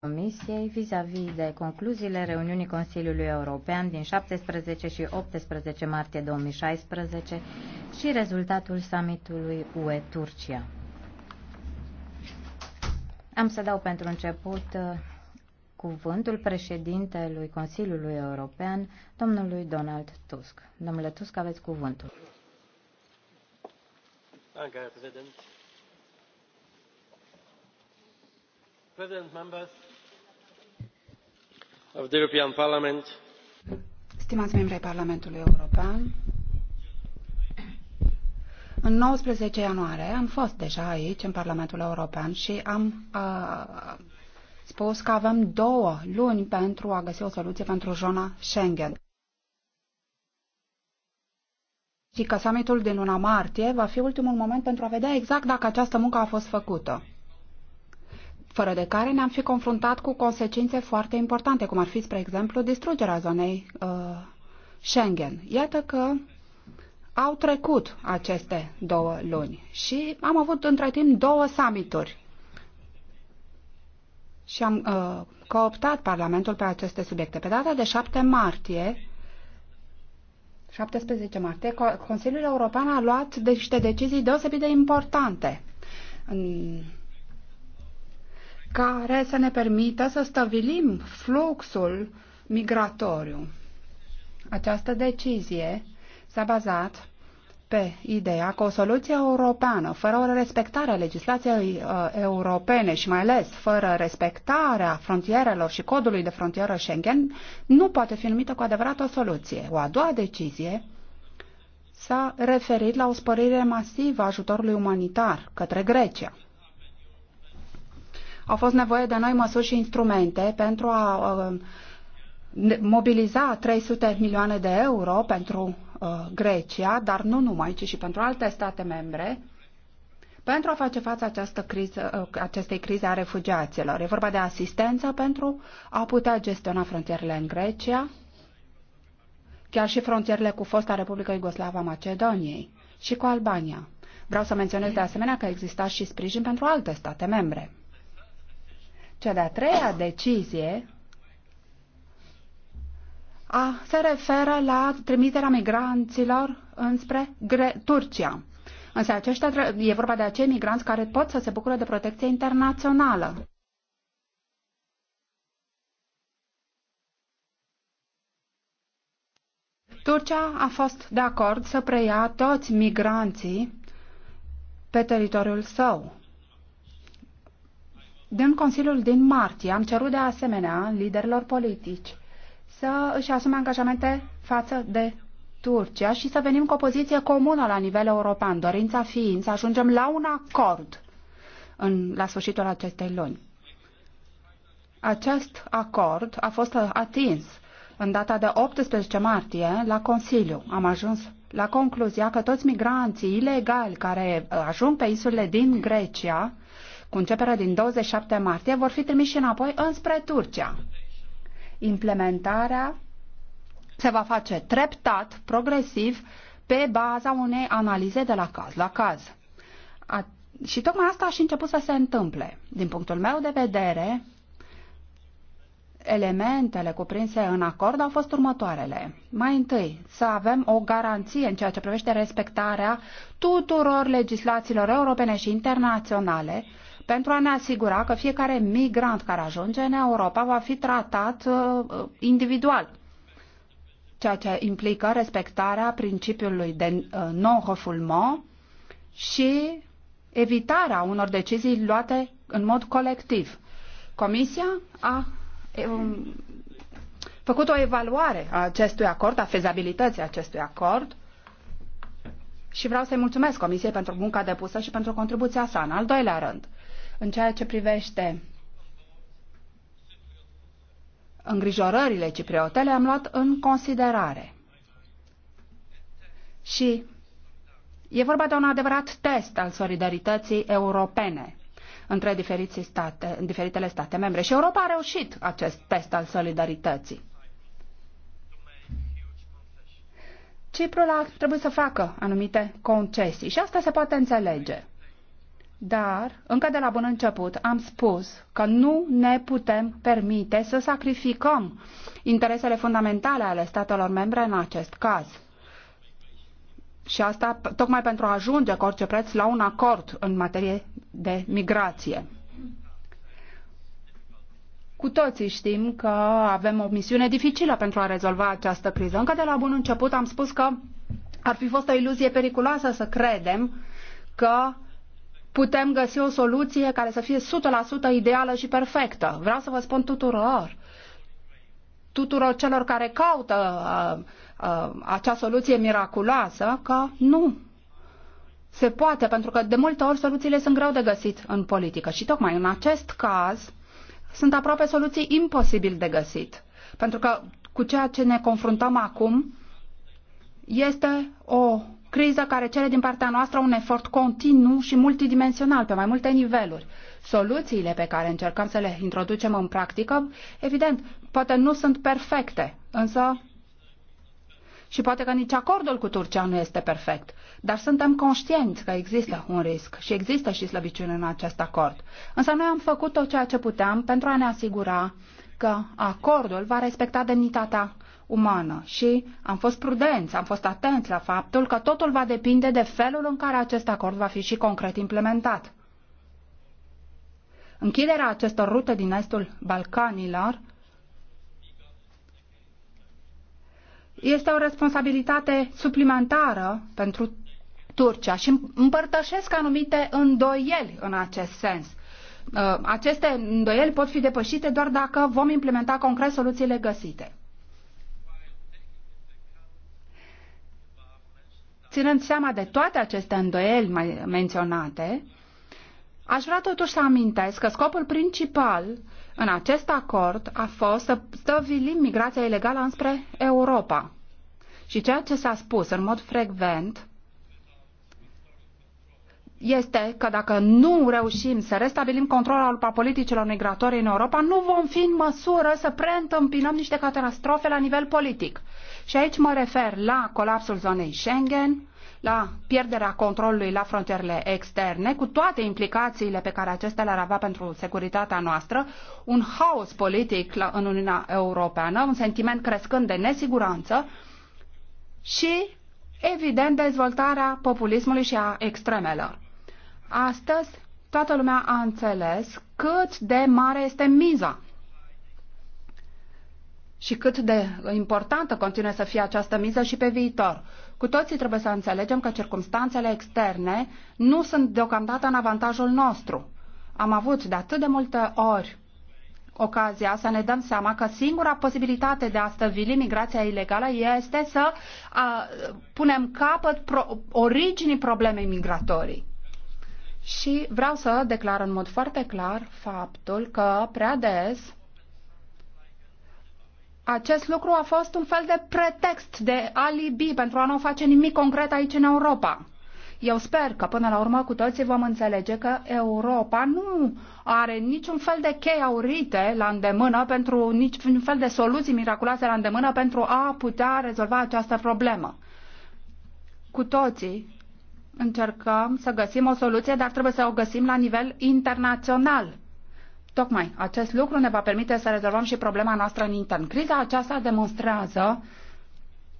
Comisiei vis-a-vis -vis de concluziile reuniunii Consiliului European din 17 și 18 martie 2016 și rezultatul summitului UE-Turcia. Am să dau pentru început uh, cuvântul președintelui Consiliului European, domnului Donald Tusk. Domnule Tusk, aveți cuvântul. Mulțumesc, Președinte. President, members, Stimați membri ai Parlamentului European, în nouăsprezece ianuarie am fost deja aici, în Parlamentul European, și am spus că avem două luni pentru a găsi o soluție pentru zona Schengen. Și că summitul din luna martie va fi ultimul moment pentru a vedea exact dacă această muncă a fost făcută fără de care ne-am fi confruntat cu consecințe foarte importante, cum ar fi, spre exemplu, distrugerea zonei uh, Schengen. Iată că au trecut aceste două luni și am avut între timp două summituri și am uh, cooptat Parlamentul pe aceste subiecte. Pe data de 7 martie, 17 martie, Consiliul European a luat niște decizii deosebit de importante care să ne permită să stabilim fluxul migratoriu. Această decizie s-a bazat pe ideea că o soluție europeană, fără o respectare a legislației uh, europene și mai ales fără respectarea frontierelor și codului de frontieră Schengen, nu poate fi numită cu adevărat o soluție. O a doua decizie s-a referit la o spărire masivă a ajutorului umanitar către Grecia. Au fost nevoie de noi măsuri și instrumente pentru a uh, mobiliza 300 milioane de euro pentru uh, Grecia, dar nu numai, ci și pentru alte state membre, pentru a face față această criză, uh, acestei crize a refugiaților. E vorba de asistență pentru a putea gestiona frontierele în Grecia, chiar și frontierele cu fosta Republică Iugoslava Macedoniei și cu Albania. Vreau să menționez de asemenea că exista și sprijin pentru alte state membre. Cea de-a treia decizie a, se referă la trimiterea migranților înspre Gre- Turcia. Însă aceștia, e vorba de acei migranți care pot să se bucure de protecție internațională. Turcia a fost de acord să preia toți migranții pe teritoriul său. Din Consiliul din martie am cerut de asemenea liderilor politici să își asume angajamente față de Turcia și să venim cu o poziție comună la nivel european, dorința fiind să ajungem la un acord în, la sfârșitul acestei luni. Acest acord a fost atins în data de 18 martie la Consiliu. Am ajuns la concluzia că toți migranții ilegali care ajung pe insulele din Grecia cu începerea din 27 martie, vor fi trimiși înapoi înspre Turcia. Implementarea se va face treptat, progresiv, pe baza unei analize de la caz la caz. A, și tocmai asta a și început să se întâmple. Din punctul meu de vedere, elementele cuprinse în acord au fost următoarele. Mai întâi, să avem o garanție în ceea ce privește respectarea tuturor legislațiilor europene și internaționale pentru a ne asigura că fiecare migrant care ajunge în Europa va fi tratat uh, uh, individual, ceea ce implică respectarea principiului de uh, non-refoulement și evitarea unor decizii luate în mod colectiv. Comisia a um, făcut o evaluare a acestui acord, a fezabilității acestui acord și vreau să-i mulțumesc Comisiei pentru munca depusă și pentru contribuția sa. În al doilea rând, în ceea ce privește îngrijorările cipriote le-am luat în considerare. Și e vorba de un adevărat test al solidarității europene între diferite state, în diferitele state membre. Și Europa a reușit acest test al solidarității. Ciprul a trebuit să facă anumite concesii și asta se poate înțelege. Dar, încă de la bun început, am spus că nu ne putem permite să sacrificăm interesele fundamentale ale statelor membre în acest caz. Și asta tocmai pentru a ajunge cu orice preț la un acord în materie de migrație. Cu toții știm că avem o misiune dificilă pentru a rezolva această criză. Încă de la bun început am spus că ar fi fost o iluzie periculoasă să credem că putem găsi o soluție care să fie 100% ideală și perfectă. Vreau să vă spun tuturor, tuturor celor care caută uh, uh, acea soluție miraculoasă, că nu. Se poate, pentru că de multe ori soluțiile sunt greu de găsit în politică și tocmai în acest caz sunt aproape soluții imposibil de găsit. Pentru că cu ceea ce ne confruntăm acum este o criză care cere din partea noastră un efort continuu și multidimensional pe mai multe niveluri. Soluțiile pe care încercăm să le introducem în practică, evident, poate nu sunt perfecte, însă și poate că nici acordul cu Turcia nu este perfect, dar suntem conștienți că există un risc și există și slăbiciune în acest acord. Însă noi am făcut tot ceea ce puteam pentru a ne asigura că acordul va respecta demnitatea umană și am fost prudenți, am fost atenți la faptul că totul va depinde de felul în care acest acord va fi și concret implementat. Închiderea acestor rute din estul Balcanilor este o responsabilitate suplimentară pentru Turcia și împărtășesc anumite îndoieli în acest sens. Uh, aceste îndoieli pot fi depășite doar dacă vom implementa concret soluțiile găsite. Ținând seama de toate aceste îndoieli mai menționate, aș vrea totuși să amintesc că scopul principal în acest acord a fost să stăvilim migrația ilegală înspre Europa. Și ceea ce s-a spus în mod frecvent este că dacă nu reușim să restabilim controlul politicilor migratorii în Europa, nu vom fi în măsură să preîntâmpinăm niște catastrofe la nivel politic. Și aici mă refer la colapsul zonei Schengen, la pierderea controlului la frontierele externe, cu toate implicațiile pe care acestea le-ar avea pentru securitatea noastră, un haos politic în Uniunea Europeană, un sentiment crescând de nesiguranță și, evident, dezvoltarea populismului și a extremelor. Astăzi, toată lumea a înțeles cât de mare este miza și cât de importantă continuă să fie această miză și pe viitor. Cu toții trebuie să înțelegem că circumstanțele externe nu sunt deocamdată în avantajul nostru. Am avut de atât de multe ori ocazia să ne dăm seama că singura posibilitate de a stăvili migrația ilegală este să a, punem capăt pro, originii problemei migratorii. Și vreau să declar în mod foarte clar faptul că prea des acest lucru a fost un fel de pretext, de alibi pentru a nu face nimic concret aici în Europa. Eu sper că până la urmă cu toții vom înțelege că Europa nu are niciun fel de chei aurite la îndemână pentru niciun fel de soluții miraculoase la îndemână pentru a putea rezolva această problemă. Cu toții încercăm să găsim o soluție, dar trebuie să o găsim la nivel internațional. Tocmai acest lucru ne va permite să rezolvăm și problema noastră în intern. Criza aceasta demonstrează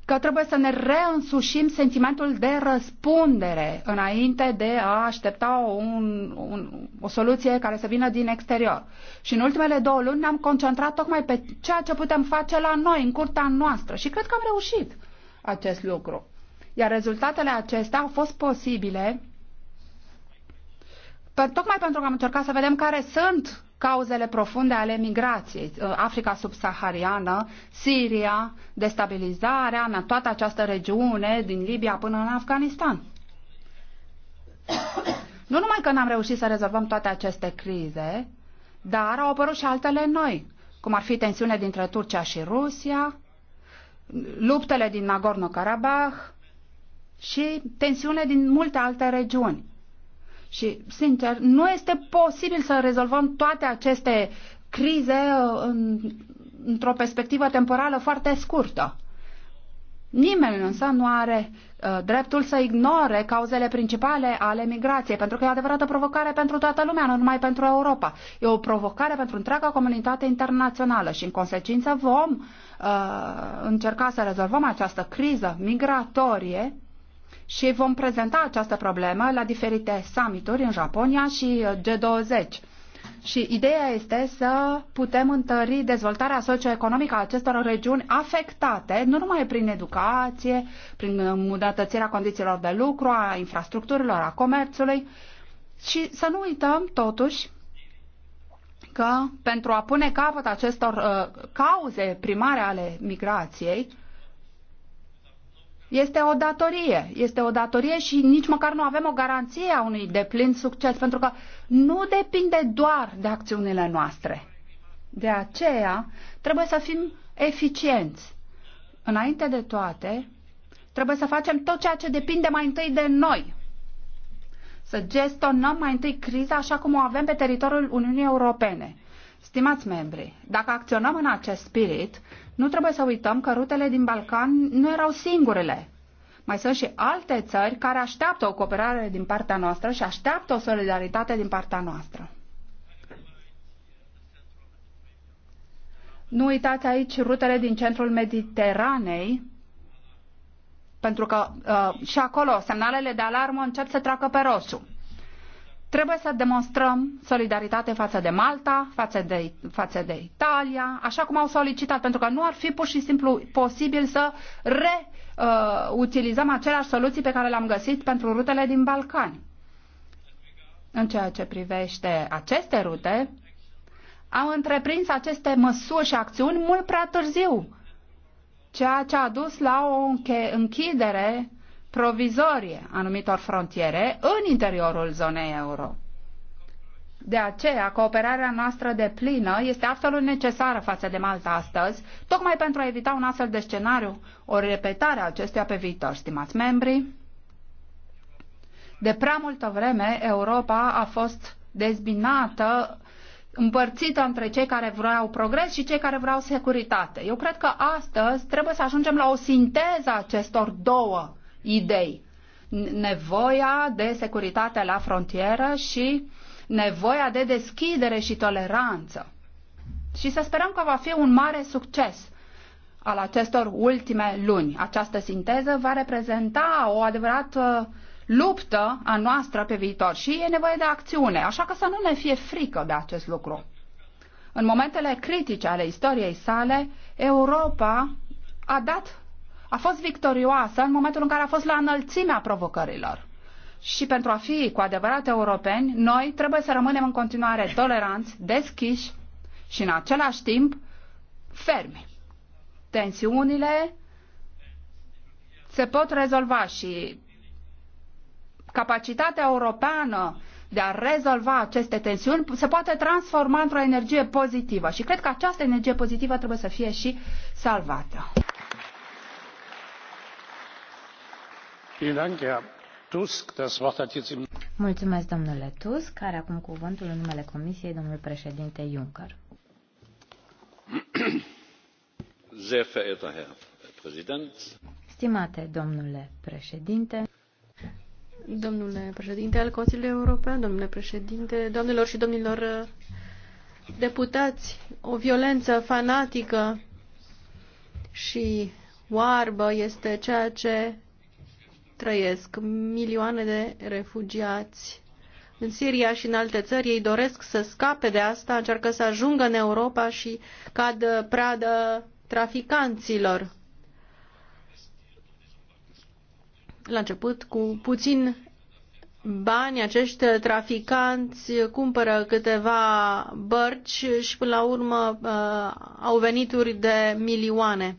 că trebuie să ne reînsușim sentimentul de răspundere înainte de a aștepta un, un, o soluție care să vină din exterior. Și în ultimele două luni ne-am concentrat tocmai pe ceea ce putem face la noi, în curtea noastră. Și cred că am reușit acest lucru. Iar rezultatele acestea au fost posibile pe, tocmai pentru că am încercat să vedem care sunt cauzele profunde ale migrației. Uh, Africa subsahariană, Siria, destabilizarea în toată această regiune, din Libia până în Afganistan. Nu numai că n-am reușit să rezolvăm toate aceste crize, dar au apărut și altele noi, cum ar fi tensiunea dintre Turcia și Rusia, luptele din Nagorno-Karabakh, și tensiune din multe alte regiuni. Și, sincer, nu este posibil să rezolvăm toate aceste crize uh, în, într-o perspectivă temporală foarte scurtă. Nimeni însă nu are uh, dreptul să ignore cauzele principale ale migrației, pentru că e o adevărată provocare pentru toată lumea, nu numai pentru Europa. E o provocare pentru întreaga comunitate internațională și, în consecință, vom uh, încerca să rezolvăm această criză migratorie și vom prezenta această problemă la diferite summituri în Japonia și uh, G20. Și ideea este să putem întări dezvoltarea socioeconomică a acestor regiuni afectate, nu numai prin educație, prin îmbunătățirea condițiilor de lucru, a infrastructurilor, a comerțului, și să nu uităm, totuși, că pentru a pune capăt acestor uh, cauze primare ale migrației, este o datorie, este o datorie și nici măcar nu avem o garanție a unui deplin succes, pentru că nu depinde doar de acțiunile noastre. De aceea, trebuie să fim eficienți. Înainte de toate, trebuie să facem tot ceea ce depinde mai întâi de noi. Să gestionăm mai întâi criza așa cum o avem pe teritoriul Uniunii Europene. Stimați membri, dacă acționăm în acest spirit, nu trebuie să uităm că rutele din Balcan nu erau singurele. Mai sunt și alte țări care așteaptă o cooperare din partea noastră și așteaptă o solidaritate din partea noastră. Nu uitați aici rutele din centrul Mediteranei, pentru că uh, și acolo semnalele de alarmă încep să treacă pe roșu. Trebuie să demonstrăm solidaritate față de Malta, față de, față de Italia, așa cum au solicitat, pentru că nu ar fi pur și simplu posibil să reutilizăm uh, aceleași soluții pe care le-am găsit pentru rutele din Balcani. În ceea ce privește aceste rute, am întreprins aceste măsuri și acțiuni mult prea târziu, ceea ce a dus la o închidere provizorie anumitor frontiere în interiorul zonei euro. De aceea, cooperarea noastră de plină este absolut necesară față de Malta astăzi, tocmai pentru a evita un astfel de scenariu, o repetare a acestuia pe viitor, stimați membri. De prea multă vreme, Europa a fost dezbinată, împărțită între cei care vreau progres și cei care vreau securitate. Eu cred că astăzi trebuie să ajungem la o sinteză acestor două idei. Nevoia de securitate la frontieră și nevoia de deschidere și toleranță. Și să sperăm că va fi un mare succes al acestor ultime luni. Această sinteză va reprezenta o adevărată uh, luptă a noastră pe viitor și e nevoie de acțiune, așa că să nu ne fie frică de acest lucru. În momentele critice ale istoriei sale, Europa a dat a fost victorioasă în momentul în care a fost la înălțimea provocărilor. Și pentru a fi cu adevărat europeni, noi trebuie să rămânem în continuare toleranți, deschiși și în același timp fermi. Tensiunile se pot rezolva și capacitatea europeană de a rezolva aceste tensiuni se poate transforma într-o energie pozitivă și cred că această energie pozitivă trebuie să fie și salvată. Mulțumesc, domnule Tusk, care acum cuvântul în numele Comisiei, domnul președinte Juncker. Sehr verehrter Herr Präsident. Stimate domnule președinte, domnule președinte al Consiliului European, domnule președinte, domnilor și domnilor uh, deputați, o violență fanatică și oarbă este ceea ce trăiesc milioane de refugiați în Siria și în alte țări. Ei doresc să scape de asta, încearcă să ajungă în Europa și cad pradă traficanților. La început, cu puțin bani, acești traficanți cumpără câteva bărci și până la urmă uh, au venituri de milioane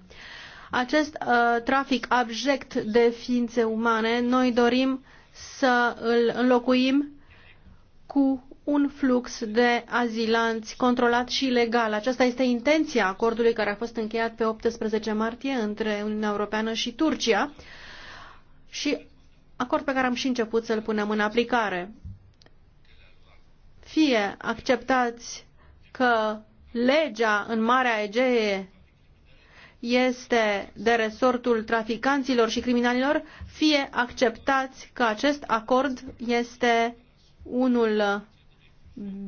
acest uh, trafic abject de ființe umane, noi dorim să îl înlocuim cu un flux de azilanți controlat și legal. Aceasta este intenția acordului care a fost încheiat pe 18 martie între Uniunea Europeană și Turcia și acord pe care am și început să-l punem în aplicare. Fie acceptați că legea în Marea Egee este de resortul traficanților și criminalilor, fie acceptați că acest acord este unul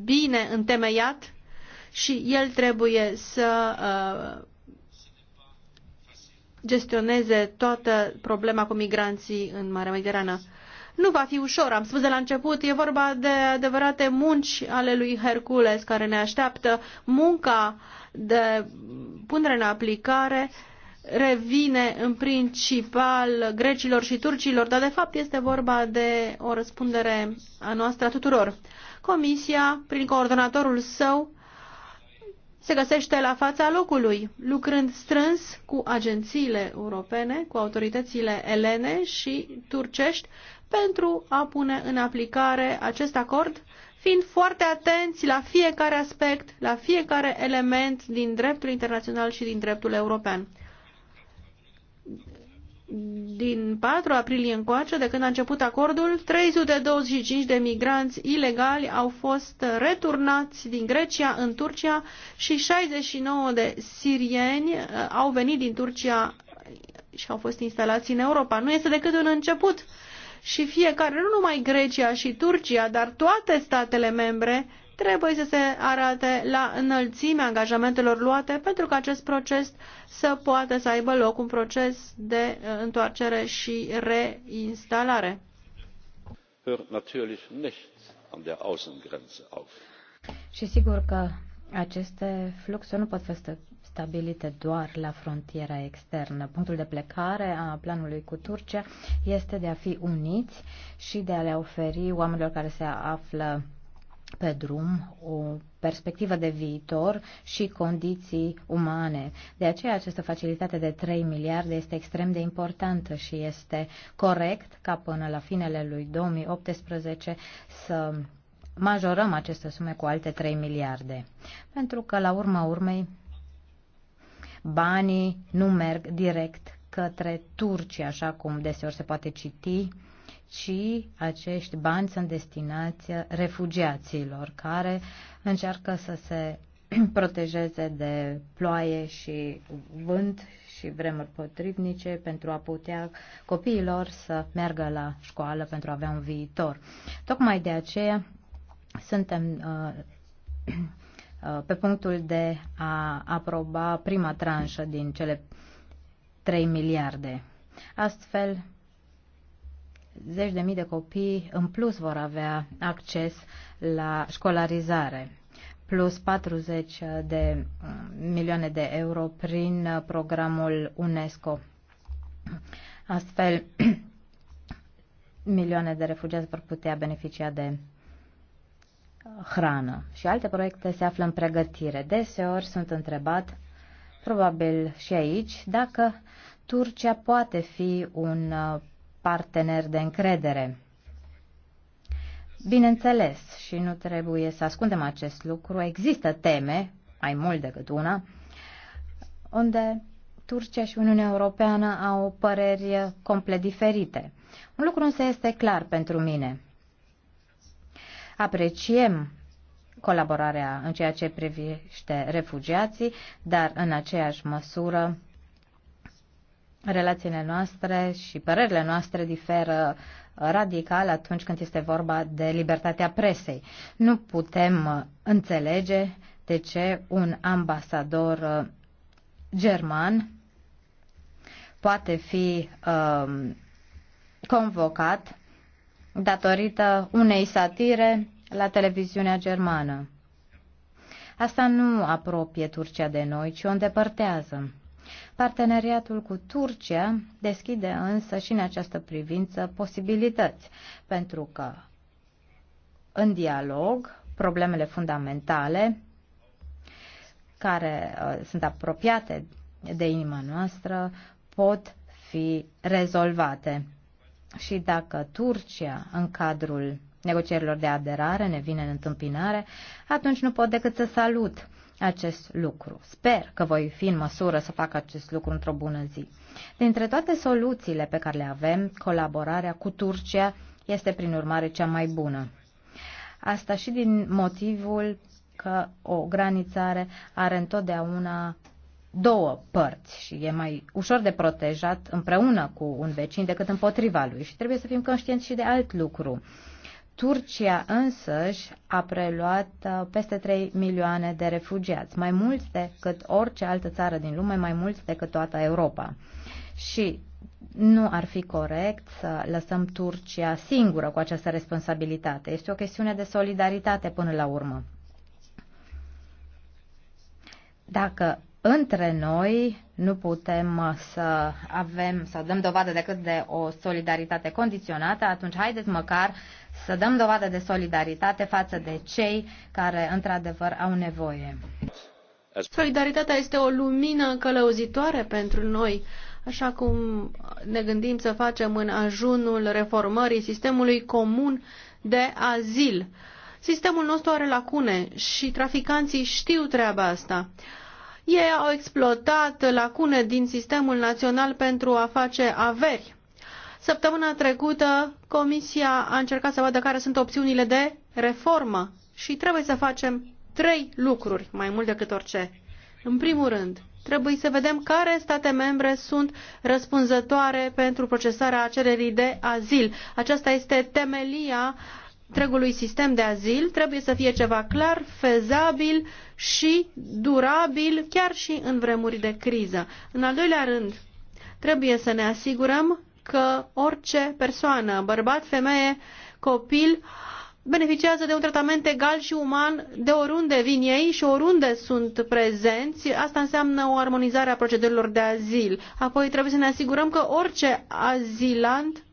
bine întemeiat și el trebuie să uh, gestioneze toată problema cu migranții în Marea Mediterană. Nu va fi ușor, am spus de la început, e vorba de adevărate munci ale lui Hercules care ne așteaptă. Munca uh, de punere în aplicare revine în principal grecilor și turcilor, dar de fapt este vorba de o răspundere a noastră a tuturor. Comisia, prin coordonatorul său, se găsește la fața locului, lucrând strâns cu agențiile europene, cu autoritățile elene și turcești, pentru a pune în aplicare acest acord fiind foarte atenți la fiecare aspect, la fiecare element din dreptul internațional și din dreptul european. Din 4 aprilie încoace, de când a început acordul, 325 de migranți ilegali au fost returnați din Grecia în Turcia și 69 de sirieni uh, au venit din Turcia și au fost instalați în Europa. Nu este decât un început și fiecare, nu numai Grecia și Turcia, dar toate statele membre trebuie să se arate la înălțimea angajamentelor luate pentru ca acest proces să poată să aibă loc un proces de uh, întoarcere și reinstalare. Și sigur că aceste fluxuri nu pot fi stabilite doar la frontiera externă. Punctul de plecare a planului cu Turcia este de a fi uniți și de a le oferi oamenilor care se află pe drum o perspectivă de viitor și condiții umane. De aceea această facilitate de 3 miliarde este extrem de importantă și este corect ca până la finele lui 2018 să majorăm aceste sume cu alte 3 miliarde. Pentru că, la urma urmei, banii nu merg direct către Turcia, așa cum deseori se poate citi, ci acești bani sunt destinați refugiaților care încearcă să se protejeze de ploaie și vânt și vremuri potrivnice pentru a putea copiilor să meargă la școală pentru a avea un viitor. Tocmai de aceea suntem uh, Uh, pe punctul de a aproba prima tranșă din cele 3 miliarde. Astfel, zeci de mii de copii în plus vor avea acces la școlarizare, plus 40 de uh, milioane de euro prin uh, programul UNESCO. Astfel, milioane de refugiați vor putea beneficia de hrană și alte proiecte se află în pregătire. Deseori sunt întrebat, probabil și aici, dacă Turcia poate fi un uh, partener de încredere. Bineînțeles, și nu trebuie să ascundem acest lucru, există teme, mai mult decât una, unde Turcia și Uniunea Europeană au păreri complet diferite. Un lucru însă este clar pentru mine. Apreciem colaborarea în ceea ce privește refugiații, dar în aceeași măsură relațiile noastre și părerile noastre diferă radical atunci când este vorba de libertatea presei. Nu putem înțelege de ce un ambasador german poate fi um, convocat datorită unei satire la televiziunea germană. Asta nu apropie Turcia de noi, ci o îndepărtează. Parteneriatul cu Turcia deschide însă și în această privință posibilități, pentru că în dialog problemele fundamentale care uh, sunt apropiate de inima noastră pot fi rezolvate și dacă Turcia, în cadrul negocierilor de aderare, ne vine în întâmpinare, atunci nu pot decât să salut acest lucru. Sper că voi fi în măsură să fac acest lucru într-o bună zi. Dintre toate soluțiile pe care le avem, colaborarea cu Turcia este prin urmare cea mai bună. Asta și din motivul că o granițare are întotdeauna două părți și e mai ușor de protejat împreună cu un vecin decât împotriva lui. Și trebuie să fim conștienți și de alt lucru. Turcia însăși a preluat uh, peste 3 milioane de refugiați, mai mulți decât orice altă țară din lume, mai mulți decât toată Europa. Și nu ar fi corect să lăsăm Turcia singură cu această responsabilitate. Este o chestiune de solidaritate până la urmă. Dacă între noi nu putem uh, să avem, să dăm dovadă decât de o solidaritate condiționată, atunci haideți măcar să dăm dovadă de solidaritate față de cei care într-adevăr au nevoie. Solidaritatea este o lumină călăuzitoare pentru noi, așa cum ne gândim să facem în ajunul reformării sistemului comun de azil. Sistemul nostru are lacune și traficanții știu treaba asta. Ei au exploatat lacune din sistemul național pentru a face averi. Săptămâna trecută, Comisia a încercat să vadă care sunt opțiunile de reformă și trebuie să facem trei lucruri mai mult decât orice. În primul rând, trebuie să vedem care state membre sunt răspunzătoare pentru procesarea cererii de azil. Aceasta este temelia uh, întregului sistem de azil trebuie să fie ceva clar, fezabil și durabil, chiar și în vremuri de criză. În al doilea rând, trebuie să ne asigurăm că orice persoană, bărbat, femeie, copil, beneficiază de un tratament egal și uman de oriunde vin ei și oriunde sunt prezenți. Asta înseamnă o armonizare a procedurilor de azil. Apoi trebuie să ne asigurăm că orice azilant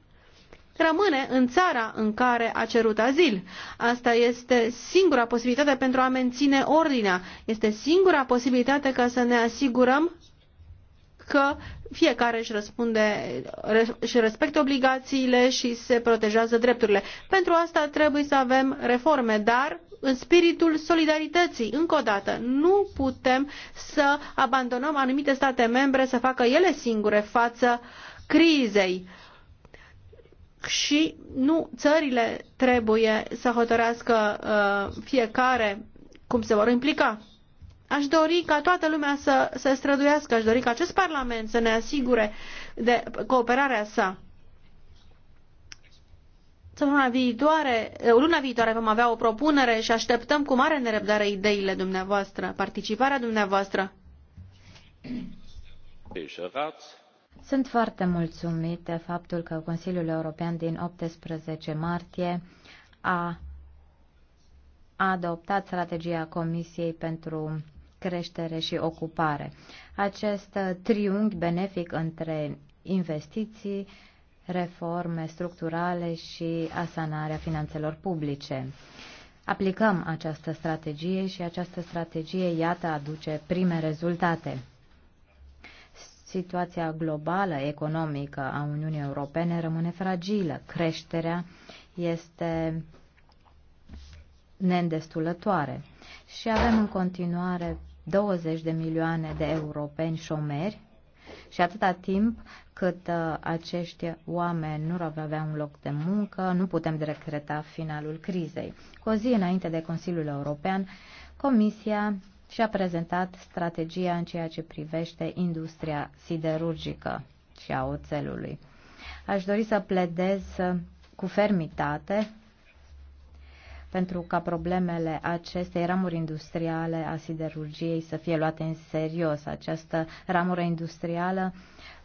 rămâne în țara în care a cerut azil. Asta este singura posibilitate pentru a menține ordinea. Este singura posibilitate ca să ne asigurăm că fiecare își răspunde și respectă obligațiile și se protejează drepturile. Pentru asta trebuie să avem reforme, dar în spiritul solidarității. Încă o dată, nu putem să abandonăm anumite state membre să facă ele singure față crizei și nu țările trebuie să hotărească uh, fiecare cum se vor implica. Aș dori ca toată lumea să se străduiască, aș dori ca acest Parlament să ne asigure de cooperarea sa. Săptămâna viitoare, uh, luna viitoare vom avea o propunere și așteptăm cu mare nerăbdare ideile dumneavoastră, participarea dumneavoastră. Sunt foarte mulțumit de faptul că Consiliul European din 18 martie a adoptat strategia Comisiei pentru creștere și ocupare. Acest triunghi benefic între investiții, reforme structurale și asanarea finanțelor publice. Aplicăm această strategie și această strategie, iată, aduce prime rezultate situația globală economică a Uniunii Europene rămâne fragilă. Creșterea este neîndestulătoare și avem în continuare 20 de milioane de europeni șomeri și atâta timp cât uh, acești oameni nu vor avea un loc de muncă, nu putem decreta finalul crizei. Cu o zi înainte de Consiliul European, Comisia și a prezentat strategia în ceea ce privește industria siderurgică și a oțelului. Aș dori să pledez cu fermitate pentru ca problemele acestei ramuri industriale a siderurgiei să fie luate în serios. Această ramură industrială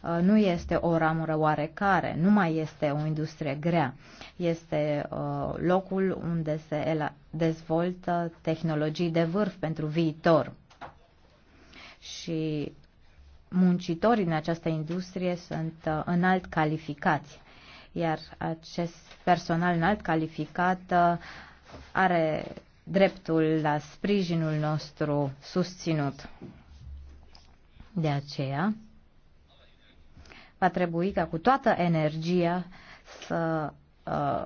uh, nu este o ramură oarecare, nu mai este o industrie grea. Este uh, locul unde se dezvoltă tehnologii de vârf pentru viitor. Și muncitorii în această industrie sunt uh, înalt calificați, iar acest personal înalt calificat are dreptul la sprijinul nostru susținut. De aceea, va trebui ca cu toată energia să uh,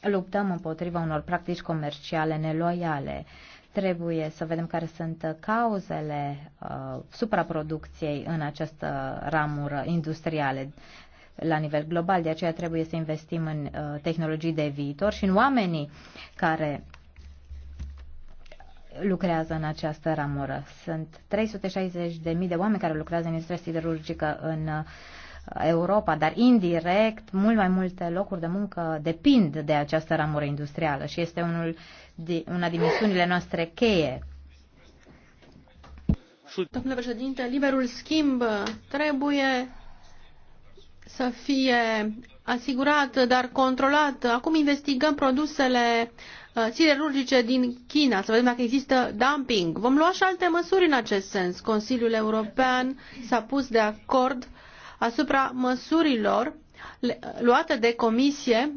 luptăm împotriva unor practici comerciale neloiale. Trebuie să vedem care sunt cauzele uh, supraproducției în această ramură industriale la nivel global. De aceea trebuie să investim în uh, tehnologii de viitor și în oamenii care lucrează în această ramură. Sunt 360.000 de oameni care lucrează în industria siderurgică în uh, Europa, dar indirect mult mai multe locuri de muncă depind de această ramură industrială și este unul una din misiunile noastre cheie. Domnule președinte, liberul schimb trebuie să fie asigurat, dar controlat. Acum investigăm produsele uh, siderurgice din China, să vedem dacă există dumping. Vom lua și alte măsuri în acest sens. Consiliul European s-a pus de acord asupra măsurilor luate de Comisie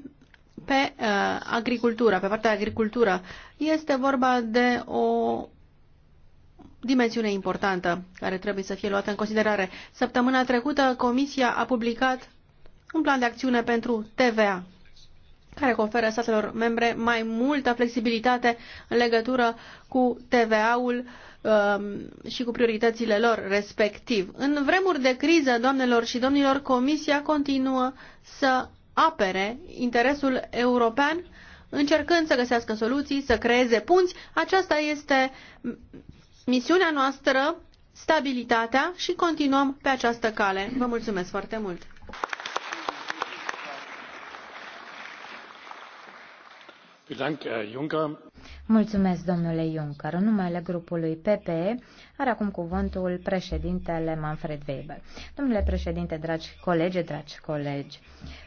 pe uh, agricultură, pe partea agricultură. Este vorba de o dimensiune importantă care trebuie să fie luată în considerare. Săptămâna trecută, Comisia a publicat un plan de acțiune pentru TVA, care conferă statelor membre mai multă flexibilitate în legătură cu TVA-ul um, și cu prioritățile lor respectiv. În vremuri de criză, doamnelor și domnilor, Comisia continuă să apere interesul european încercând să găsească soluții, să creeze punți. Aceasta este misiunea noastră, stabilitatea și continuăm pe această cale. Vă mulțumesc foarte mult! Mulțumesc, domnule Juncker. În numele grupului PPE are acum cuvântul președintele Manfred Weber. Domnule președinte, dragi colegi, dragi colegi,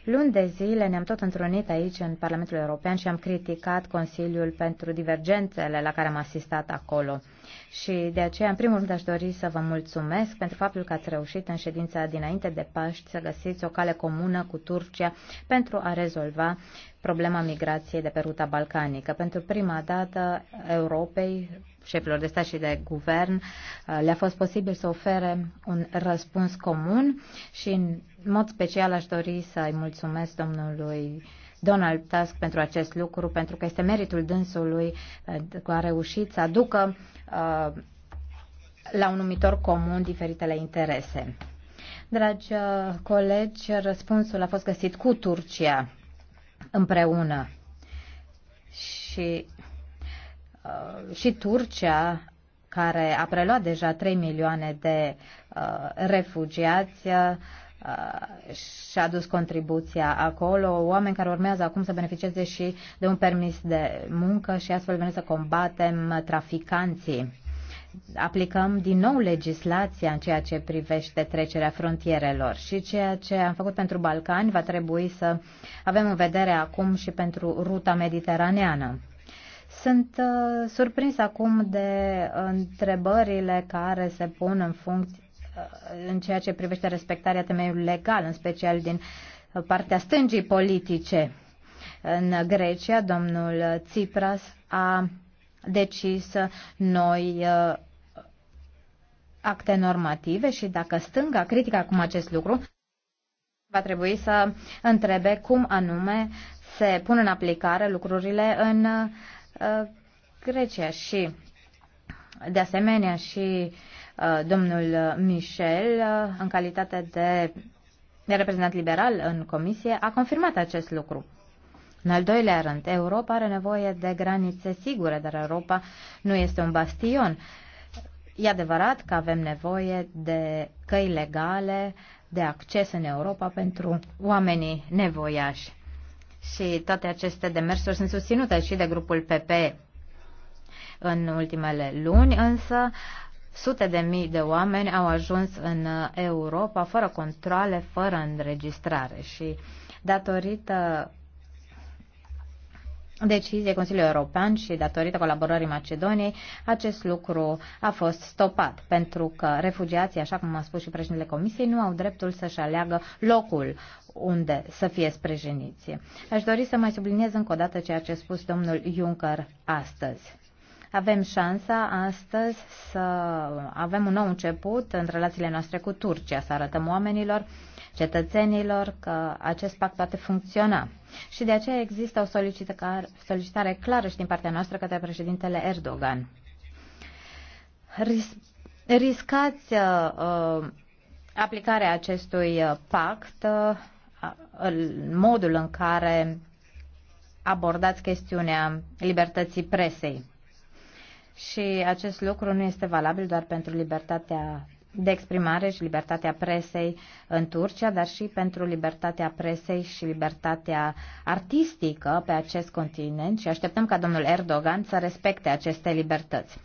luni de zile ne-am tot întrunit aici în Parlamentul European și am criticat Consiliul pentru divergențele la care am asistat acolo. Și de aceea, în primul rând, aș dori să vă mulțumesc pentru faptul că ați reușit în ședința dinainte de Paști să găsiți o cale comună cu Turcia pentru a rezolva problema migrației de pe ruta balcanică. Pentru prima dată Europei șefilor de stat și de guvern uh, le-a fost posibil să ofere un răspuns comun și în mod special aș dori să-i mulțumesc domnului Donald Tusk pentru acest lucru, pentru că este meritul dânsului că a reușit să aducă uh, la un numitor comun diferitele interese. Dragi uh, colegi, răspunsul a fost găsit cu Turcia împreună și Uh, și Turcia, care a preluat deja 3 milioane de uh, refugiați, uh, și-a dus contribuția acolo, oameni care urmează acum să beneficieze și de un permis de muncă și astfel venim să combatem traficanții. Aplicăm din nou legislația în ceea ce privește trecerea frontierelor și ceea ce am făcut pentru Balcani va trebui să avem în vedere acum și pentru ruta mediteraneană. Sunt uh, surprins acum de întrebările care se pun în funcție uh, în ceea ce privește respectarea temeiului legal, în special din partea stângii politice. În Grecia, domnul Tsipras a decis noi uh, acte normative și dacă stânga critică acum acest lucru, va trebui să întrebe cum anume se pun în aplicare lucrurile în uh, Uh, Grecia și de asemenea și uh, domnul Michel, uh, în calitate de reprezentant liberal în comisie, a confirmat acest lucru. În al doilea rând, Europa are nevoie de granițe sigure, dar Europa nu este un bastion. E adevărat că avem nevoie de căi legale de acces în Europa pentru oamenii nevoiași și toate aceste demersuri sunt susținute și de grupul PP în ultimele luni, însă sute de mii de oameni au ajuns în Europa fără controle, fără înregistrare și datorită decizie Consiliului European și datorită colaborării Macedoniei, acest lucru a fost stopat, pentru că refugiații, așa cum a spus și președintele Comisiei, nu au dreptul să-și aleagă locul unde să fie sprijiniți. Aș dori să mai subliniez încă o dată ceea ce a spus domnul Juncker astăzi. Avem șansa astăzi să avem un nou început în relațiile noastre cu Turcia, să arătăm oamenilor uh, cetățenilor că acest pact poate funcționa. Și de aceea există o solicitare, solicitare clară și din partea noastră către președintele Erdogan. Ris- riscați uh, uh aplicarea acestui uh, pact uh, în modul în care abordați chestiunea libertății presei. Și acest lucru nu este valabil doar pentru libertatea de exprimare și libertatea presei în Turcia, dar și pentru libertatea presei și libertatea artistică pe acest continent și așteptăm ca domnul Erdogan să respecte aceste libertăți.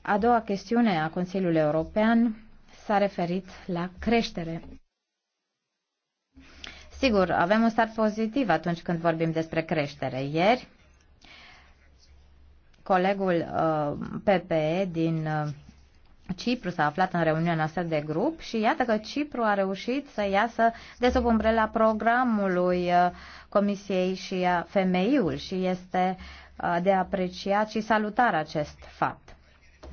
A doua chestiune a Consiliului European s-a referit la creștere. Sigur, avem un start pozitiv atunci când vorbim despre creștere. Ieri, colegul uh, PPE din uh, Cipru s-a aflat în reuniunea noastră de grup și iată că Cipru a reușit să iasă de sub umbrela programului uh, Comisiei și a femeiul și este uh, de apreciat și salutar acest fapt.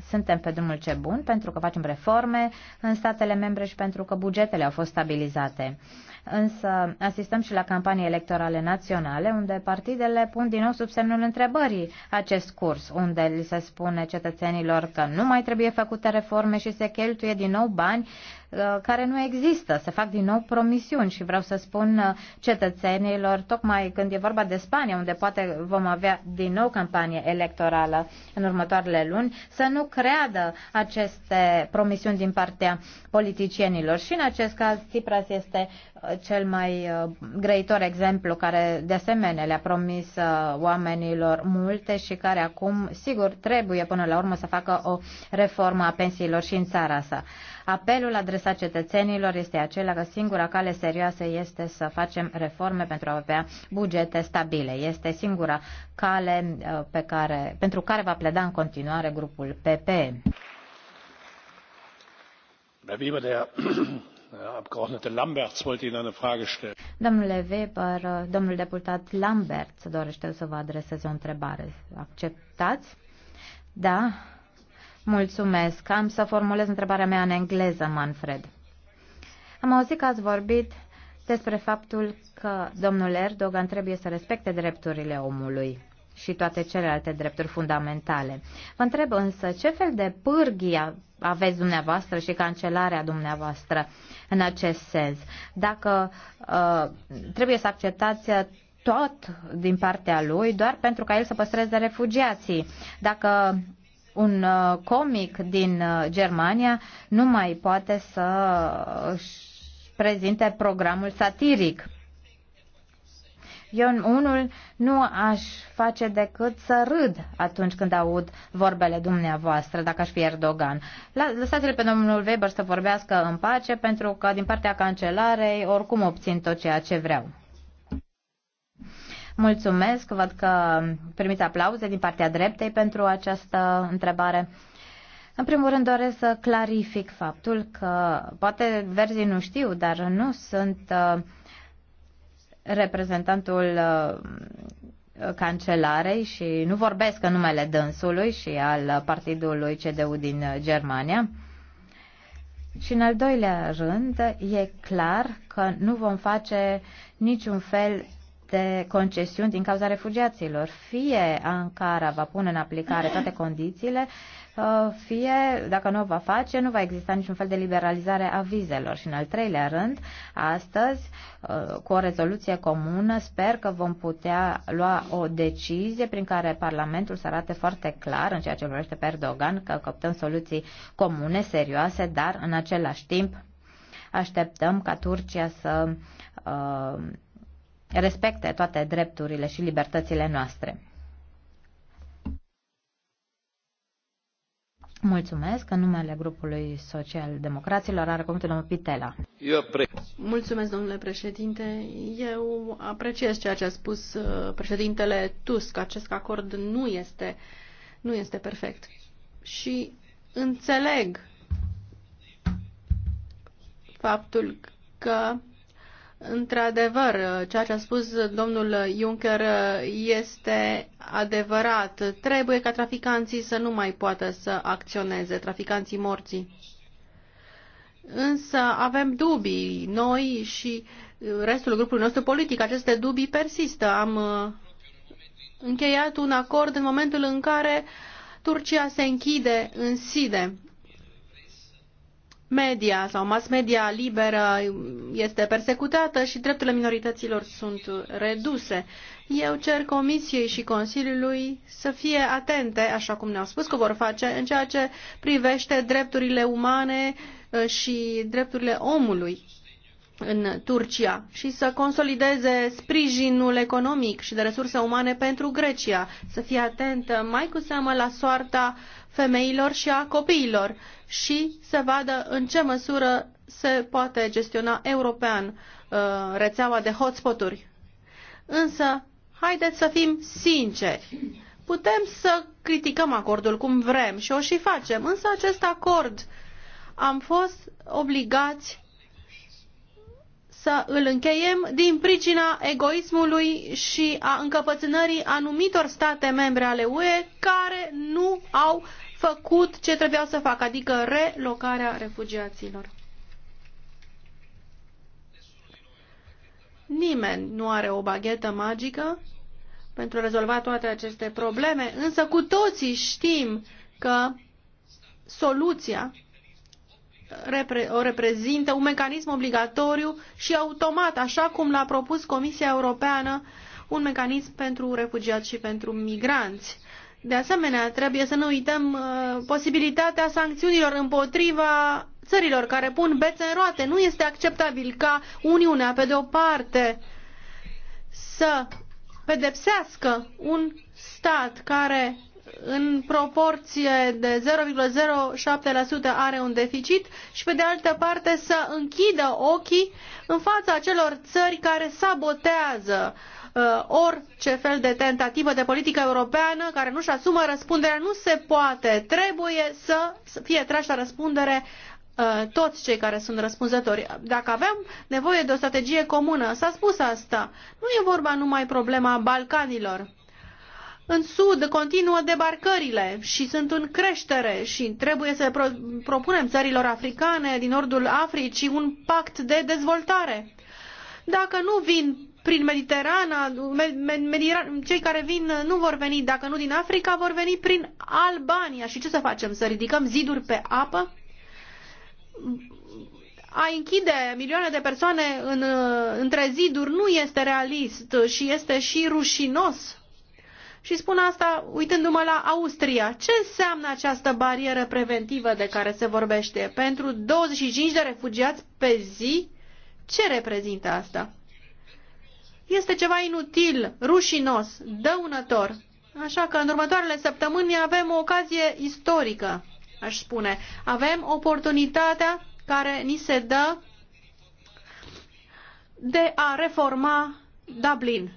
Suntem pe drumul ce bun pentru că facem reforme în statele membre și pentru că bugetele au fost stabilizate însă asistăm și la campanii electorale naționale, unde partidele pun din nou sub semnul întrebării acest curs, unde li se spune cetățenilor că nu mai trebuie făcute reforme și se cheltuie din nou bani Uh, care nu există. Se fac din nou promisiuni și vreau să spun uh, cetățenilor, tocmai când e vorba de Spania, unde poate vom avea din nou campanie electorală în următoarele luni, să nu creadă aceste promisiuni din partea politicienilor. Și în acest caz, Tsipras este uh, cel mai grăitor exemplu care de asemenea le-a promis oamenilor multe și care acum, sigur, trebuie până la urmă să facă o reformă a pensiilor și în țara sa. Apelul adresat cetățenilor este acela că singura cale serioasă este să facem reforme pentru a avea bugete stabile. Este singura cale uh, pe care, pentru care va pleda în continuare grupul PP. Äh, Domnule Weber, uh, domnul deputat Lambert dorește să vă adreseze o întrebare. Acceptați? Da? Mulțumesc. Am să formulez întrebarea mea în engleză, Manfred. Am auzit că ați vorbit despre faptul că domnul Erdogan trebuie să respecte drepturile omului și toate celelalte drepturi fundamentale. Vă întreb însă ce fel de pârghii aveți dumneavoastră și cancelarea dumneavoastră în acest sens? Dacă uh, trebuie să acceptați tot din partea lui doar pentru ca el să păstreze refugiații. Dacă un uh, comic din uh, Germania nu mai poate să își prezinte programul satiric. Eu unul nu aș face decât să râd atunci când aud vorbele dumneavoastră, dacă aș fi Erdogan. Lăsați-l pe domnul Weber să vorbească în pace, pentru că din partea cancelarei oricum obțin tot ceea ce vreau. Mulțumesc, văd că primiți aplauze din partea dreptei pentru această întrebare. În primul rând doresc să clarific faptul că poate verzii nu știu, dar nu sunt uh, reprezentantul uh, cancelarei și nu vorbesc în numele dânsului și al partidului CDU din Germania. Și în al doilea rând, e clar că nu vom face niciun fel de concesiuni din cauza refugiaților. Fie Ankara va pune în aplicare toate condițiile, uh, fie, dacă nu o va face, nu va exista niciun fel de liberalizare a vizelor. Și în al treilea rând, astăzi, uh, cu o rezoluție comună, sper că vom putea lua o decizie prin care Parlamentul să arate foarte clar în ceea ce vorbește pe Erdogan că căptăm soluții comune, serioase, dar în același timp așteptăm ca Turcia să uh, respecte toate drepturile și libertățile noastre. Mulțumesc. În numele grupului social-democraților are cuvântul domnul Pitela. Mulțumesc, domnule președinte. Eu apreciez ceea ce a spus uh, președintele Tusk. Acest acord nu este, nu este perfect. Și înțeleg faptul că Într-adevăr, ceea ce a spus domnul Juncker este adevărat. Trebuie ca traficanții să nu mai poată să acționeze, traficanții morții. Însă avem dubii, noi și restul grupului nostru politic. Aceste dubii persistă. Am uh, încheiat un acord în momentul în care Turcia se închide în SIDE media sau mass media liberă este persecutată și drepturile minorităților sunt reduse. Eu cer Comisiei și Consiliului să fie atente, așa cum ne-au spus că vor face, în ceea ce privește drepturile umane uh, și drepturile omului în Turcia și să consolideze sprijinul economic și de resurse umane pentru Grecia, să fie atentă mai cu seamă la soarta uh, femeilor și a copiilor și să vadă în ce măsură se poate gestiona european uh, rețeaua de hotspoturi. Însă, haideți să fim sinceri. Putem să criticăm acordul cum vrem și o și facem, însă acest acord am fost obligați să îl încheiem din pricina egoismului și a încăpățânării anumitor state membre ale UE care nu au făcut ce trebuiau să facă, adică relocarea refugiaților. Nimeni nu are o baghetă magică pentru a rezolva toate aceste probleme, însă cu toții știm că soluția o reprezintă un mecanism obligatoriu și automat, așa cum l-a propus Comisia Europeană, un mecanism pentru refugiați și pentru migranți. De asemenea, trebuie să nu uităm uh, posibilitatea sancțiunilor împotriva țărilor care pun bețe în roate. Nu este acceptabil ca Uniunea, pe de o parte, să pedepsească un stat care în proporție de 0,07% are un deficit și pe de altă parte să închidă ochii în fața acelor țări care sabotează uh, Uh, orice fel de tentativă de politică europeană care nu-și asumă răspunderea nu se poate. Trebuie să fie trași la răspundere uh, toți cei care sunt răspunzători. Dacă avem nevoie de o strategie comună, s-a spus asta, nu e vorba numai problema Balcanilor. În sud continuă debarcările și sunt în creștere și trebuie să pro propunem țărilor africane din nordul Africii un pact de dezvoltare. Dacă nu vin prin Mediterana, cei care vin uh, nu vor veni, dacă nu din Africa, vor veni prin Albania. Și ce să facem? Să ridicăm ziduri pe apă? A închide milioane de persoane în, uh, între ziduri nu este realist și este și rușinos. Și spun asta uitându-mă la Austria. Ce înseamnă această barieră preventivă de care se vorbește? Pentru 25 de refugiați pe zi, ce reprezintă asta? este ceva inutil, rușinos, dăunător. Așa că în următoarele săptămâni avem o ocazie istorică, aș spune. Avem oportunitatea care ni se dă de a reforma Dublin.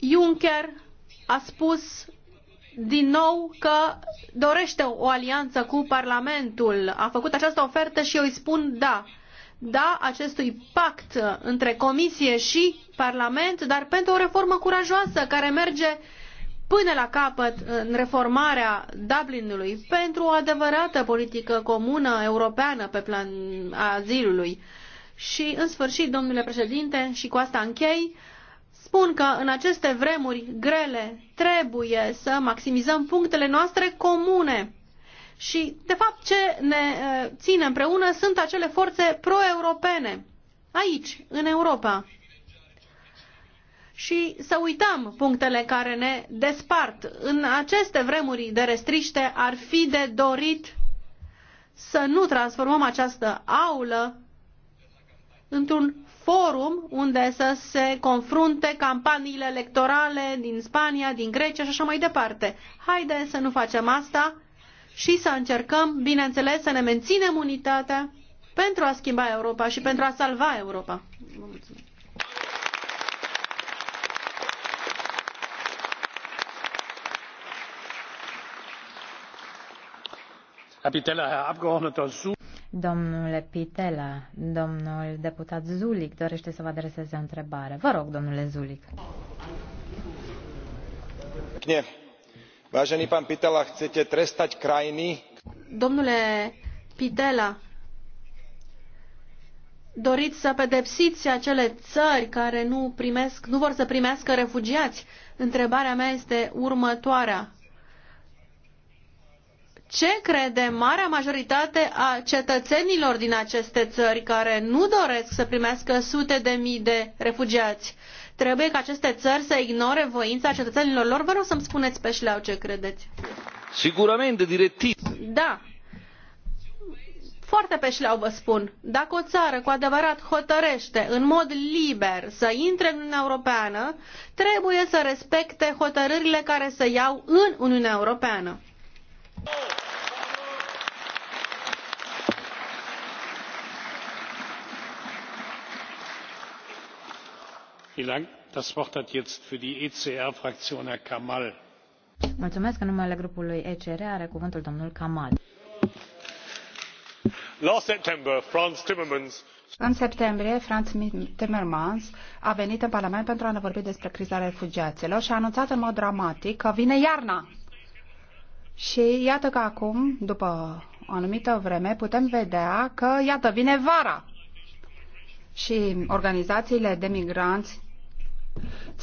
Juncker a spus din nou că dorește o alianță cu Parlamentul. A făcut această ofertă și eu îi spun da da acestui pact între Comisie și Parlament, dar pentru o reformă curajoasă care merge până la capăt în reformarea Dublinului, pentru o adevărată politică comună europeană pe plan azilului. Și, în sfârșit, domnule președinte, și cu asta închei, spun că în aceste vremuri grele trebuie să maximizăm punctele noastre comune și, de fapt, ce ne ține împreună sunt acele forțe pro-europene, aici, în Europa. Și să uităm punctele care ne despart. În aceste vremuri de restriște ar fi de dorit să nu transformăm această aulă într-un forum unde să se confrunte campaniile electorale din Spania, din Grecia și așa mai departe. Haide să nu facem asta și să încercăm, bineînțeles, să ne menținem unitatea pentru a schimba Europa și pentru a salva Europa. Vă mulțumesc. Domnule Pitela, domnul deputat Zulic dorește să vă adreseze o întrebare. Vă rog, domnule Zulic. Domnule Pitela, doriți să pedepsiți acele țări care nu vor să primească refugiați. Întrebarea mea este următoarea. Ce crede marea majoritate a cetățenilor din aceste țări care nu doresc să primească sute de mii de refugiați? Trebuie ca aceste țări să ignore voința cetățenilor lor? Vă rog să-mi spuneți pe șleau ce credeți. Siguramente, directiv. Da. Foarte pe șleau vă spun. Dacă o țară cu adevărat hotărăște în mod liber să intre în Uniunea Europeană, trebuie să respecte hotărârile care se iau în Uniunea Europeană. Oh! În grupului ECR are cuvântul domnul Kamal. Last September, Franz Timmermans septembrie, Franz Timmermans a venit în Parlament pentru a ne vorbi despre criza refugiaților și a anunțat în mod dramatic că vine iarna. Și iată că acum, după o anumită vreme, putem vedea că, iată, vine vara. Și organizațiile de migranți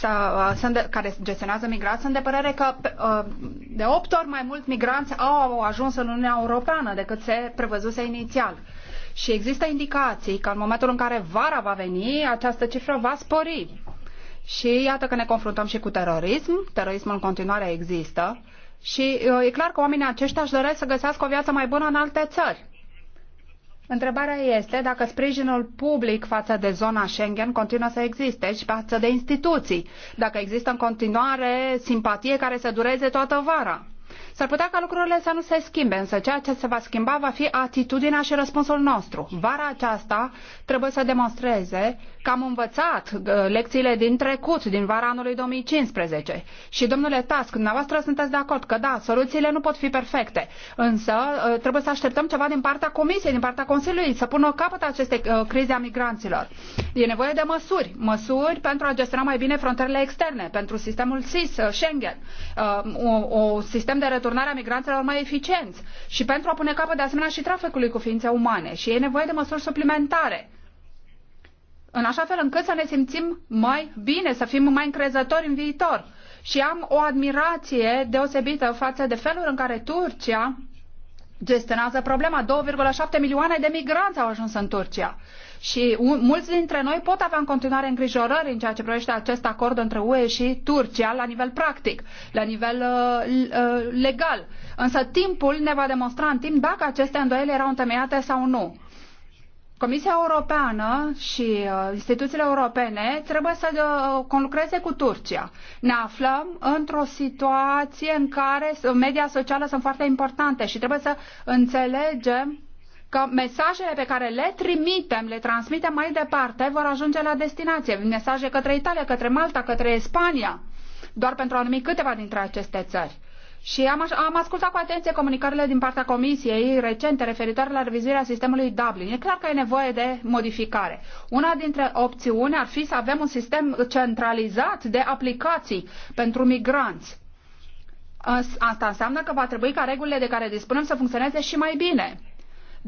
Uh, care gestionează migrați sunt de părere că uh, de 8 ori mai mult migranți au ajuns în Uniunea Europeană decât se prevăzuse inițial. Și există indicații că în momentul în care vara va veni, această cifră va spori. Și iată că ne confruntăm și cu terorism. Terorismul în continuare există. Și uh, e clar că oamenii aceștia își doresc să găsească o viață mai bună în alte țări. Întrebarea este dacă sprijinul public față de zona Schengen continuă să existe și față de instituții, dacă există în continuare simpatie care să dureze toată vara. S-ar putea ca lucrurile să nu se schimbe, însă ceea ce se va schimba va fi atitudinea și răspunsul nostru. Vara aceasta trebuie să demonstreze că am învățat uh, lecțiile din trecut, din vara anului 2015. Și, domnule Task, dumneavoastră sunteți de acord că, da, soluțiile nu pot fi perfecte, însă uh, trebuie să așteptăm ceva din partea Comisiei, din partea Consiliului, să pună capăt acestei uh, crize a migranților. E nevoie de măsuri, măsuri pentru a gestiona mai bine frontierele externe, pentru sistemul SIS, Schengen, un sistem de returnare a migranților mai eficienți și pentru a pune capăt de asemenea și traficului cu ființe umane și e nevoie de măsuri suplimentare în așa fel încât să ne simțim mai bine, să fim mai încrezători în viitor. Și am o admirație deosebită față de felul în care Turcia gestionează problema. 2,7 milioane de migranți au ajuns în Turcia și mulți dintre noi pot avea în continuare îngrijorări în ceea ce privește acest acord între UE și Turcia la nivel practic, la nivel uh, uh, legal. Însă timpul ne va demonstra în timp dacă aceste îndoieli erau întemeiate sau nu. Comisia Europeană și uh, instituțiile europene trebuie să uh, conlucreze cu Turcia. Ne aflăm într-o situație în care media socială sunt foarte importante și trebuie să înțelegem că mesajele pe care le trimitem, le transmitem mai departe, vor ajunge la destinație. Mesaje către Italia, către Malta, către Spania, doar pentru a numi câteva dintre aceste țări. Și am, am ascultat cu atenție comunicările din partea Comisiei recente referitoare la revizuirea sistemului Dublin. E clar că e nevoie de modificare. Una dintre opțiuni ar fi să avem un sistem centralizat de aplicații pentru migranți. Asta înseamnă că va trebui ca regulile de care dispunem să funcționeze și mai bine.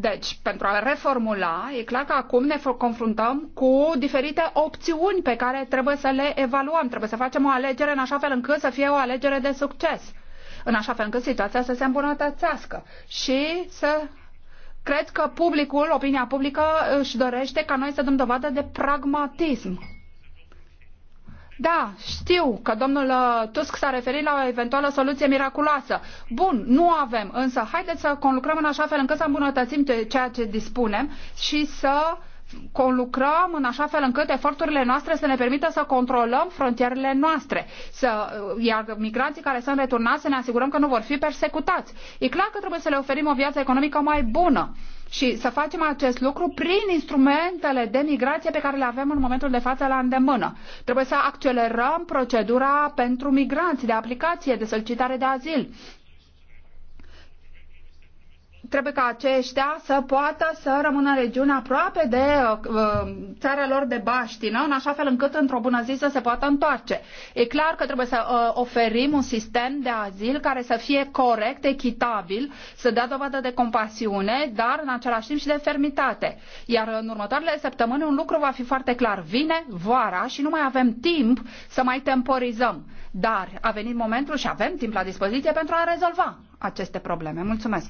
Deci, pentru a reformula, e clar că acum ne confruntăm cu diferite opțiuni pe care trebuie să le evaluăm. Trebuie să facem o alegere în așa fel încât să fie o alegere de succes. În așa fel încât situația să se îmbunătățească și să cred că publicul, opinia publică, își dorește ca noi să dăm dovadă de pragmatism. Da, știu că domnul uh, Tusk s-a referit la o eventuală soluție miraculoasă. Bun, nu avem, însă haideți să conlucrăm în așa fel încât să îmbunătățim ceea ce dispunem și să conlucrăm în așa fel încât eforturile noastre să ne permită să controlăm frontierele noastre, să, uh, iar migranții care sunt returnați să ne asigurăm că nu vor fi persecutați. E clar că trebuie să le oferim o viață economică mai bună și să facem acest lucru prin instrumentele de migrație pe care le avem în momentul de față la îndemână. Trebuie să accelerăm procedura pentru migranți de aplicație, de solicitare de azil trebuie ca aceștia să poată să rămână în regiune aproape de uh, uh, țara lor de baștină, în așa fel încât într-o bună zi să se poată întoarce. E clar că trebuie să uh, oferim un sistem de azil care să fie corect, echitabil, să dea dovadă de compasiune, dar în același timp și de fermitate. Iar în următoarele săptămâni un lucru va fi foarte clar. Vine vara și nu mai avem timp să mai temporizăm. Dar a venit momentul și avem timp la dispoziție pentru a rezolva aceste probleme. Mulțumesc!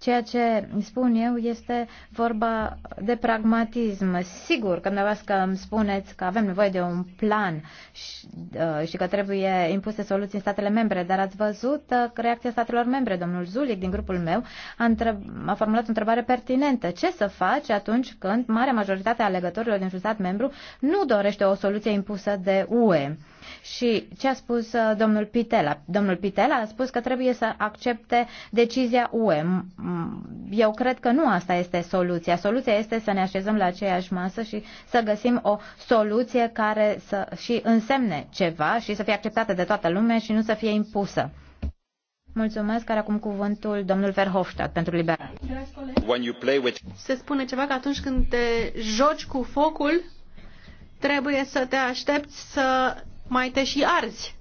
Ceea ce spun eu este vorba de pragmatism. Sigur că dumneavoastră îmi spuneți că avem nevoie de un plan și, uh, și că trebuie impuse soluții în statele membre, dar ați văzut uh, reacția statelor membre. Domnul Zulic din grupul meu a, întreb, a formulat o întrebare pertinentă. Ce să faci atunci când marea majoritate a alegătorilor din un stat membru nu dorește o soluție impusă de UE? Și ce a spus uh, domnul Pitela? Domnul Pitela a spus că trebuie să accepte decizia UE. Eu cred că nu asta este soluția. Soluția este să ne așezăm la aceeași masă și să găsim o soluție care să și însemne ceva și să fie acceptată de toată lumea și nu să fie impusă. Mulțumesc, are acum cuvântul domnul Verhofstadt pentru liberal. With... Se spune ceva că atunci când te joci cu focul, trebuie să te aștepți să mai te și arzi.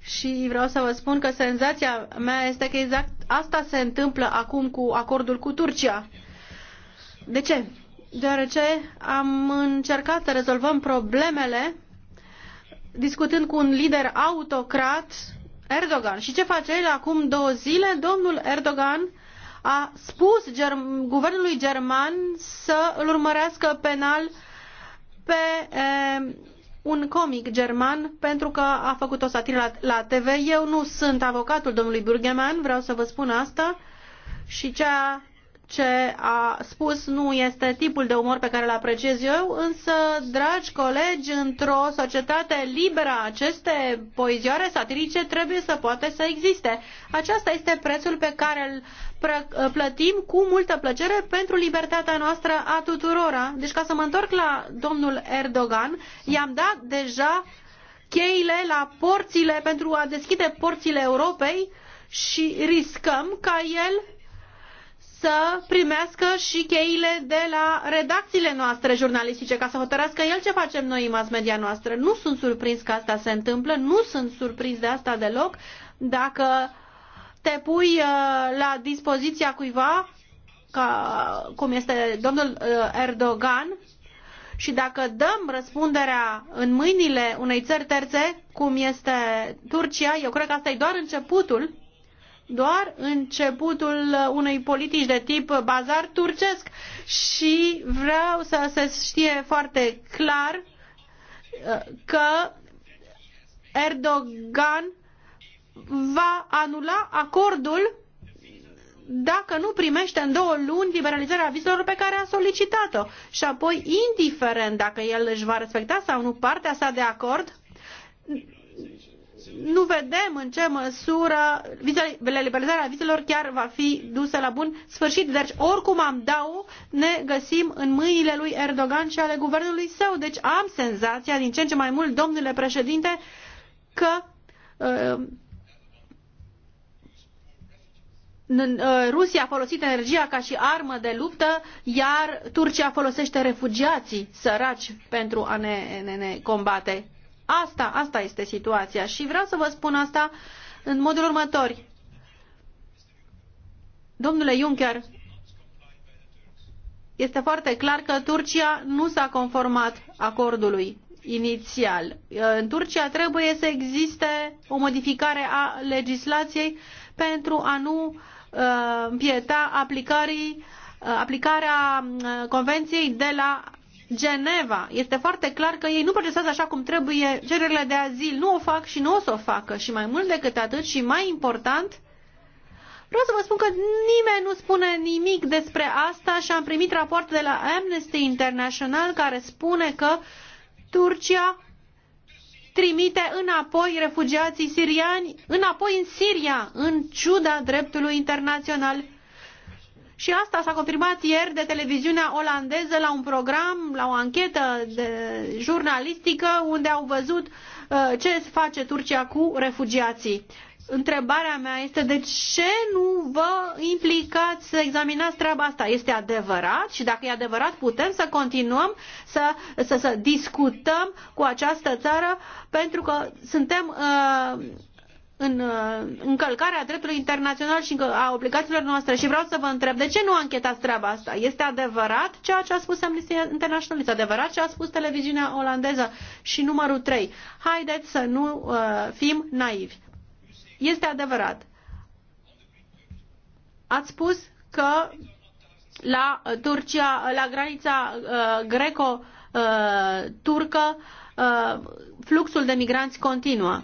Și vreau să vă spun că senzația mea este că exact asta se întâmplă acum cu acordul cu Turcia. De ce? Deoarece am încercat să rezolvăm problemele discutând cu un lider autocrat, Erdogan. Și ce face el acum două zile? Domnul Erdogan a spus germ- guvernului german să îl urmărească penal pe eh, un comic german pentru că a făcut o satiră la, TV. Eu nu sunt avocatul domnului Burgeman, vreau să vă spun asta. Și cea ce a spus nu este tipul de umor pe care îl apreciez eu, însă, dragi colegi, într-o societate liberă, aceste poezioare satirice trebuie să poată să existe. Aceasta este prețul pe care îl plătim cu multă plăcere pentru libertatea noastră a tuturora. Deci, ca să mă întorc la domnul Erdogan, i-am dat deja cheile la porțile pentru a deschide porțile Europei și riscăm ca el să primească și cheile de la redacțiile noastre jurnalistice ca să hotărească el ce facem noi în mass media noastră. Nu sunt surprins că asta se întâmplă, nu sunt surprins de asta deloc. Dacă te pui uh, la dispoziția cuiva, ca, cum este domnul uh, Erdogan, și dacă dăm răspunderea în mâinile unei țări terțe, cum este Turcia, eu cred că asta e doar începutul doar începutul unei politici de tip bazar turcesc și vreau să se știe foarte clar uh, că Erdogan va anula acordul dacă nu primește în două luni liberalizarea vizelor pe care a solicitat-o. Și apoi, indiferent dacă el își va respecta sau nu partea sa de acord, nu vedem în ce măsură liberalizarea vizelor chiar va fi dusă la bun sfârșit. Deci, oricum am dau, ne găsim în mâinile lui Erdogan și ale guvernului său. Deci am senzația, din ce în ce mai mult, domnule președinte, că uh, uh Rusia a folosit energia ca și armă de luptă, iar Turcia folosește refugiații săraci pentru a ne, ne, ne combate. Asta, asta este situația și vreau să vă spun asta în modul următor. Domnule Juncker, este foarte clar că Turcia nu s-a conformat acordului inițial. În Turcia trebuie să existe o modificare a legislației pentru a nu uh, împieta uh, aplicarea uh, Convenției de la Geneva. Este foarte clar că ei nu procesează așa cum trebuie cererile de azil. Nu o fac și nu o să o facă. Și mai mult decât atât și mai important, vreau să vă spun că nimeni nu spune nimic despre asta și am primit raport de la Amnesty International care spune că Turcia trimite înapoi refugiații siriani, înapoi în Siria, în ciuda dreptului internațional și asta s-a confirmat ieri de televiziunea olandeză la un program, la o anchetă de jurnalistică unde au văzut uh, ce face Turcia cu refugiații. Întrebarea mea este de ce nu vă implicați să examinați treaba asta? Este adevărat și dacă e adevărat putem să continuăm să, să, să discutăm cu această țară pentru că suntem uh, în uh, încălcarea dreptului internațional și a obligațiilor noastre. Și vreau să vă întreb, de ce nu anchetați treaba asta? Este adevărat ceea ce a spus Amnesty International? Este adevărat ce a spus televiziunea olandeză? Și numărul trei. Haideți să nu uh, fim naivi. Este adevărat. Ați spus că la Turcia, la granița uh, greco-turcă, uh, uh, fluxul de migranți continuă.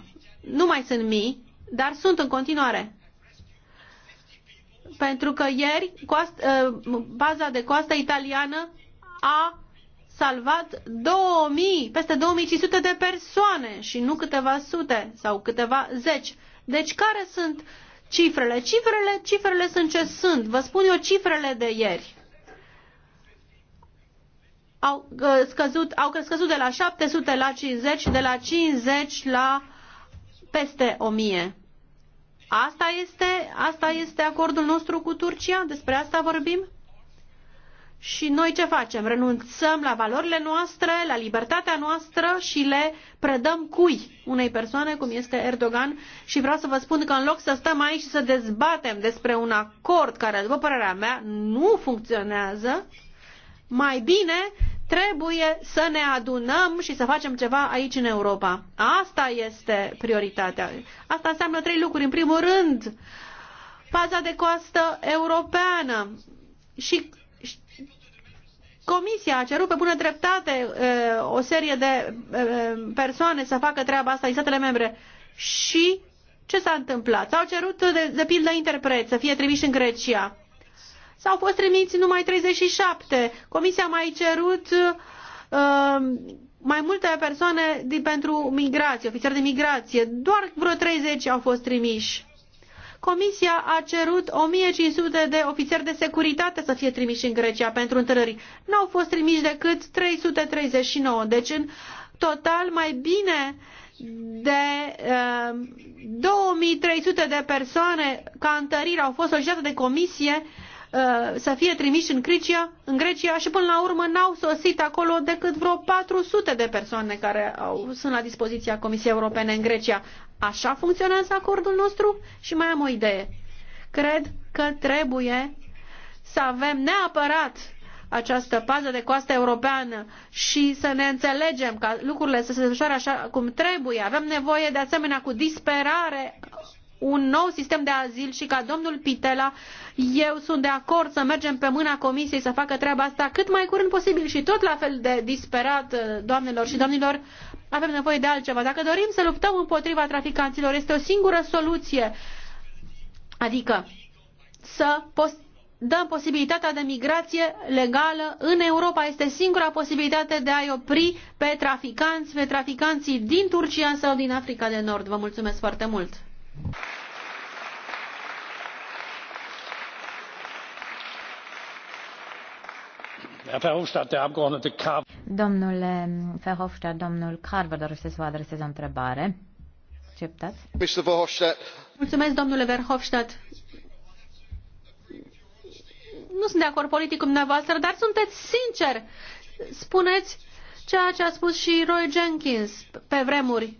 Nu mai sunt mii, dar sunt în continuare. Pentru că ieri ă, baza de coastă italiană a salvat 2000, peste 2500 de persoane și nu câteva sute sau câteva zeci. Deci care sunt cifrele? Cifrele, cifrele sunt ce sunt. Vă spun eu cifrele de ieri. Au, ă, scăzut, au scăzut de la 700 la 50, de la 50 la peste o mie. Asta este, asta este acordul nostru cu Turcia? Despre asta vorbim? Și noi ce facem? Renunțăm la valorile noastre, la libertatea noastră și le predăm cui? Unei persoane cum este Erdogan și vreau să vă spun că în loc să stăm aici și să dezbatem despre un acord care, după părerea mea, nu funcționează, mai bine Trebuie să ne adunăm și să facem ceva aici în Europa. Asta este prioritatea. Asta înseamnă trei lucruri. În primul rând, faza de coastă europeană și Comisia a cerut pe bună dreptate uh, o serie de uh, persoane să facă treaba asta din statele membre. Și ce s-a întâmplat? S-au cerut, de, de pildă, interpreți să fie trimiși în Grecia s-au fost trimiți numai 37. Comisia a mai cerut uh, mai multe persoane pentru migrație, ofițeri de migrație. Doar vreo 30 au fost trimiși. Comisia a cerut 1500 de ofițeri de securitate să fie trimiși în Grecia pentru întâlniri. Nu au fost trimiși decât 339, deci în total mai bine de uh, 2300 de persoane ca întăriri au fost solicitate de comisie uh, Uh, să fie trimiși în Grecia, în Grecia și până la urmă n-au sosit acolo decât vreo 400 de persoane care au, sunt la dispoziția Comisiei Europene în Grecia. Așa funcționează acordul nostru? Și mai am o idee. Cred că trebuie să avem neapărat această pază de coastă europeană și să ne înțelegem ca lucrurile să se desfășoare așa cum trebuie. Avem nevoie de asemenea cu disperare un nou sistem de azil și ca domnul Pitela, eu sunt de acord să mergem pe mâna comisiei să facă treaba asta cât mai curând posibil și tot la fel de disperat, uh, doamnelor și domnilor, avem nevoie de altceva. Dacă dorim să luptăm împotriva traficanților, este o singură soluție, adică să post- dăm posibilitatea de migrație legală în Europa. Este singura posibilitate de a-i opri pe traficanți, pe traficanții din Turcia sau din Africa de Nord. Vă mulțumesc foarte mult! Domnule Verhofstadt, domnul Carver dorește să vă adreseze o întrebare. Acceptați? Mulțumesc, domnule Verhofstadt. Nu sunt de acord politic cu dumneavoastră, dar sunteți sincer. Spuneți ceea ce a spus și Roy Jenkins pe vremuri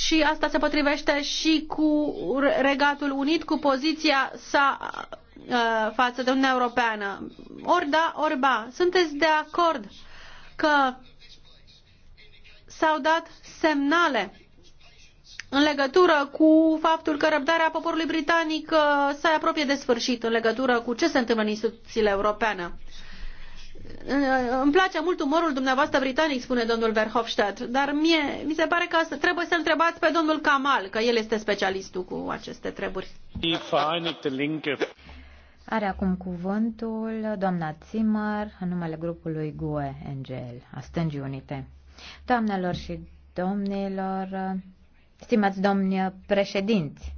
și asta se potrivește și cu Regatul Unit, cu poziția sa uh, față de Uniunea Europeană. Ori da, ori ba. Sunteți de acord că s-au dat semnale în legătură cu faptul că răbdarea poporului britanic uh, se apropie de sfârșit în legătură cu ce se întâmplă în instituțiile europene. Îmi place mult umorul dumneavoastră britanic, spune domnul Verhofstadt, dar mie mi se pare că asta, trebuie să întrebați pe domnul Kamal, că el este specialistul cu aceste treburi. Are acum cuvântul doamna Zimmer, în numele grupului GUE NGL, a Stângii Unite. Doamnelor și domnilor, stimați domni președinți,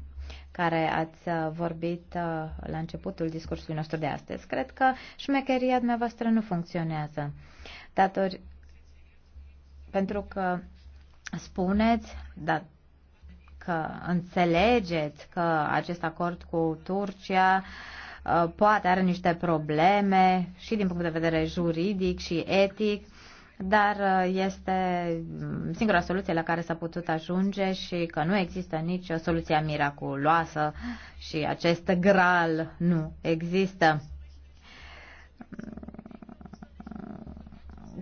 care ați uh, vorbit uh, la începutul discursului nostru de astăzi. Cred că șmecheria dumneavoastră nu funcționează. Datori, pentru că spuneți, da, că înțelegeți că acest acord cu Turcia uh, poate are niște probleme și din punct de vedere juridic și etic dar uh, este mm, singura soluție la care s-a putut ajunge și că nu există nicio soluție miraculoasă și acest gral nu există. Mm,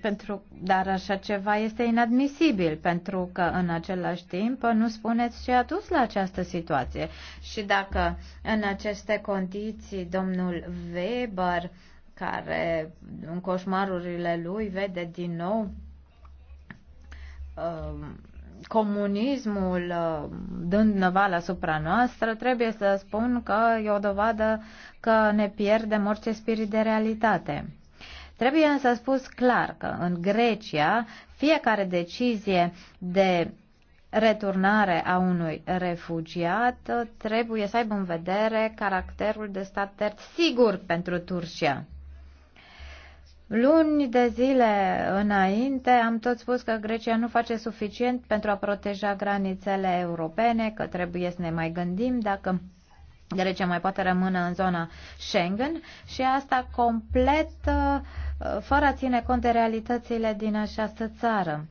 pentru, dar așa ceva este inadmisibil, pentru că în același timp nu spuneți ce a dus la această situație. Și dacă în aceste condiții domnul Weber uh, care în coșmarurile lui vede din nou um, comunismul um, dând năval asupra noastră, trebuie să spun că e o dovadă că ne pierdem orice spirit de realitate. Trebuie însă spus clar că în Grecia fiecare decizie de returnare a unui refugiat trebuie să aibă în vedere caracterul de stat terț sigur pentru Turcia. Luni de zile înainte am tot spus că Grecia nu face suficient pentru a proteja granițele europene, că trebuie să ne mai gândim dacă Grecia mai poate rămâne în zona Schengen și asta complet uh, fără a ține cont de realitățile din această țară.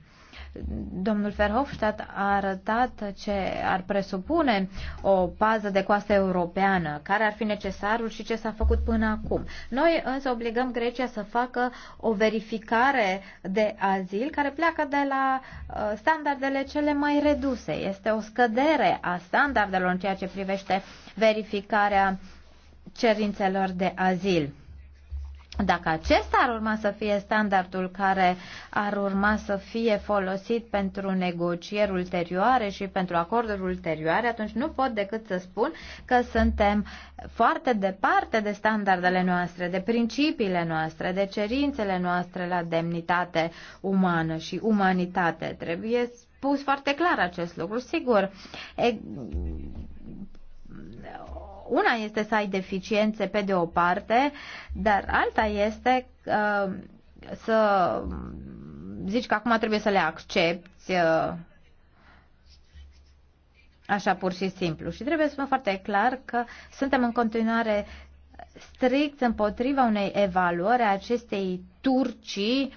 Domnul Verhofstadt a arătat ce ar presupune o pază de coastă europeană, care ar fi necesarul și ce s-a făcut până acum. Noi însă obligăm Grecia să facă o verificare de azil care pleacă de la uh, standardele cele mai reduse. Este o scădere a standardelor în ceea ce privește verificarea cerințelor de azil. Dacă acesta ar urma să fie standardul care ar urma să fie folosit pentru negocieri ulterioare și pentru acorduri ulterioare, atunci nu pot decât să spun că suntem foarte departe de standardele noastre, de principiile noastre, de cerințele noastre la demnitate umană și umanitate. Trebuie spus foarte clar acest lucru. Sigur, e una este să ai deficiențe pe de o parte, dar alta este uh, să zici că acum trebuie să le accepti uh, așa pur și simplu. Și trebuie să spun foarte clar că suntem în continuare strict împotriva unei evaluări a acestei Turcii uh,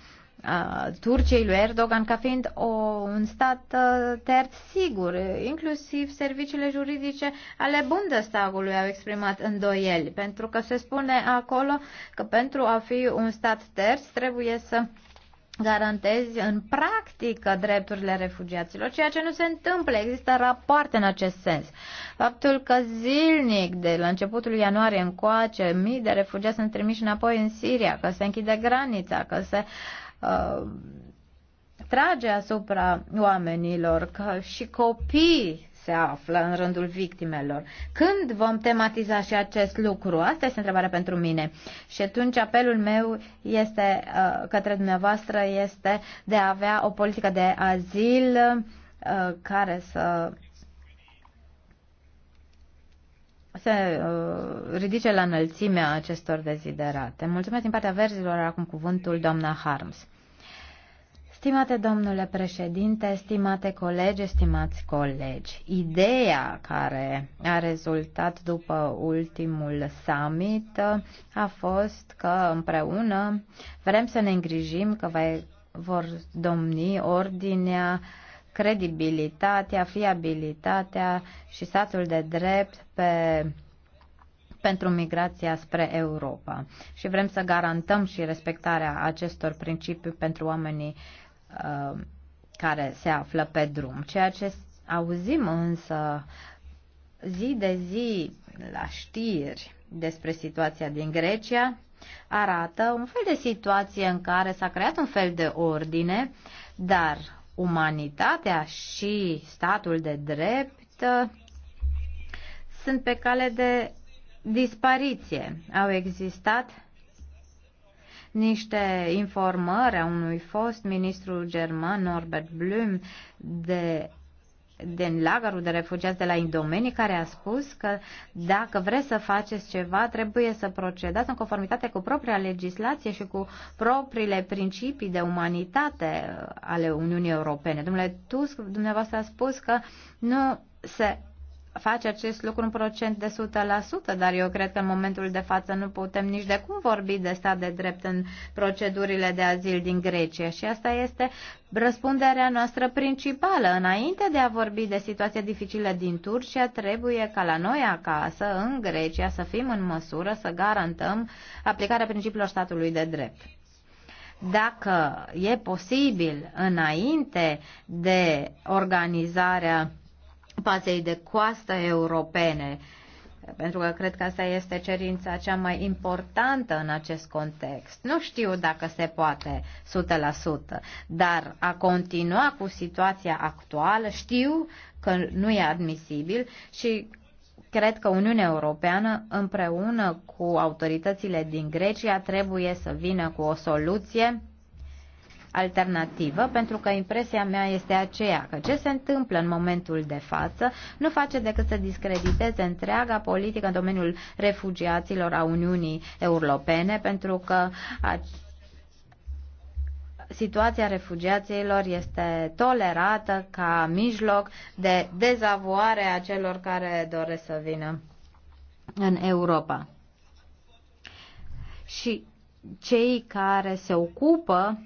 Turciei lui Erdogan ca fiind o, un stat uh, terț sigur. Inclusiv serviciile juridice ale Bundestagului au exprimat îndoieli, pentru că se spune acolo că pentru a fi un stat terț trebuie să garantezi în practică drepturile refugiaților, ceea ce nu se întâmplă. Există rapoarte în acest sens. Faptul că zilnic, de la începutul ianuarie încoace, mii de refugiați sunt trimiși înapoi în Siria, că se închide granița, că se uh, Uh, trage asupra oamenilor că și copiii se află în rândul victimelor. Când vom tematiza și acest lucru? Asta este întrebarea pentru mine. Și atunci apelul meu este uh, către dumneavoastră este de a avea o politică de azil uh, care să se ridice la înălțimea acestor deziderate. Mulțumesc din partea verzilor acum cuvântul doamna Harms. Stimate domnule președinte, stimate colegi, stimați colegi, ideea care a rezultat după ultimul summit a fost că împreună vrem să ne îngrijim că va, vor domni ordinea credibilitatea, fiabilitatea și statul de drept pe pentru migrația spre Europa și vrem să garantăm și respectarea acestor principii pentru oamenii Uh, care se află pe drum. Ceea ce auzim însă zi de zi la știri despre situația din Grecia arată un fel de situație în care s-a creat un fel de ordine, dar umanitatea și statul de drept sunt pe cale de dispariție. Au existat niște informări a unui fost ministru german, Norbert Blüm, de din lagărul de refugiați de la Indomenii, care a spus că dacă vreți să faceți ceva, trebuie să procedați în conformitate cu propria legislație și cu propriile principii de umanitate uh, ale Uniunii Europene. Domnule Tusk, dumneavoastră a spus că nu se face acest lucru în procent de 100%, dar eu cred că în momentul de față nu putem nici de cum vorbi de stat de drept în procedurile de azil din Grecia și asta este răspunderea noastră principală. Înainte de a vorbi de situația dificilă din Turcia, trebuie ca la noi acasă, în Grecia, să fim în măsură să garantăm aplicarea principiilor statului de drept dacă e posibil înainte de organizarea pazei de coastă europene, pentru că cred că asta este cerința cea mai importantă în acest context. Nu știu dacă se poate 100%, dar a continua cu situația actuală știu că nu e admisibil și cred că Uniunea Europeană împreună cu autoritățile din Grecia trebuie să vină cu o soluție alternativă, pentru că impresia mea este aceea că ce se întâmplă în momentul de față nu face decât să discrediteze întreaga politică în domeniul refugiaților a Uniunii Europene, pentru că situația refugiaților este tolerată ca mijloc de dezavoare a celor care doresc să vină în Europa. Și cei care se ocupă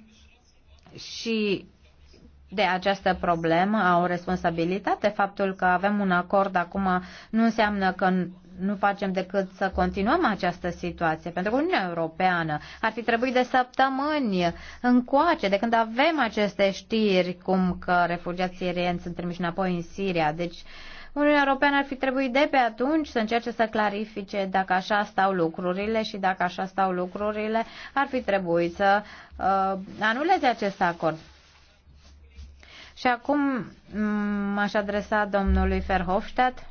și de această problemă au responsabilitate. Faptul că avem un acord acum nu înseamnă că nu facem decât să continuăm această situație. Pentru că Uniunea Europeană ar fi trebuit de săptămâni încoace, de când avem aceste știri, cum că refugiații sirieni sunt trimiși înapoi în Siria. Deci uh, Uniunea Europeană ar fi trebuit de pe atunci să încerce să clarifice dacă așa stau lucrurile și dacă așa stau lucrurile, ar fi trebuit să uh, anuleze acest acord. Și acum mm, m-aș adresa domnului Verhofstadt.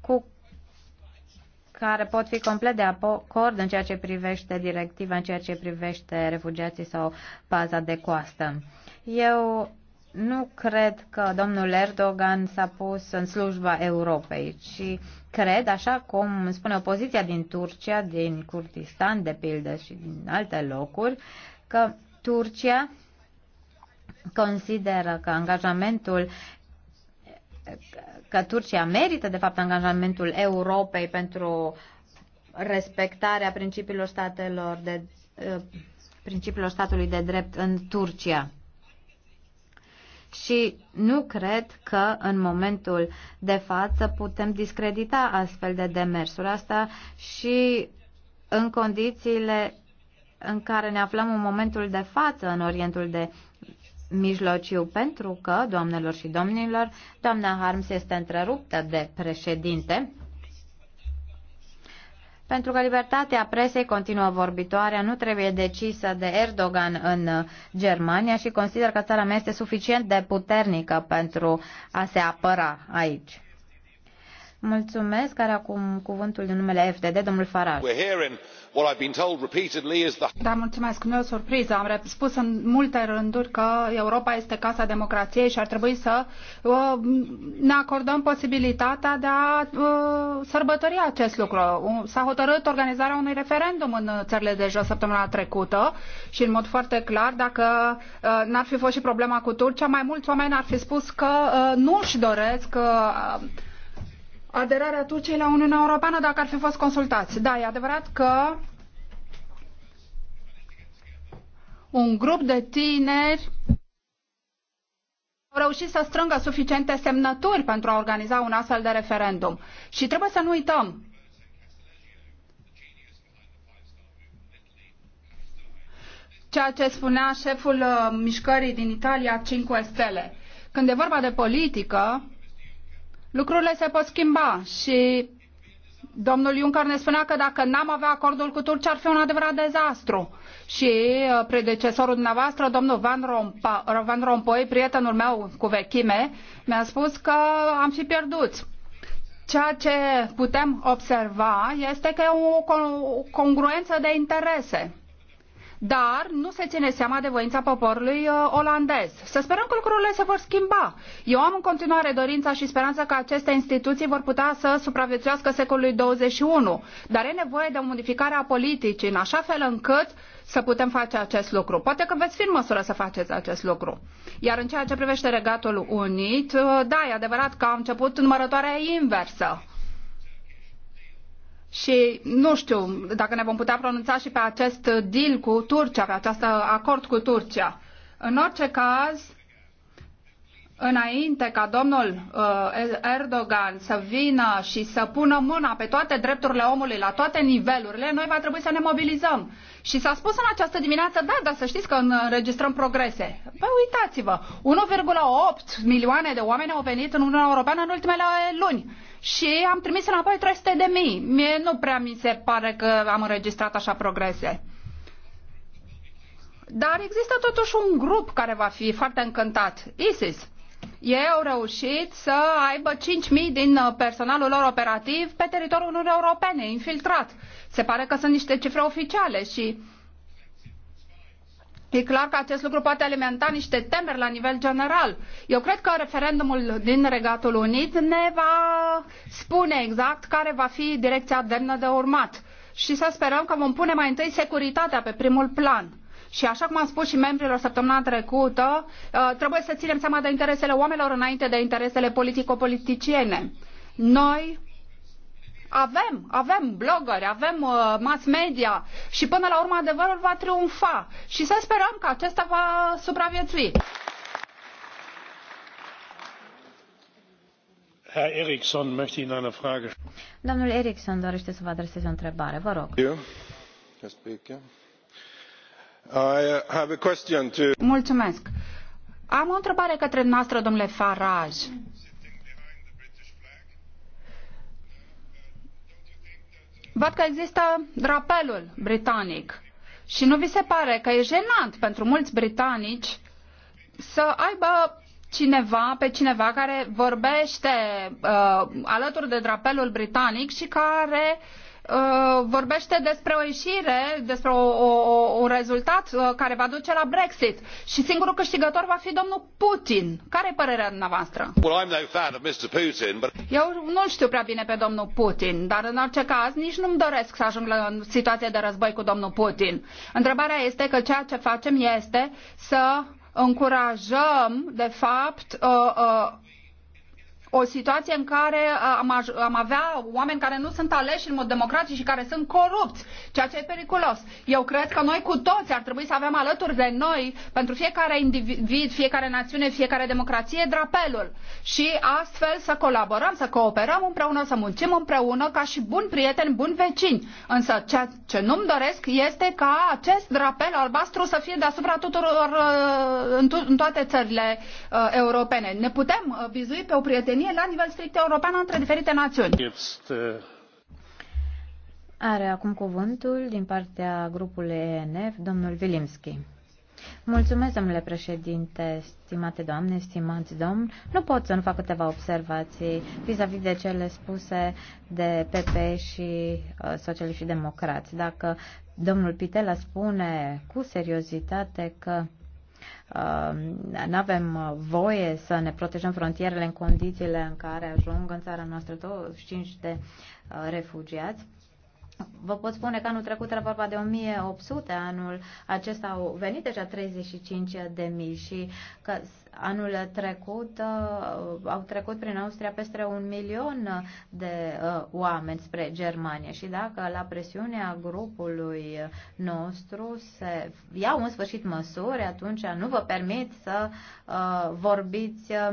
Cu care pot fi complet de acord în ceea ce privește directiva, în ceea ce privește refugiații sau paza de coastă. Eu nu cred că domnul Erdogan s-a pus în slujba Europei, ci cred, așa cum spune opoziția din Turcia, din Kurdistan, de pildă, și din alte locuri, că Turcia consideră că angajamentul că Turcia merită, de fapt, angajamentul Europei pentru respectarea principiilor statelor de eh, principiilor statului de drept în Turcia. Și nu cred că în momentul de față putem discredita astfel de demersuri. Asta și în condițiile în care ne aflăm în momentul de față în Orientul de mijlociu pentru că, doamnelor și domnilor, doamna Harms este întreruptă de președinte. Pentru că libertatea presei, continuă vorbitoarea, nu trebuie decisă de Erdogan în uh, Germania și consider că țara mea este suficient de puternică pentru a se apăra aici. Mulțumesc. care acum cuvântul din numele FDD, domnul Farage what i have been told repeatedly is the. da mulțumesc nu e o surpriză am spus în multe rânduri că europa este casa democrației și ar trebui să uh, ne acordăm posibilitatea de a uh, sărbători acest lucru. S-a hotărât organizarea unui referendum în țările de jos săptămâna trecută și în mod foarte clar dacă uh, n-ar fi fost și problema cu Turcia, mai mulți oameni ar fi spus că nu își doresc aderarea Turciei la Uniunea Europeană dacă ar fi fost consultați. Da, e adevărat că un grup de tineri au reușit să strângă suficiente semnături pentru a organiza un astfel de referendum. Și trebuie să nu uităm ceea ce spunea șeful uh, mișcării din Italia 5 Stele. Când e vorba de politică, lucrurile se pot schimba și domnul Juncker ne spunea că dacă n-am avea acordul cu Turcia ar fi un adevărat dezastru. Și uh, predecesorul dumneavoastră, domnul Van, Rompa, Van Rompuy, prietenul meu cu vechime, mi-a spus că am fi pierduți. Ceea ce putem observa este că e o congruență de interese dar nu se ține seama de voința poporului uh, olandez. Să sperăm că lucrurile se vor schimba. Eu am în continuare dorința și speranța că aceste instituții vor putea să supraviețuiască secolului 21, dar e nevoie de o modificare a politicii în așa fel încât să putem face acest lucru. Poate că veți fi în măsură să faceți acest lucru. Iar în ceea ce privește Regatul Unit, uh, da, e adevărat că a început numărătoarea inversă. Și nu știu dacă ne vom putea pronunța și pe acest deal cu Turcia, pe acest acord cu Turcia. În orice caz, înainte ca domnul uh, Erdogan să vină și să pună mâna pe toate drepturile omului la toate nivelurile, noi va trebui să ne mobilizăm. Și s-a spus în această dimineață, da, dar să știți că înregistrăm progrese. Păi uitați-vă, 1,8 milioane de oameni au venit în Uniunea Europeană în ultimele luni și am trimis înapoi 300 de mii. Mie nu prea mi se pare că am înregistrat așa progrese. Dar există totuși un grup care va fi foarte încântat, ISIS ei au reușit să aibă 5.000 din uh, personalul lor operativ pe teritoriul Uniunii Europene, infiltrat. Se pare că sunt niște cifre oficiale și e clar că acest lucru poate alimenta niște temeri la nivel general. Eu cred că referendumul din Regatul Unit ne va spune exact care va fi direcția demnă de urmat. Și să sperăm că vom pune mai întâi securitatea pe primul plan și așa cum am spus și membrilor săptămâna trecută, uh, trebuie să ținem seama de interesele oamenilor înainte de interesele politico-politiciene. Noi avem, avem blogări, avem uh, mass media și până la urmă adevărul va triumfa și să sperăm că acesta va supraviețui. Erickson, möchte Ihnen eine Frage. Domnul Erickson dorește să vă adreseze o întrebare, vă rog. Eu, am o întrebare către dumneavoastră domnule Farage. Văd că există drapelul britanic și nu vi se pare că e jenant pentru mulți britanici să aibă cineva, pe cineva care vorbește uh, alături de drapelul britanic și care uh, Uh, vorbește despre o ieșire, despre o, o, un rezultat uh, care va duce la Brexit și singurul câștigător va fi domnul Putin. Care e părerea dumneavoastră? Well, I'm no fan of Mr. Putin, but... Eu nu știu prea bine pe domnul Putin, dar în orice caz nici nu-mi doresc să ajung la situație de război cu domnul Putin. Întrebarea este că ceea ce facem este să încurajăm, de fapt, uh, uh, o situație în care uh, am, am avea oameni care nu sunt aleși în mod democratic și care sunt corupți, ceea ce e periculos. Eu cred că noi cu toți ar trebui să avem alături de noi, pentru fiecare individ, fiecare națiune, fiecare democrație, drapelul. Și astfel să colaborăm, să cooperăm împreună, să muncim împreună ca și buni prieteni, buni vecini. Însă ceea ce nu-mi doresc este ca acest drapel albastru să fie deasupra tuturor, uh, în, to- în toate țările uh, europene. Ne putem uh, bizui pe o prietenie cetățenie la nivel strict european între diferite națiuni. Are acum cuvântul din partea grupului ENF, domnul Vilimski. Mulțumesc, domnule președinte, stimate doamne, stimați domn. Nu pot să nu fac câteva observații vis-a-vis -vis de cele spuse de PP și uh, socialiști și democrați. Dacă domnul Pitela spune cu seriozitate că nu avem voie să ne protejăm frontierele în condițiile în care ajung în țara noastră 25 de uh, refugiați Vă pot spune că anul trecut era vorba de 1800, anul acesta au venit deja 35 de mii și că anul trecut uh, au trecut prin Austria peste un milion de uh, oameni spre Germania și dacă la presiunea grupului nostru se iau în sfârșit măsuri, atunci nu vă permit să uh, vorbiți uh,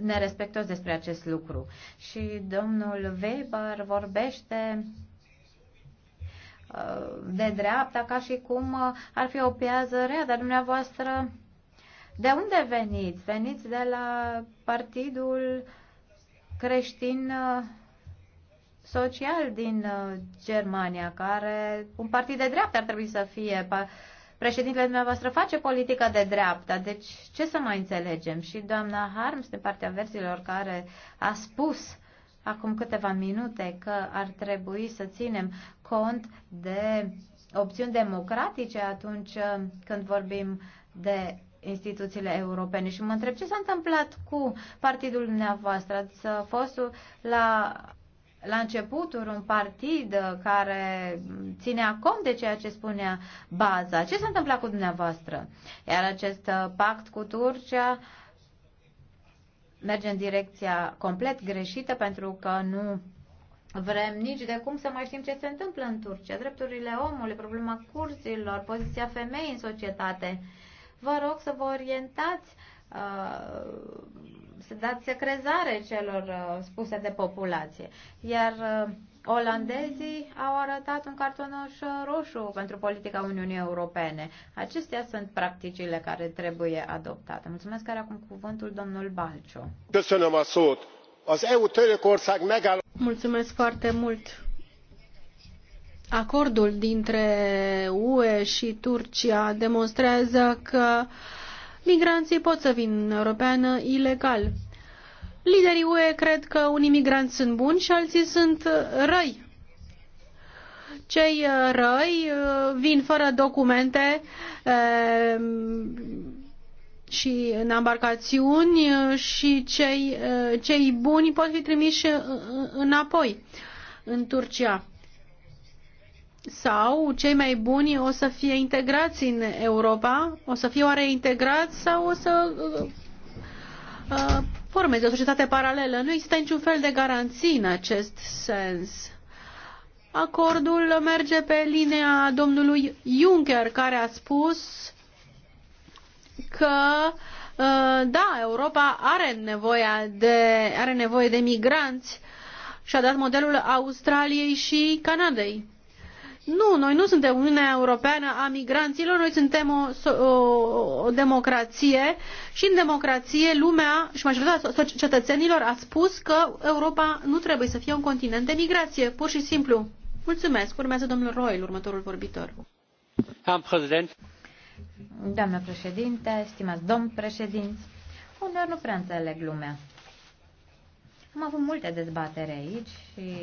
nerespectos despre acest lucru. Și domnul Weber vorbește uh, de dreapta ca și cum uh, ar fi o piază rea, dar dumneavoastră de unde veniți? Veniți de la Partidul Creștin uh, Social din Germania, care un partid de dreapta ar trebui să fie Președintele dumneavoastră face politică de dreapta, deci ce să mai înțelegem? Și doamna Harms, din partea versilor care a spus acum câteva minute că ar trebui să ținem cont de opțiuni democratice atunci uh, când vorbim de instituțiile europene și mă întreb ce s-a întâmplat cu partidul dumneavoastră. Ați uh, fost la la începuturi un partid uh, care ținea cont de ceea ce spunea baza. Ce s-a întâmplat cu dumneavoastră? Iar acest uh, pact cu Turcia merge în direcția complet greșită pentru că nu vrem nici de cum să mai știm ce se întâmplă în Turcia. Drepturile omului, problema cursilor, poziția femeii în societate. Vă rog să vă orientați uh, se dați crezare celor uh, spuse de populație. Iar uh, Olandezii au arătat un cartonaș roșu pentru politica Uniunii Europene. Acestea sunt practicile care trebuie adoptate. Mulțumesc care acum cuvântul domnul Balcio. Mulțumesc foarte mult. Acordul dintre UE și Turcia demonstrează că uh, migranții pot să vină în Europeană ilegal. Liderii UE cred că unii migranți sunt buni și alții sunt răi. Cei uh, răi uh, vin fără documente uh, și în embarcațiuni și cei, cei buni pot fi trimiși înapoi în Turcia sau cei mai buni o să fie integrați în Europa? O să fie oare integrați sau o să uh, uh, formeze o societate paralelă? Nu există niciun fel de garanții în acest sens. Acordul merge pe linia domnului Juncker, care a spus că uh, da, Europa are, nevoie de, are nevoie de migranți și a dat modelul Australiei și Canadei nu, noi nu suntem Uniunea Europeană a migranților, noi suntem o, o, o democrație și în democrație lumea și majoritatea cetățenilor a spus că Europa nu trebuie să fie un continent de migrație, pur și simplu. Mulțumesc. Urmează domnul Royal, următorul vorbitor. Doamnă președinte, stimați domn președinți, uneori nu prea înțeleg lumea. Am avut multe dezbatere aici și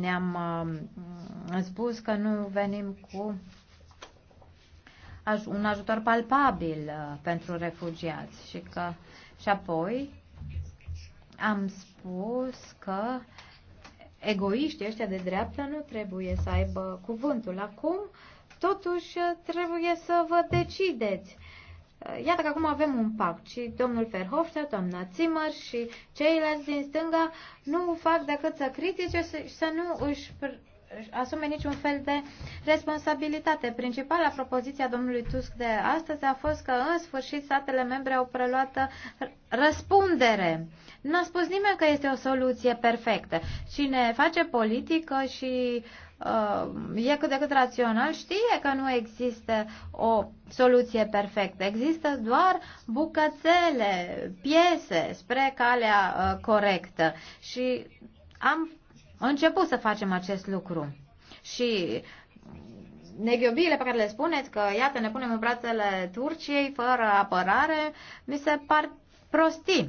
ne-am uh, mm, spus că nu venim cu un ajutor palpabil uh, pentru refugiați și că și apoi am spus că egoiștii ăștia de dreapta nu trebuie să aibă cuvântul. Acum, totuși, trebuie să vă decideți. Eh, iată că acum avem un pact și domnul Verhofstadt, doamna Zimmer și ceilalți din stânga nu fac decât să critique și să nu își asume niciun fel de responsabilitate. Principala propoziție a domnului Tusk de astăzi a fost că în sfârșit statele membre au preluat răspundere. Nu a spus nimeni că este o soluție perfectă. Cine face politică și uh, Uh, e cât de cât rațional, știe că nu există o soluție perfectă. Există doar bucățele, piese spre calea uh, corectă și am început să facem acest lucru. Și neghiobiile pe care le spuneți că, iată, ne punem în brațele Turciei fără apărare, mi se par prosti.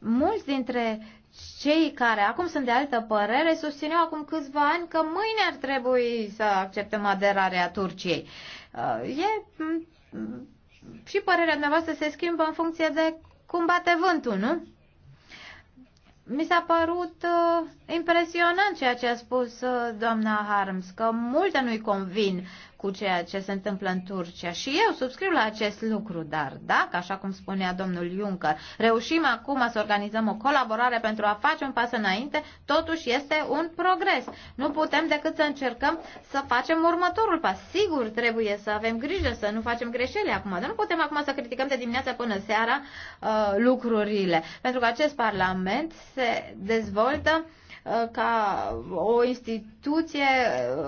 Mulți dintre cei care acum sunt de altă părere susțineau acum câțiva ani că mâine ar trebui să acceptăm aderarea Turciei. Uh, e și părerea dumneavoastră se schimbă în funcție de cum bate vântul, nu? Mi s-a părut uh, impresionant ceea ce a spus uh, doamna Harms, că multe nu-i convin cu ceea ce se întâmplă în Turcia. Și eu subscriu la acest lucru, dar dacă, așa cum spunea domnul Juncker, reușim acum să organizăm o colaborare pentru a face un pas înainte, totuși este un progres. Nu putem decât să încercăm să facem următorul pas. Sigur, trebuie să avem grijă să nu facem greșeli acum, dar nu putem acum să criticăm de dimineața până seara uh, lucrurile, pentru că acest Parlament se dezvoltă uh, ca o instituție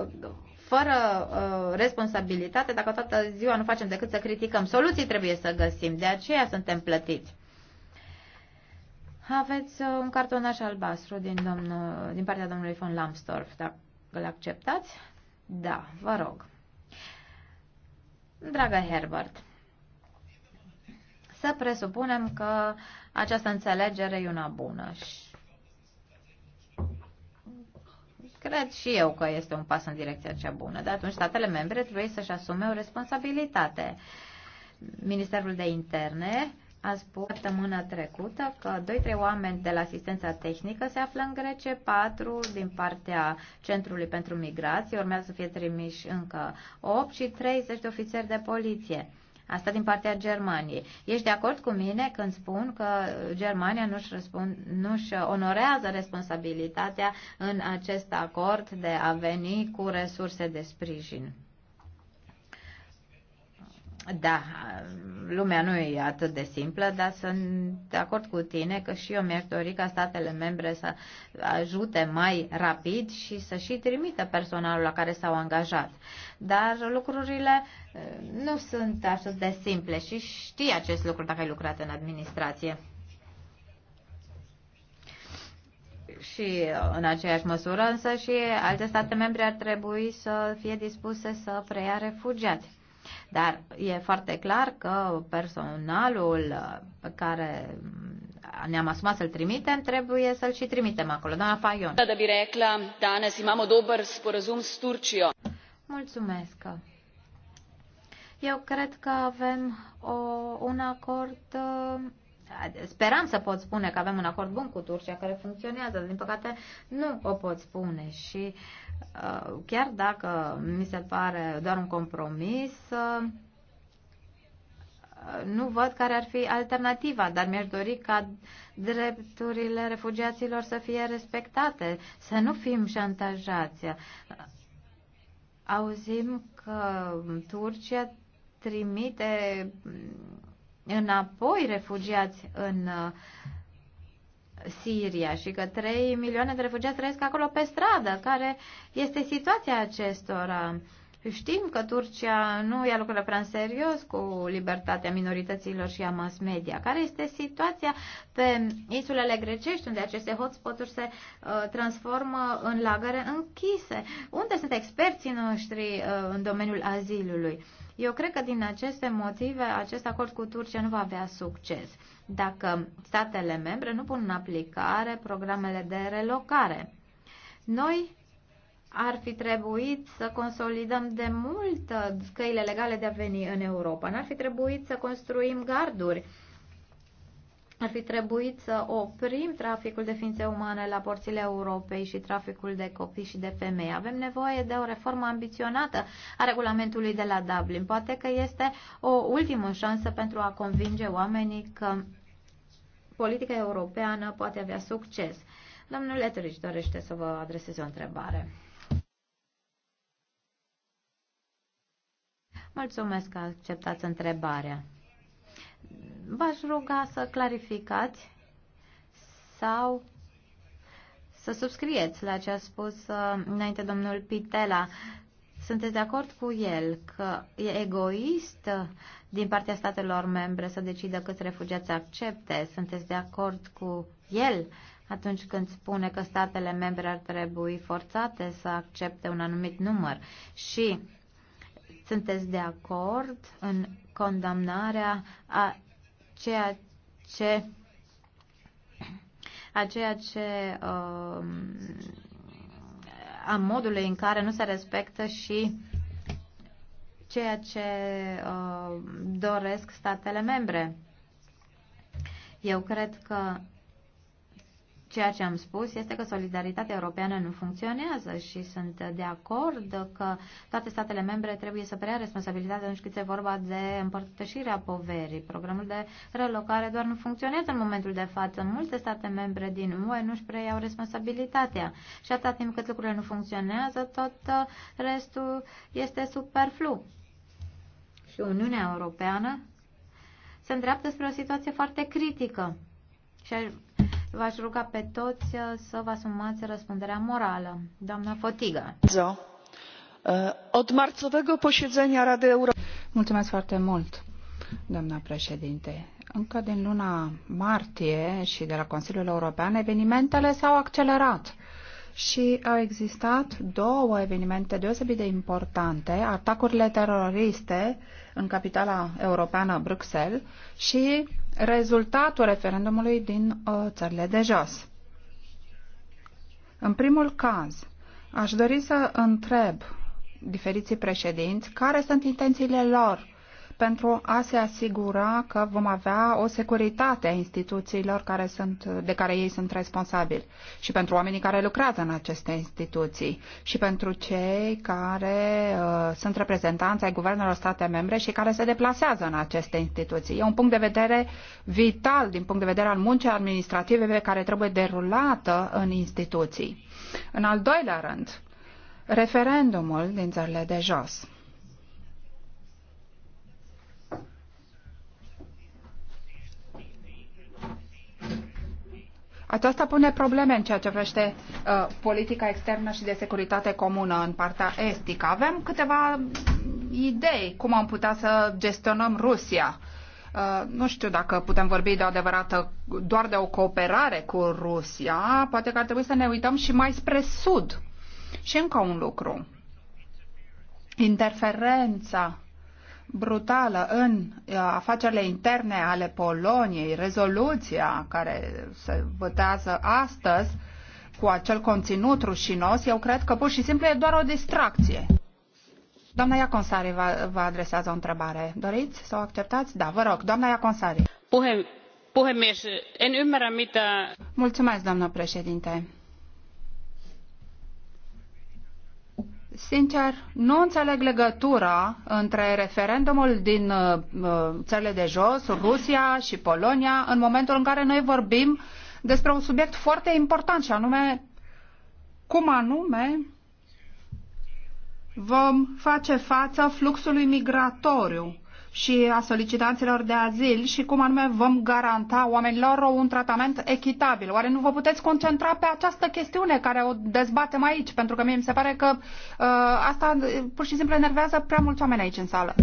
uh, fără uh, responsabilitate dacă toată ziua nu facem decât să criticăm. Soluții trebuie să găsim, de aceea suntem plătiți. Aveți uh, un cartonaș albastru din, domnul, din partea domnului von Lambsdorff, dacă îl acceptați? Da, vă rog. Dragă Herbert, să presupunem că această înțelegere e una bună și Cred și eu că este un pas în direcția cea bună, dar atunci statele membre trebuie să-și asume o responsabilitate. Ministerul de Interne a spus săptămâna trecută că 2-3 oameni de la asistența tehnică se află în Grece, 4 din partea Centrului pentru Migrație, urmează să fie trimiși încă 8 și 30 de ofițeri de poliție. Asta din partea Germaniei. Ești de acord cu mine când spun că Germania nu-și, răspund, nu-și onorează responsabilitatea în acest acord de a veni cu resurse de sprijin? Da, lumea nu e atât de simplă, dar sunt de acord cu tine că și eu mi-aș dori ca statele membre să ajute mai rapid și să și trimită personalul la care s-au angajat. Dar lucrurile eh, nu sunt atât de simple și știi acest lucru dacă ai lucrat în administrație. și eh, în aceeași măsură, însă și alte state membre ar trebui să fie dispuse să preia refugiați. Dar e foarte clar că personalul uh, pe care ne-am asumat să-l trimitem, trebuie să-l și trimitem acolo. Doamna Fajon. Da bi rekla, danes imamo dober Mulțumesc. Eu cred că avem o, un acord uh, Speram să pot spune că avem un acord bun cu Turcia care funcționează, din păcate nu o pot spune și uh, chiar dacă mi se pare doar un compromis, uh, nu văd care ar fi alternativa, dar mi-aș dori ca drepturile refugiaților să fie respectate, să nu fim șantajați. Auzim că Turcia trimite înapoi refugiați în uh, Siria și că 3 milioane de refugiați trăiesc acolo pe stradă. Care este situația acestora? Știm că Turcia nu ia lucrurile prea în serios cu libertatea minorităților și a mass media. Care este situația pe insulele grecești, unde aceste hotspot-uri se uh, transformă în lagăre închise? Unde sunt experții noștri uh, în domeniul azilului? Uh, eu cred că din aceste motive acest acord cu Turcia nu va avea succes dacă statele membre nu pun în aplicare programele de relocare. Noi ar fi trebuit să consolidăm de mult uh, căile legale de a veni în Europa. N-ar fi trebuit să construim garduri ar fi trebuit să oprim traficul de ființe umane la porțile Europei și traficul de copii și de femei. Avem nevoie de o reformă ambiționată a regulamentului de la Dublin. Poate că este o ultimă șansă pentru a convinge oamenii că politica europeană poate avea succes. Domnul Eterici dorește să vă adreseze o întrebare. Mulțumesc că acceptați întrebarea v-aș ruga să clarificați sau să subscrieți la ce a spus uh, înainte domnul Pitela. Sunteți de acord cu el că e egoist din partea statelor membre să decidă câți refugiați accepte? Sunteți de acord cu el atunci când spune că statele membre ar trebui forțate să accepte un anumit număr? Și sunteți de acord în condamnarea a ceea ce a ceea ce uh, a modului în care nu se respectă și ceea ce uh, doresc statele membre. Eu cred că Ceea ce am spus este că solidaritatea europeană nu funcționează și sunt de acord că toate statele membre trebuie să preia responsabilitatea atunci când se vorba de împărtășirea poverii. Programul de relocare doar nu funcționează în momentul de față. Multe state membre din UE nu își preiau responsabilitatea și atâta timp cât lucrurile nu funcționează, tot restul este superflu. Și Uniunea Europeană se îndreaptă spre o situație foarte critică. Și V-aș ruga pe toți uh, să vă asumați răspunderea morală. Doamna Fotiga. Uh, od marcowego posiedzenia Rady Europejskiej. Mulțumesc foarte mult, doamna președinte. Încă din luna martie și de la Consiliul European, evenimentele s-au accelerat și au existat două evenimente deosebit de importante, atacurile teroriste în capitala europeană Bruxelles și rezultatul referendumului din uh, țările de jos. În primul caz, aș dori să întreb diferiții președinți care sunt intențiile lor pentru a se asigura că vom avea o securitate a instituțiilor care sunt, de care ei sunt responsabili și pentru oamenii care lucrează în aceste instituții și pentru cei care uh, sunt reprezentanți ai guvernelor state membre și care se deplasează în aceste instituții. E un punct de vedere vital din punct de vedere al muncii administrative pe care trebuie derulată în instituții. În al doilea rând, referendumul din țările de jos. Aceasta pune probleme în ceea ce vrește uh, politica externă și de securitate comună în partea estică. Avem câteva idei cum am putea să gestionăm Rusia. Uh, nu știu dacă putem vorbi de adevărată, doar de o cooperare cu Rusia. Poate că ar trebui să ne uităm și mai spre sud. Și încă un lucru. Interferența brutală în uh, afacerile interne ale Poloniei, rezoluția care se votează astăzi cu acel conținut rușinos, eu cred că pur și simplu e doar o distracție. Doamna Iaconsari vă, vă adresează o întrebare. Doriți să o acceptați? Da, vă rog. Doamna Iaconsari. Puhem, puhemies, en ymmärrä mitä... Mulțumesc, doamnă președinte Sincer, nu înțeleg legătura între referendumul din uh, uh, țările de jos, Rusia și Polonia, în momentul în care noi vorbim despre un subiect foarte important și anume cum anume vom face față fluxului migratoriu și a solicitanților de azil și cum anume vom garanta oamenilor un tratament echitabil. Oare nu vă puteți concentra pe această chestiune care o dezbatem aici? Pentru că mie mi se pare că uh, asta uh, pur și simplu enervează prea mulți oameni aici în sală.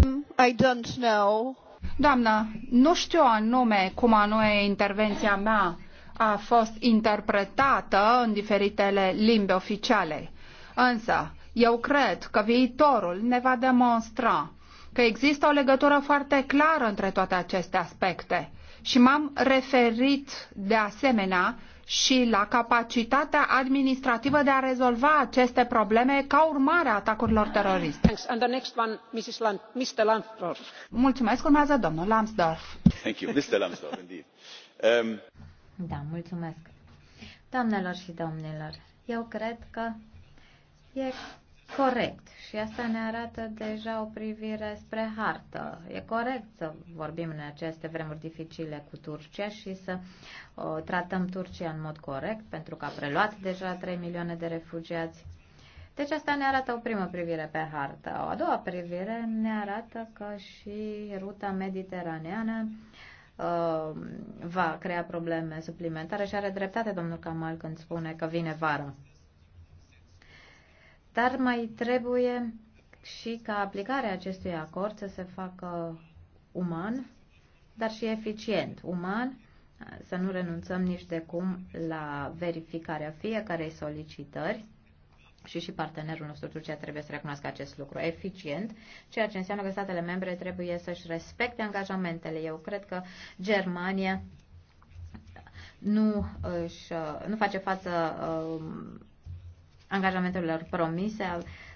I don't know. Doamnă, nu știu anume cum anume intervenția mea a fost interpretată în diferitele limbi oficiale. Însă, eu cred că viitorul ne va demonstra că există o legătură foarte clară între toate aceste aspecte. Și m-am referit de asemenea și la capacitatea administrativă de a rezolva aceste probleme ca urmare a atacurilor teroriste. Mulțumesc, urmează domnul Lambsdorff. Thank you, Mr. Lambsdorff, indeed. Um... Da, mulțumesc. Doamnelor și domnilor, eu cred că e corect și asta ne arată deja o privire spre hartă. E corect să vorbim în aceste vremuri dificile cu Turcia și să uh, tratăm Turcia în mod corect, pentru că a preluat deja 3 milioane de refugiați. Deci asta ne arată o primă privire pe hartă. O a doua privire ne arată că și ruta mediteraneană ă, va crea probleme suplimentare și are dreptate domnul Kamal când spune că vine vară. Dar mai trebuie și ca aplicarea acestui acord să se facă uman, dar și eficient. Uman, să nu renunțăm nici de cum la verificarea fiecarei solicitări și și partenerul nostru Turcia trebuie să recunoască acest lucru eficient, ceea ce înseamnă că statele membre trebuie să-și respecte angajamentele. Eu cred că Germania nu, își, nu face față um, angajamentelor promise.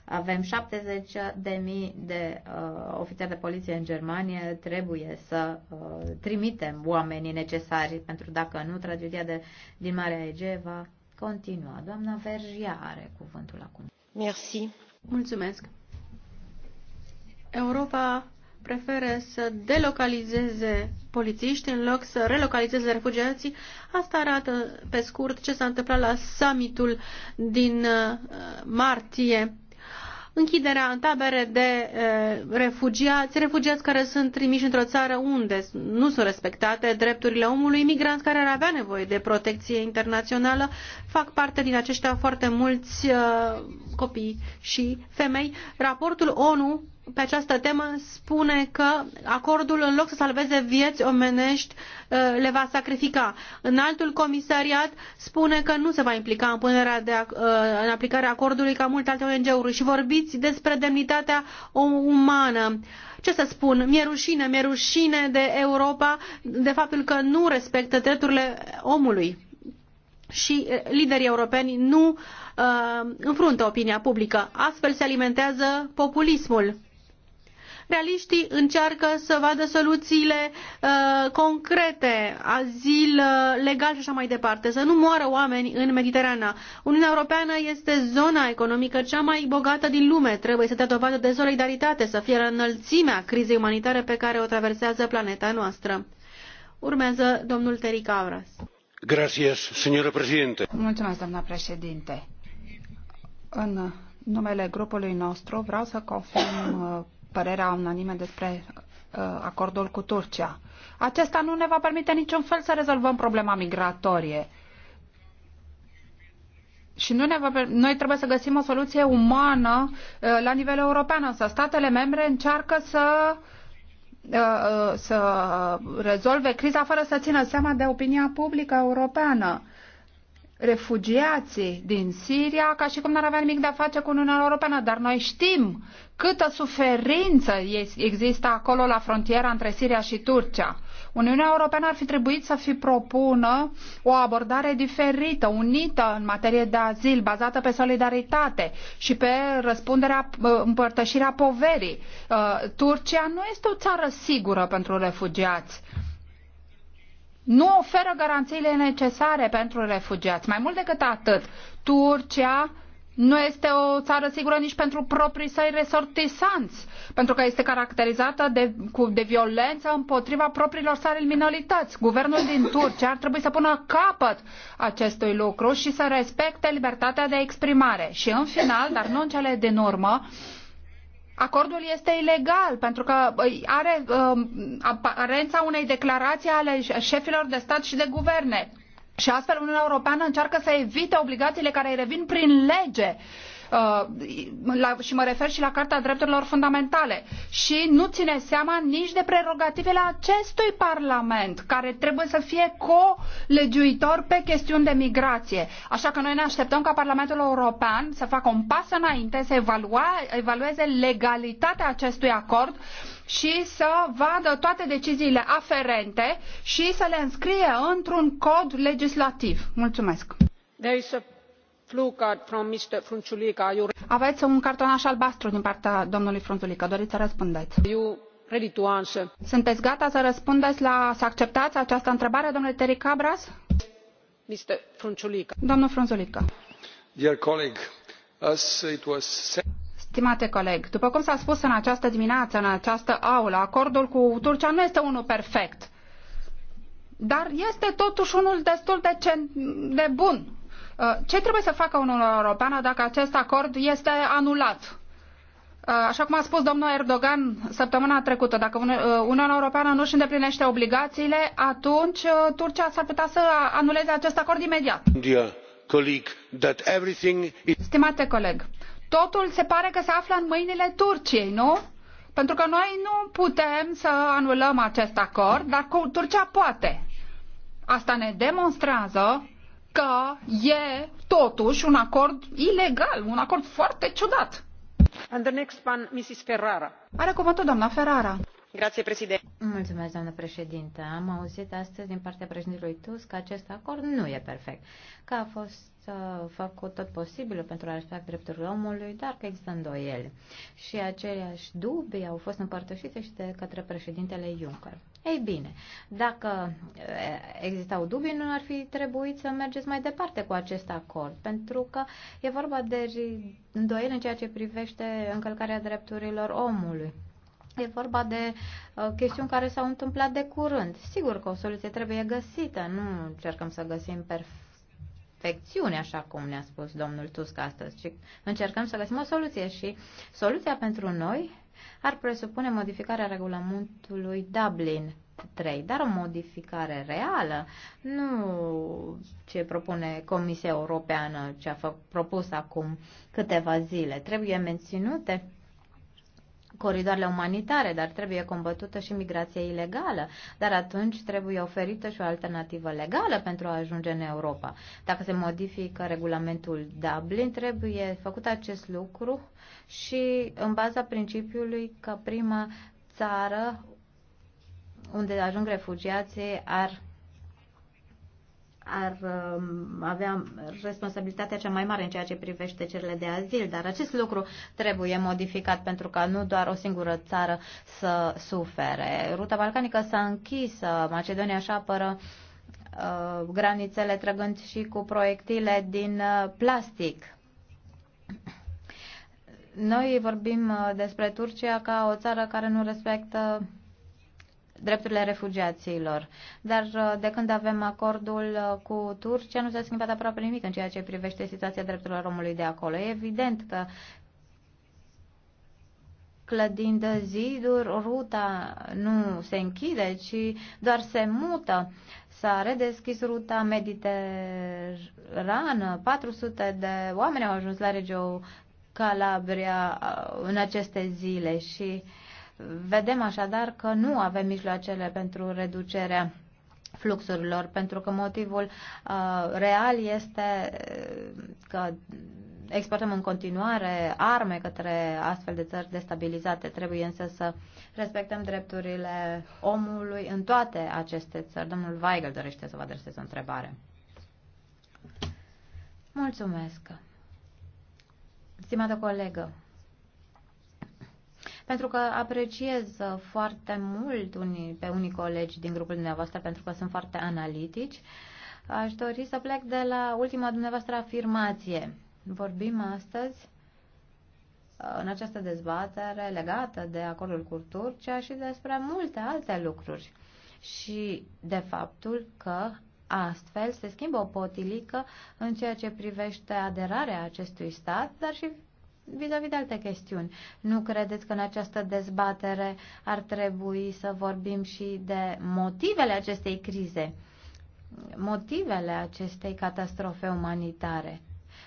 Avem 70 de mii de uh, ofițeri de poliție în Germania. Trebuie să uh, trimitem oamenii necesari, pentru dacă nu, tragedia de, din Marea Egee va continua. Doamna Vergia are cuvântul acum. Merci. Mulțumesc. Europa preferă să delocalizeze polițiști în loc să relocalizeze refugiații. Asta arată, pe scurt, ce s-a întâmplat la summitul din uh, martie. Închiderea în tabere de uh, refugiați, refugiați care sunt trimiși într-o țară unde nu sunt respectate drepturile omului, migranți care ar avea nevoie de protecție internațională, fac parte din aceștia foarte mulți uh, copii și femei. Raportul ONU pe această temă spune că acordul, în loc să salveze vieți omenești, uh, le va sacrifica. În altul comisariat spune că nu se va implica în punerea de, uh, în aplicarea acordului ca multe alte ONG-uri și vorbiți despre demnitatea umană. Ce să spun, mi-e rușine, mi-e rușine de Europa, de faptul că nu respectă drepturile omului și uh, liderii europeni nu uh, înfruntă opinia publică. Astfel se alimentează populismul realiștii încearcă să vadă soluțiile uh, concrete, azil uh, legal și așa mai departe, să nu moară oameni în Mediterana. Uniunea Europeană este zona economică cea mai bogată din lume. Trebuie să dea dovadă de solidaritate, să fie la înălțimea crizei umanitare pe care o traversează planeta noastră. Urmează domnul Teric Avras. Gracias, señora presidente. Mulțumesc, doamna președinte. În numele grupului nostru vreau să confirm uh, părerea unanime despre uh, acordul cu Turcia. Acesta nu ne va permite niciun fel să rezolvăm problema migratorie. Și nu ne va, noi trebuie să găsim o soluție umană uh, la nivel european, însă statele membre încearcă să, uh, să rezolve criza fără să țină seama de opinia publică europeană refugiații din Siria ca și cum n-ar avea nimic de a face cu Uniunea Europeană, dar noi știm câtă suferință există acolo la frontiera între Siria și Turcia. Uniunea Europeană ar fi trebuit să fi propună o abordare diferită, unită în materie de azil, bazată pe solidaritate și pe răspunderea, ă, împărtășirea poverii. Ă, Turcia nu este o țară sigură pentru refugiați nu oferă garanțiile necesare pentru refugiați. Mai mult decât atât, Turcia nu este o țară sigură nici pentru proprii săi resortisanți, pentru că este caracterizată de, cu, de violență împotriva propriilor sale minorități. Guvernul din Turcia ar trebui să pună capăt acestui lucru și să respecte libertatea de exprimare. Și în final, dar nu în cele din urmă, uh, Acordul este ilegal pentru că are um, aparența unei declarații ale șefilor de stat și de guverne. Și astfel Uniunea Europeană încearcă să evite obligațiile care îi revin prin lege. Uh, Uh, la, și mă refer și la Carta Drepturilor Fundamentale și nu ține seama nici de prerogativele acestui Parlament care trebuie să fie colegiuitor pe chestiuni de migrație. Așa că noi ne așteptăm ca Parlamentul European să facă un pas înainte, să evalua, evalueze legalitatea acestui acord și să vadă toate deciziile aferente și să le înscrie într-un cod legislativ. Mulțumesc! There is a aveți un cartonaș albastru din partea domnului frunzulic doriți să răspundeți. sunteți gata să răspundeți la să acceptați această întrebare domnule terry cabras? domnul frunzulic stimate coleg după cum s a spus în această dimineață în această aulă acordul cu turcia nu este unul perfect dar este totuși unul destul de, de bun Uh, ce trebuie să facă Uniunea Europeană dacă acest acord este anulat? Uh, așa cum a spus domnul Erdogan săptămâna trecută, dacă uh, Uniunea Europeană nu își îndeplinește obligațiile, atunci Turcia s-ar putea să anuleze acest acord imediat. Stimate coleg, totul se pare că se află în mâinile Turciei, nu? Pentru că noi nu putem să anulăm acest acord, dar Turcia poate. Asta ne demonstrează că e totuși un acord ilegal, un acord foarte ciudat. And the next one, Mrs. Ferrara. Are cuvântul doamna Ferrara. Grazie, președinte. Mulțumesc, doamnă președinte. Am auzit astăzi din partea președintelui Tusk că acest acord nu e perfect, că a fost uh, făcut tot posibilul pentru a respecta drepturile omului, dar că există îndoieli. Și aceleași dubii au fost împărtășite și de către președintele Juncker. Ei bine, dacă eh, existau dubii, nu ar fi trebuit să mergeți mai departe cu acest acord, pentru că e vorba de îndoiel în ceea ce privește încălcarea drepturilor omului. E vorba de uh, chestiuni care s-au întâmplat de curând. Sigur că o soluție trebuie găsită, nu încercăm să găsim perfect perfecțiune, așa cum ne-a spus domnul Tusk astăzi, ci încercăm să găsim o soluție și soluția pentru noi ar presupune modificarea regulamentului Dublin 3, dar o modificare reală, nu ce propune Comisia Europeană, ce a propus acum câteva zile. Trebuie menținute coridoarele umanitare, dar trebuie combătută și migrația ilegală. Dar atunci trebuie oferită și o alternativă legală pentru a ajunge în Europa. Dacă se modifică regulamentul Dublin, trebuie făcut acest lucru și în baza principiului că prima țară unde ajung refugiații ar ar um, avea responsabilitatea cea mai mare în ceea ce privește cererile de azil, dar acest lucru trebuie modificat pentru ca nu doar o singură țară să sufere. Ruta balcanică s-a închisă, Macedonia și apără uh, granițele trăgând și cu proiectile din uh, plastic. Noi vorbim uh, despre Turcia ca o țară care nu respectă drepturile refugiaților. Dar uh, de când avem acordul uh, cu Turcia, nu s-a schimbat aproape nimic în ceea ce privește situația drepturilor omului de acolo. E evident că clădind ziduri, ruta nu se închide, ci doar se mută. S-a redeschis ruta mediterană, 400 de oameni au ajuns la regiul Calabria uh, în aceste zile și uh, Vedem așadar că nu avem mijloacele pentru reducerea fluxurilor, pentru că motivul uh, real este uh, că exportăm în continuare arme către astfel de țări destabilizate. Trebuie însă să respectăm drepturile omului în toate aceste țări. Domnul Weigel dorește să vă adresez o întrebare. Mulțumesc. Stimată colegă, pentru că apreciez uh, foarte mult unii, pe unii colegi din grupul dumneavoastră pentru că sunt foarte analitici. Aș dori să plec de la ultima dumneavoastră afirmație. Vorbim astăzi uh, în această dezbatere legată de acordul cu Turcia și despre multe alte lucruri și de faptul că astfel se schimbă o potilică în ceea ce privește aderarea acestui stat, dar și vis-a-vis -vis de alte chestiuni. Nu credeți că în această dezbatere ar trebui să vorbim și de motivele acestei crize, motivele acestei catastrofe umanitare?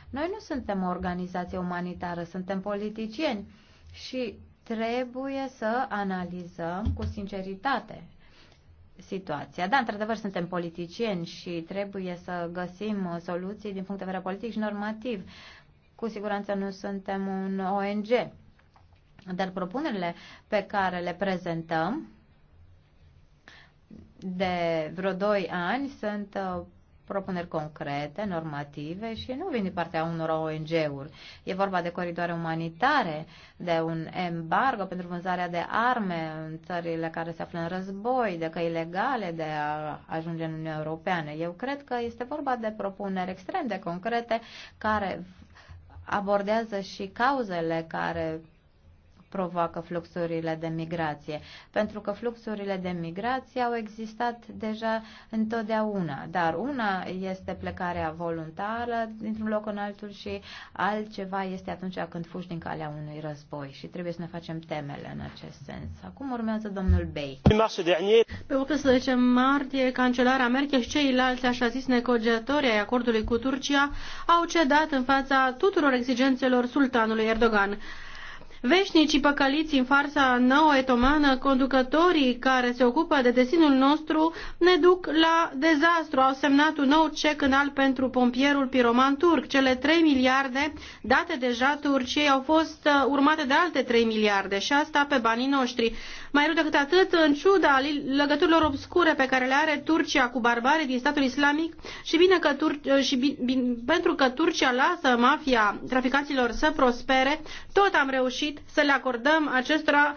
Noi nu suntem o organizație umanitară, suntem politicieni și trebuie să analizăm cu sinceritate situația. Da, într-adevăr, suntem politicieni și trebuie să găsim soluții din punct de vedere politic și normativ, cu siguranță nu suntem un ONG. Dar propunerile pe care le prezentăm de vreo 2 ani sunt uh, propuneri concrete, normative și nu vin din partea unor ONG-uri. E vorba de coridoare umanitare, de un embargo pentru vânzarea de arme în țările care se află în război, de căi legale de a ajunge în Uniunea Europeană. Eu cred că este vorba de propuneri extrem de concrete care abordează și cauzele care provoacă fluxurile de migrație, pentru că fluxurile de migrație au existat deja întotdeauna, dar una este plecarea voluntară dintr-un loc în altul și altceva este atunci când fugi din calea unui război și trebuie să ne facem temele în acest sens. Acum urmează domnul Bey. Pe 18 martie, cancelarea Merkel și ceilalți așa zis negociatori ai acordului cu Turcia au cedat în fața tuturor exigențelor sultanului Erdogan veșnicii păcăliți în farsa nouă etomană, conducătorii care se ocupă de destinul nostru ne duc la dezastru. Au semnat un nou cec în alb pentru pompierul piroman turc. Cele 3 miliarde date deja Turciei au fost uh, urmate de alte 3 miliarde și asta pe banii noștri. Mai rău decât atât, în ciuda legăturilor obscure pe care le are Turcia cu barbarii din statul islamic și, bine că Tur- și pentru că Turcia lasă mafia traficanților să prospere, tot am reușit să le acordăm acestora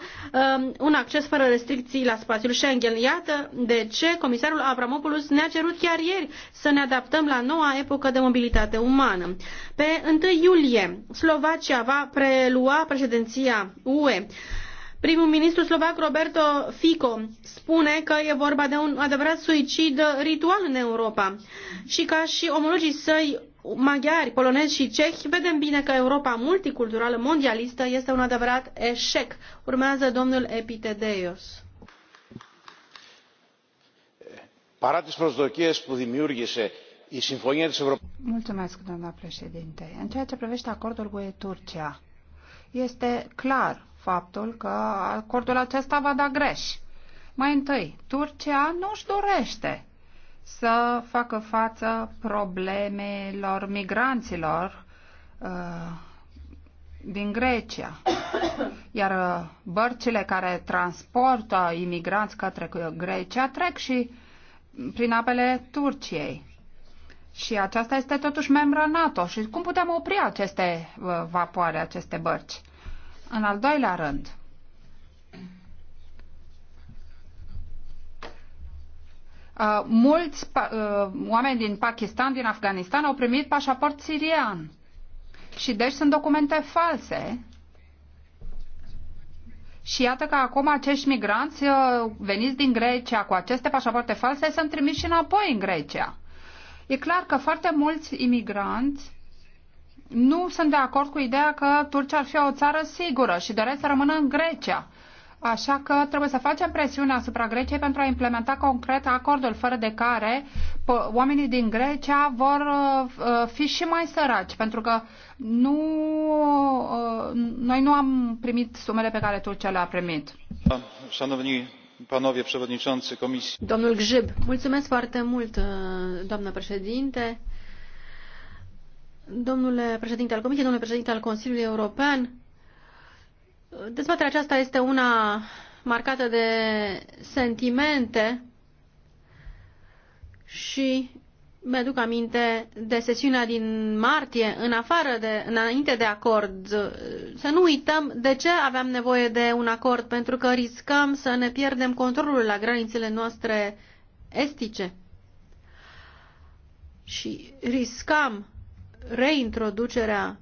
um, un acces fără restricții la spațiul Schengen. Iată de ce comisarul Avramopoulos ne-a cerut chiar ieri să ne adaptăm la noua epocă de mobilitate umană. Pe 1 iulie, Slovacia va prelua președinția UE. Primul ministru slovac Roberto Fico spune că e vorba de un adevărat suicid ritual în Europa și ca și omologii săi maghiari, polonezi și cehi, vedem bine că Europa multiculturală mondialistă este un adevărat eșec. Urmează domnul Epitedeios. Παρά τις προσδοκίες που δημιούργησε η Συμφωνία της Ευρωπαϊκής... Mulțumesc, doamna președinte. În ceea ce privește acordul cu Turcia, este clar faptul că acordul acesta va da greș. Mai întâi, Turcia nu își dorește să facă față problemelor migranților uh, din Grecia. Iar uh, bărcile care transportă imigranți către Grecia trec și prin apele Turciei. Și aceasta este totuși membra NATO. Și cum putem opri aceste uh, vapoare, aceste bărci? În al doilea rând, Uh, mulți uh, oameni din Pakistan, din Afganistan au primit pașaport sirian. Și deci sunt documente false. Și iată că acum acești migranți uh, veniți din Grecia cu aceste pașaporte false sunt trimiși înapoi în Grecia. E clar că foarte mulți imigranți nu sunt de acord cu ideea că Turcia ar fi o țară sigură și doresc să rămână în Grecia. Așa că trebuie să facem presiune asupra Greciei pentru a implementa concret acordul, fără de care oamenii din Grecia vor uh, uh, fi și mai săraci, pentru că nu, uh, noi nu am primit sumele pe care Turcia le-a primit. Șanovni panowie przewodniczący Komisji. Domnul Grzyb, mulțumesc foarte mult, doamnă președinte. Domnule președinte al Comisiei, domnule președinte al Consiliului European, dezbaterea aceasta este una marcată de sentimente și mi-aduc aminte de sesiunea din martie, în afară de, înainte de acord. Să nu uităm de ce aveam nevoie de un acord, pentru că riscăm să ne pierdem controlul la granițele noastre estice. Și riscam reintroducerea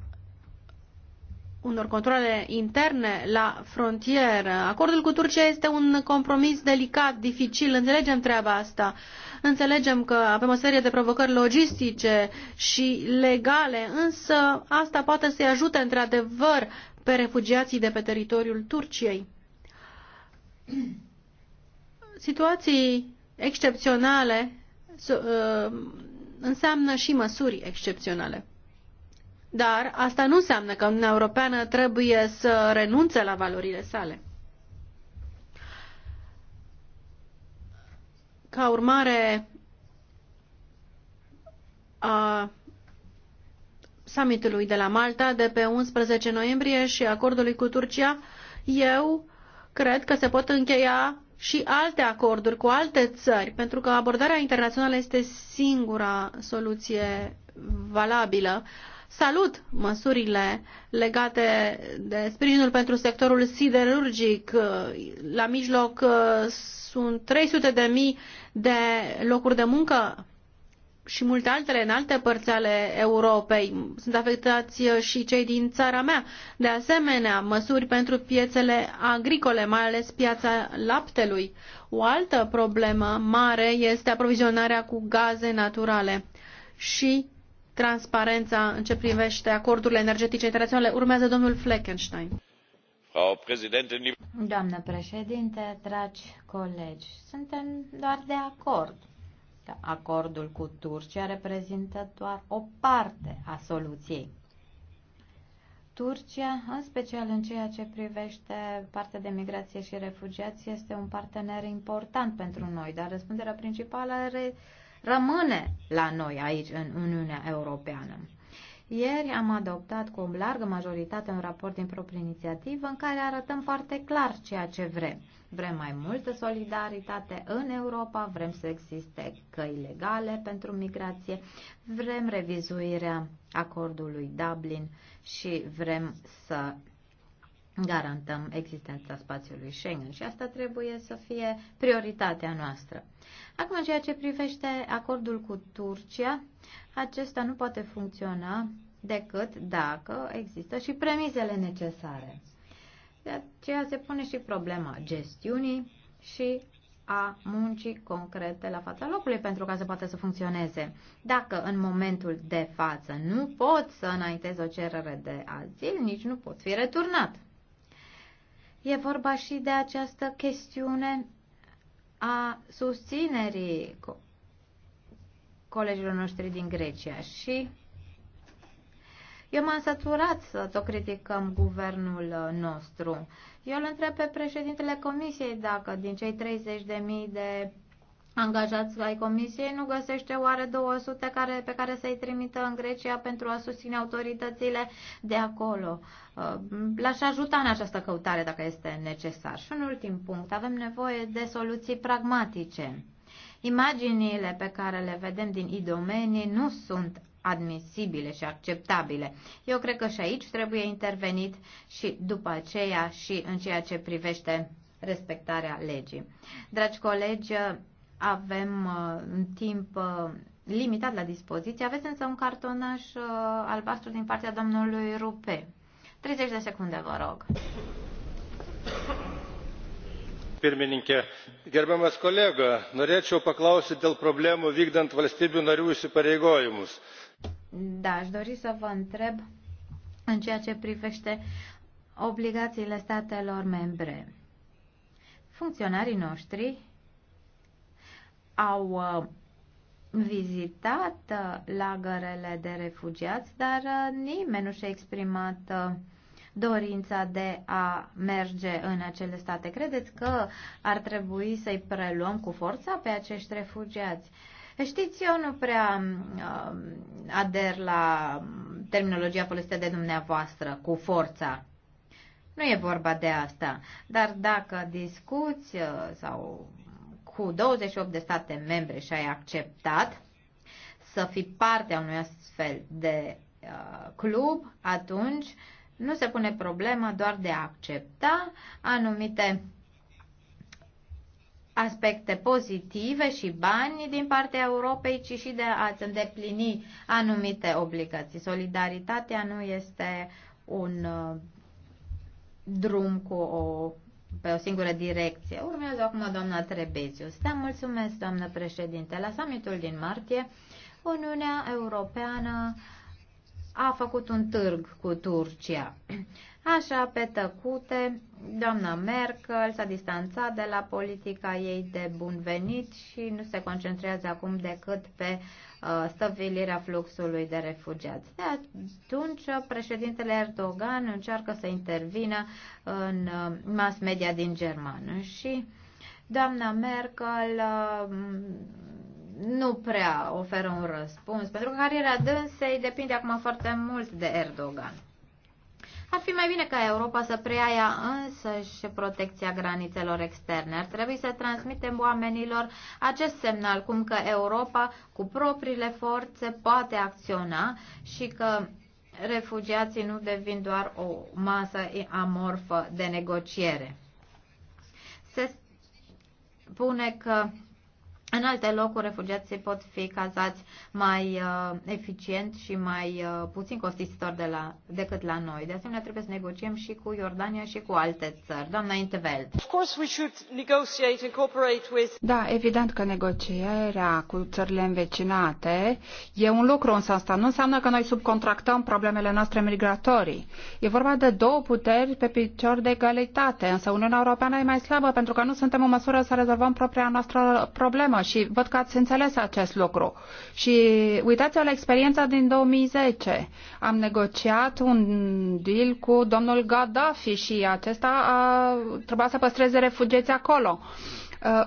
unor controle interne la frontieră. Acordul cu Turcia este un compromis delicat, dificil, înțelegem treaba asta. Înțelegem că avem o serie de provocări logistice și legale, însă asta poate să-i ajute într-adevăr pe refugiații de pe teritoriul Turciei. Situații excepționale uh, înseamnă și măsuri excepționale. Dar asta nu înseamnă că Uniunea Europeană trebuie să renunțe la valorile sale. Ca urmare a summitului de la Malta de pe 11 noiembrie și acordului cu Turcia, eu cred că se pot încheia și alte acorduri cu alte țări, pentru că abordarea internațională este singura soluție valabilă. Uh, Salut măsurile legate de sprijinul pentru sectorul siderurgic. La mijloc uh, sunt 300 de mii de locuri de muncă și multe altele în alte părți ale Europei. Sunt afectați uh, și cei din țara mea. De asemenea, măsuri pentru piețele agricole, mai ales piața laptelui. O altă problemă mare este aprovizionarea cu gaze naturale și transparența în ce privește acordurile energetice internaționale. Urmează domnul Fleckenstein. Doamnă președinte, dragi colegi, suntem doar de acord că da, acordul cu Turcia reprezintă doar o parte a soluției. Turcia, în special în ceea ce privește partea de migrație și refugiați, este un partener important pentru noi, dar răspunderea principală are rămâne la noi aici în Uniunea Europeană. Ieri am adoptat cu o largă majoritate un raport din proprie inițiativă în care arătăm foarte clar ceea ce vrem. Vrem mai multă solidaritate în Europa, vrem să existe căi legale pentru migrație, vrem revizuirea acordului Dublin și vrem să garantăm existența spațiului Schengen și asta trebuie să fie prioritatea noastră. Acum, ceea ce privește acordul cu Turcia, acesta nu poate funcționa decât dacă există și premizele necesare. De aceea se pune și problema gestiunii și a muncii concrete la fața locului pentru ca să poată să funcționeze. Dacă în momentul de față nu pot să înaintez o cerere de azil, nici nu pot fi returnat. E vorba și de această chestiune a susținerii co colegilor noștri din Grecia și eu m-am saturat să tot criticăm guvernul nostru. Eu îl întreb pe președintele Comisiei dacă din cei 30.000 de angajați ai Comisiei nu găsește oare 200 care, pe care să-i trimită în Grecia pentru a susține autoritățile de acolo? Uh, l-aș ajuta în această căutare dacă este necesar. Și un ultim punct, avem nevoie de soluții pragmatice. Imaginile pe care le vedem din idomenii nu sunt admisibile și acceptabile. Eu cred că și aici trebuie intervenit și după aceea și în ceea ce privește respectarea legii. Dragi colegi, avem uh, un timp uh, limitat la dispoziție. Aveți însă un cartonaș uh, albastru din partea domnului Rupe. 30 de secunde, vă rog. Pirmininkė, gerbiamas kolega, norėčiau paklausyti dėl problemų vykdant valstybių narių įsipareigojimus. Da, aș dori să vă întreb în ceea ce privește obligațiile statelor membre. Funcționarii noștri au uh, vizitat uh, lagărele de refugiați, dar uh, nimeni nu și-a exprimat dorința de a merge în acele state. Credeți că ar trebui să-i preluăm cu forța pe acești refugiați? Știți, eu nu prea uh, ader la terminologia folosită de dumneavoastră, cu forța. Nu e vorba de asta, dar dacă discuți sau cu 28 de state membre și ai acceptat să fii parte a unui astfel de uh, club, atunci nu se pune problema doar de a accepta anumite aspecte pozitive și bani din partea Europei, ci și de a-ți îndeplini anumite obligații. Solidaritatea nu este un uh, drum cu o pe o singură direcție. Urmează acum doamna Trebezius. Da, mulțumesc, doamnă președinte. La summitul din martie, Uniunea Europeană a făcut un târg cu Turcia. Așa, pe tăcute, Doamna Merkel s-a distanțat de la politica ei de bun venit și nu se concentrează acum decât pe uh, stăvilirea fluxului de refugiați. De atunci, președintele Erdogan încearcă să intervină în uh, mass media din Germană și doamna Merkel uh, nu prea oferă un răspuns, pentru că cariera dânsei depinde acum foarte mult de Erdogan. Ar fi mai bine ca Europa să preia ea și protecția granițelor externe. Ar trebui să transmitem oamenilor acest semnal, cum că Europa cu propriile forțe poate acționa și că refugiații nu devin doar o masă amorfă de negociere. Se spune că în alte locuri, refugiații pot fi cazați mai uh, eficient și mai uh, puțin costisitor de la, decât la noi. De asemenea, trebuie să negociem și cu Iordania și cu alte țări. Doamna Interveld. Da, evident că negocierea cu țările învecinate e un lucru, însă asta nu înseamnă că noi subcontractăm problemele noastre migratorii. E vorba de două puteri pe picior de egalitate, însă Uniunea Europeană e mai slabă pentru că nu suntem în măsură să rezolvăm propria noastră problemă și văd că ați înțeles acest lucru. Și uitați-vă la experiența din 2010. Am negociat un deal cu domnul Gaddafi și acesta a, trebuia să păstreze refugieți acolo. Uh,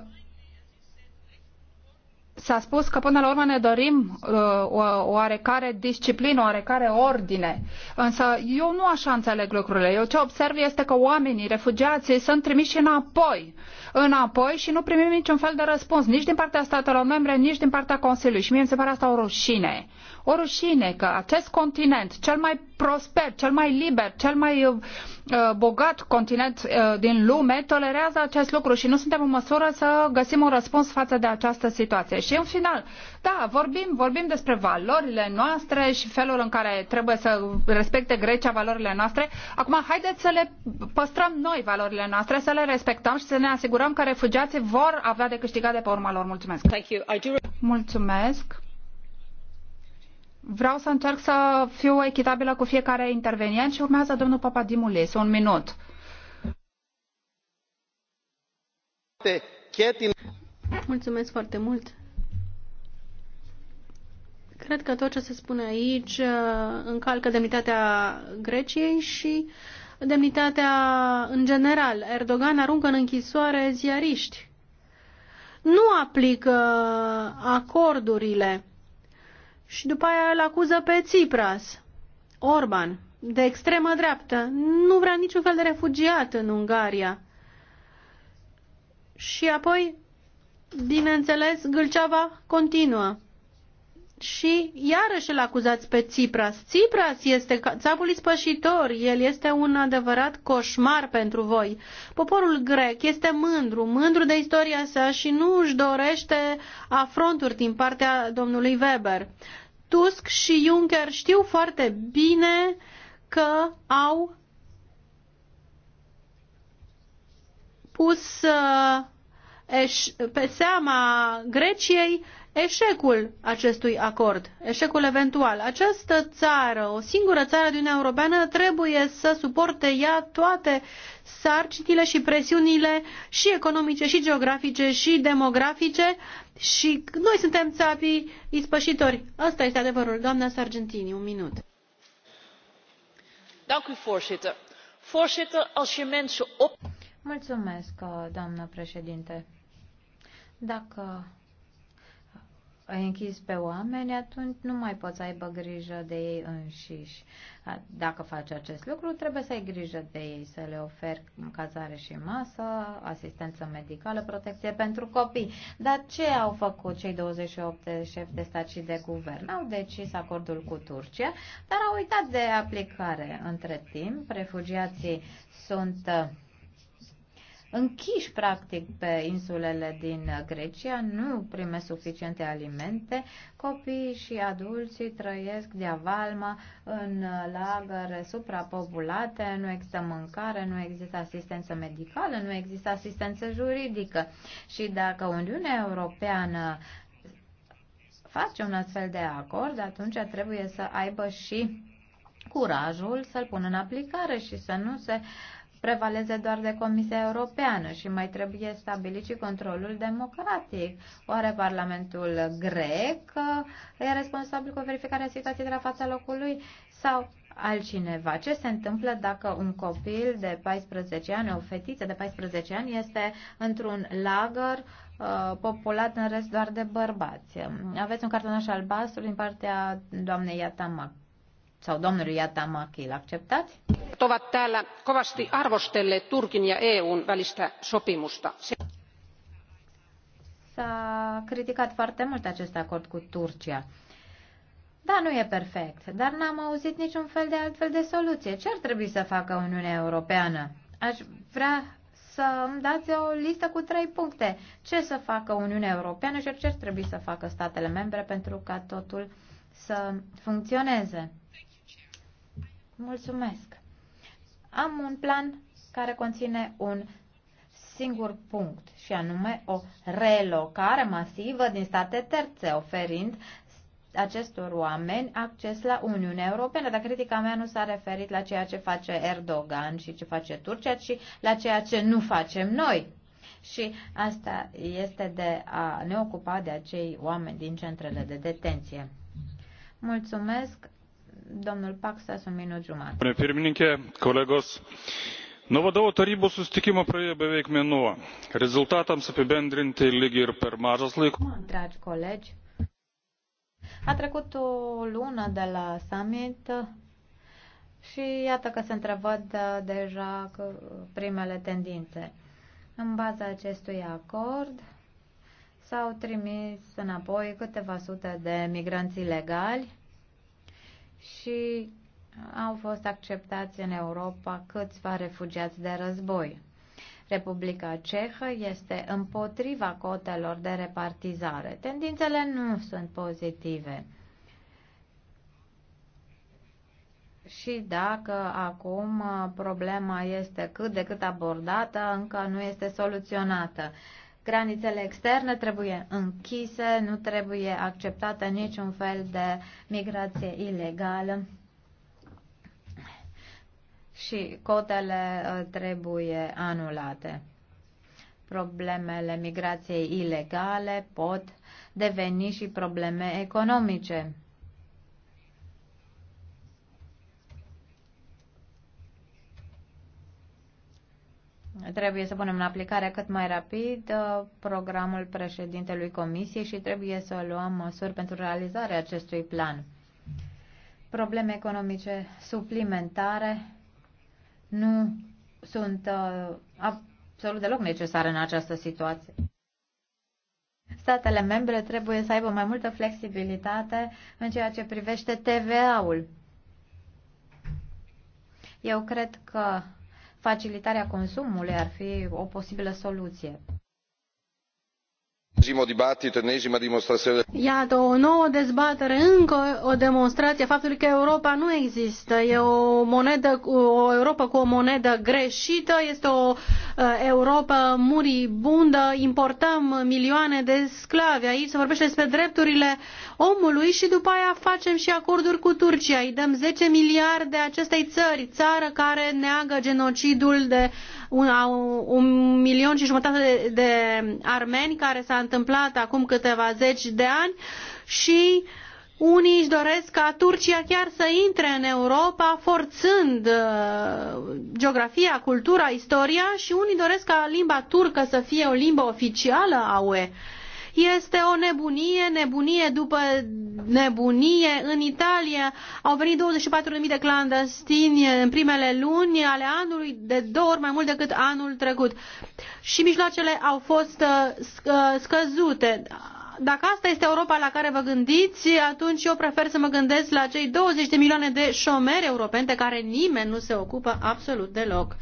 s-a spus că până la urmă ne dorim uh, o, oarecare disciplină, oarecare ordine. Însă eu nu așa înțeleg lucrurile. Eu ce observ este că oamenii, refugiații, sunt trimiși înapoi. Uh, înapoi și nu primim niciun fel de răspuns, nici din partea statelor membre, nici din partea Consiliului. Și mie mi se pare asta o rușine o rușine că acest continent, cel mai prosper, cel mai liber, cel mai uh, uh, bogat continent uh, din lume, tolerează acest lucru și nu suntem în măsură să găsim un răspuns față de această situație. Și în final, da, vorbim, vorbim despre valorile noastre și felul în care trebuie să respecte Grecia valorile noastre. Acum, haideți să le păstrăm noi valorile noastre, să le respectăm și să ne asigurăm că refugiații vor avea de câștigat de pe urma lor. Mulțumesc! Mulțumesc! Vreau să încerc să fiu echitabilă cu fiecare intervenient și urmează domnul Papadimulis. Un minut. Mulțumesc foarte mult. Cred că tot ce se spune aici uh, încalcă demnitatea Greciei și demnitatea în general. Erdogan aruncă în închisoare ziariști. Nu aplică acordurile și după aia îl acuză pe Tsipras, Orban, de extremă dreaptă. Nu vrea niciun fel de refugiat în Ungaria. Și apoi, bineînțeles, Gâlceava continuă și iarăși îl acuzați pe Tsipras. Tsipras este țapul ispășitor, el este un adevărat coșmar pentru voi. Poporul grec este mândru, mândru de istoria sa și nu își dorește afronturi din partea domnului Weber. Tusk și Juncker știu foarte bine că au pus uh, pe seama Greciei eșecul acestui acord, eșecul eventual. Această țară, o singură țară din Uniunea Europeană, trebuie să suporte ea toate sarcinile și presiunile și economice, și geografice, și demografice și noi suntem țapii ispășitori. Asta este adevărul. Doamna Sargentini, un minut. Mulțumesc, doamnă președinte. Dacă îi închizi pe oameni, atunci nu mai poți să aibă grijă de ei înșiși. Dacă faci acest lucru, trebuie să ai grijă de ei, să le oferi cazare și masă, asistență medicală, protecție pentru copii. Dar ce au făcut cei 28 de șefi de stat și de guvern? Au decis acordul cu Turcia, dar au uitat de aplicare. Între timp, refugiații sunt închiși practic pe insulele din Grecia, nu prime suficiente alimente, copiii și adulții trăiesc de avalma în lagăre suprapopulate, nu există mâncare, nu există asistență medicală, nu există asistență juridică. Și dacă Uniunea Europeană face un astfel de acord, atunci trebuie să aibă și curajul să-l pună în aplicare și să nu se uh, prevaleze doar de Comisia Europeană și mai trebuie stabilit și controlul democratic. Oare Parlamentul grec uh, e responsabil cu verificarea situației de la fața locului sau altcineva? Ce se întâmplă dacă un copil de 14 ani, o fetiță de 14 ani este într-un lagăr uh, populat în rest doar de bărbați? Aveți un cartonaș albastru din partea doamnei Iatamac sau domnului Yatamaki. L-acceptați? Ovat täällä kovasti arvostelleet Turkin ja EUn välistä sopimusta. S-a criticat foarte mult acest acord cu Turcia. Da, nu e perfect, dar n-am auzit niciun fel de altfel de soluție. Ce ar trebui să facă Uniunea Europeană? Aș vrea să îmi dați o listă cu trei puncte. Ce să facă Uniunea Europeană și ce ar trebui să facă statele membre pentru ca totul să funcționeze? Mulțumesc. Am un plan care conține un singur punct și anume o relocare masivă din state terțe, oferind acestor oameni acces la Uniunea Europeană. Dar critica mea nu s-a referit la ceea ce face Erdogan și ce face Turcia, ci la ceea ce nu facem noi. Și asta este de a ne ocupa de acei oameni din centrele de detenție. Mulțumesc. Domnul pirmininke, kolegos, nuo vadovų tarybos susitikimo praėjo beveik mėnuo. Rezultatams apibendrinti lygiai ir per mažas laiko. Dragi colegi, a trecut o lună de la summit și iată că se întrevăd uh, deja uh, primele tendințe. În baza acestui acord s-au trimis înapoi câteva sute de migranți ilegali și au fost acceptați în Europa câțiva refugiați de război. Republica Cehă este împotriva cotelor de repartizare. Tendințele nu sunt pozitive. Și dacă acum problema este cât de cât abordată, încă nu este soluționată. Granițele externe trebuie închise, nu trebuie acceptată niciun fel de migrație ilegală și cotele uh, trebuie anulate. Problemele migrației ilegale pot deveni și probleme economice. Trebuie să punem în aplicare cât mai rapid uh, programul președintelui Comisiei și trebuie să luăm măsuri pentru realizarea acestui plan. Probleme economice suplimentare nu sunt uh, absolut deloc necesare în această situație. Statele membre trebuie să aibă mai multă flexibilitate în ceea ce privește TVA-ul. Eu cred că facilitarea consumului ar fi o posibilă soluție. Iată o nouă dezbatere, încă o demonstrație a faptului că Europa nu există. E o, monedă, o Europa cu o monedă greșită, este o uh, Europa muribundă, importăm milioane de sclavi. Aici se vorbește despre drepturile omului și după aia facem și acorduri cu Turcia. Îi dăm 10 miliarde acestei țări, țară care neagă genocidul de un, un milion și jumătate de armeni care s-a întâmplat acum câteva zeci de ani și unii își doresc ca Turcia chiar să intre în Europa forțând uh, geografia, cultura, istoria și unii doresc ca limba turcă să fie o limbă oficială a UE. Este o nebunie, nebunie după nebunie. În Italia au venit 24.000 de clandestini în primele luni ale anului, de două ori mai mult decât anul trecut. Și mijloacele au fost uh, uh, scăzute dacă asta este Europa la care vă gândiți, atunci eu prefer să mă gândesc la cei 20 de milioane de șomeri europeni de care nimeni nu se ocupă absolut deloc.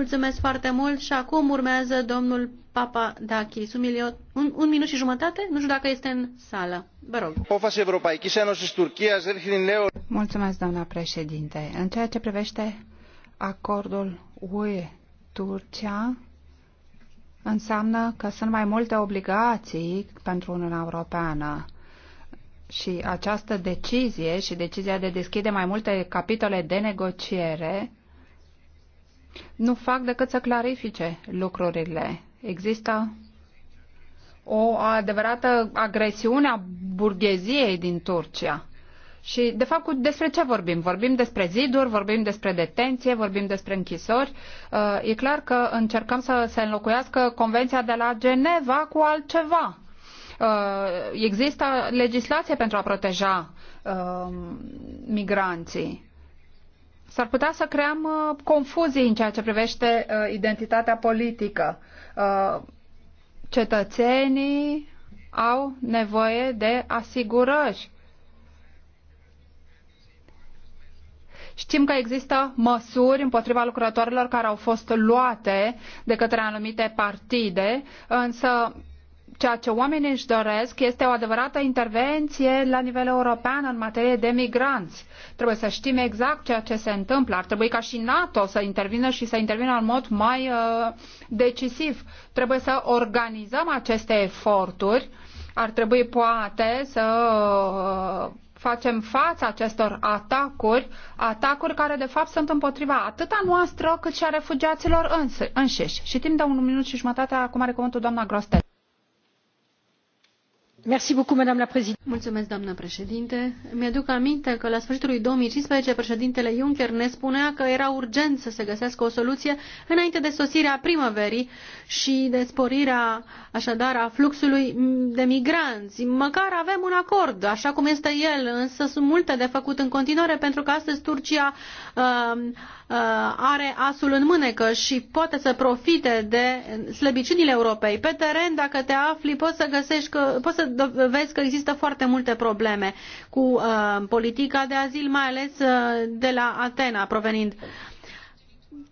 Mulțumesc foarte mult și acum urmează domnul Papadakis. Un, milio... un, un minut și jumătate? Nu știu dacă este în sală. Vă rog. Mulțumesc, doamna președinte. În ceea ce privește acordul UE-Turcia, înseamnă că sunt mai multe obligații pentru Uniunea Europeană. Și această decizie și decizia de deschide mai multe capitole de negociere nu fac decât să clarifice lucrurile. Există o adevărată agresiune a burgheziei din Turcia. Și, de fapt, despre ce vorbim? Vorbim despre ziduri, vorbim despre detenție, vorbim despre închisori. Uh, e clar că încercăm să se înlocuiască Convenția de la Geneva cu altceva. Uh, există legislație pentru a proteja uh, migranții. S-ar putea să creăm uh, confuzii în ceea ce privește uh, identitatea politică. Uh, cetățenii au nevoie de asigurări. Știm că există măsuri împotriva lucrătorilor care au fost luate de către anumite partide, însă ceea ce oamenii își doresc este o adevărată intervenție la nivel european în materie de migranți Trebuie să știm exact ceea ce se întâmplă. Ar trebui ca și NATO să intervină și să intervină în mod mai uh, decisiv. Trebuie să organizăm aceste eforturi. Ar trebui poate să uh, facem față acestor atacuri, atacuri care de fapt sunt împotriva atât a noastră cât și a refugiaților înși, înșiși. Și timp de un minut și jumătate, acum are cuvântul doamna Grostel. Mulțumesc, doamnă președinte. Mi-aduc aminte că la sfârșitul lui 2015 președintele Juncker ne spunea că era urgent să se găsească o soluție înainte de sosirea primăverii și de sporirea așadar a fluxului de migranți. Măcar avem un acord, așa cum este el, însă sunt multe de făcut în continuare pentru că astăzi Turcia uh, Uh, are asul în mânecă și poate să profite de slăbiciunile Europei. Pe teren, dacă te afli, poți să găsești că, poți să vezi că există foarte multe probleme cu uh, politica de azil, mai ales uh, de la Atena provenind. Uh,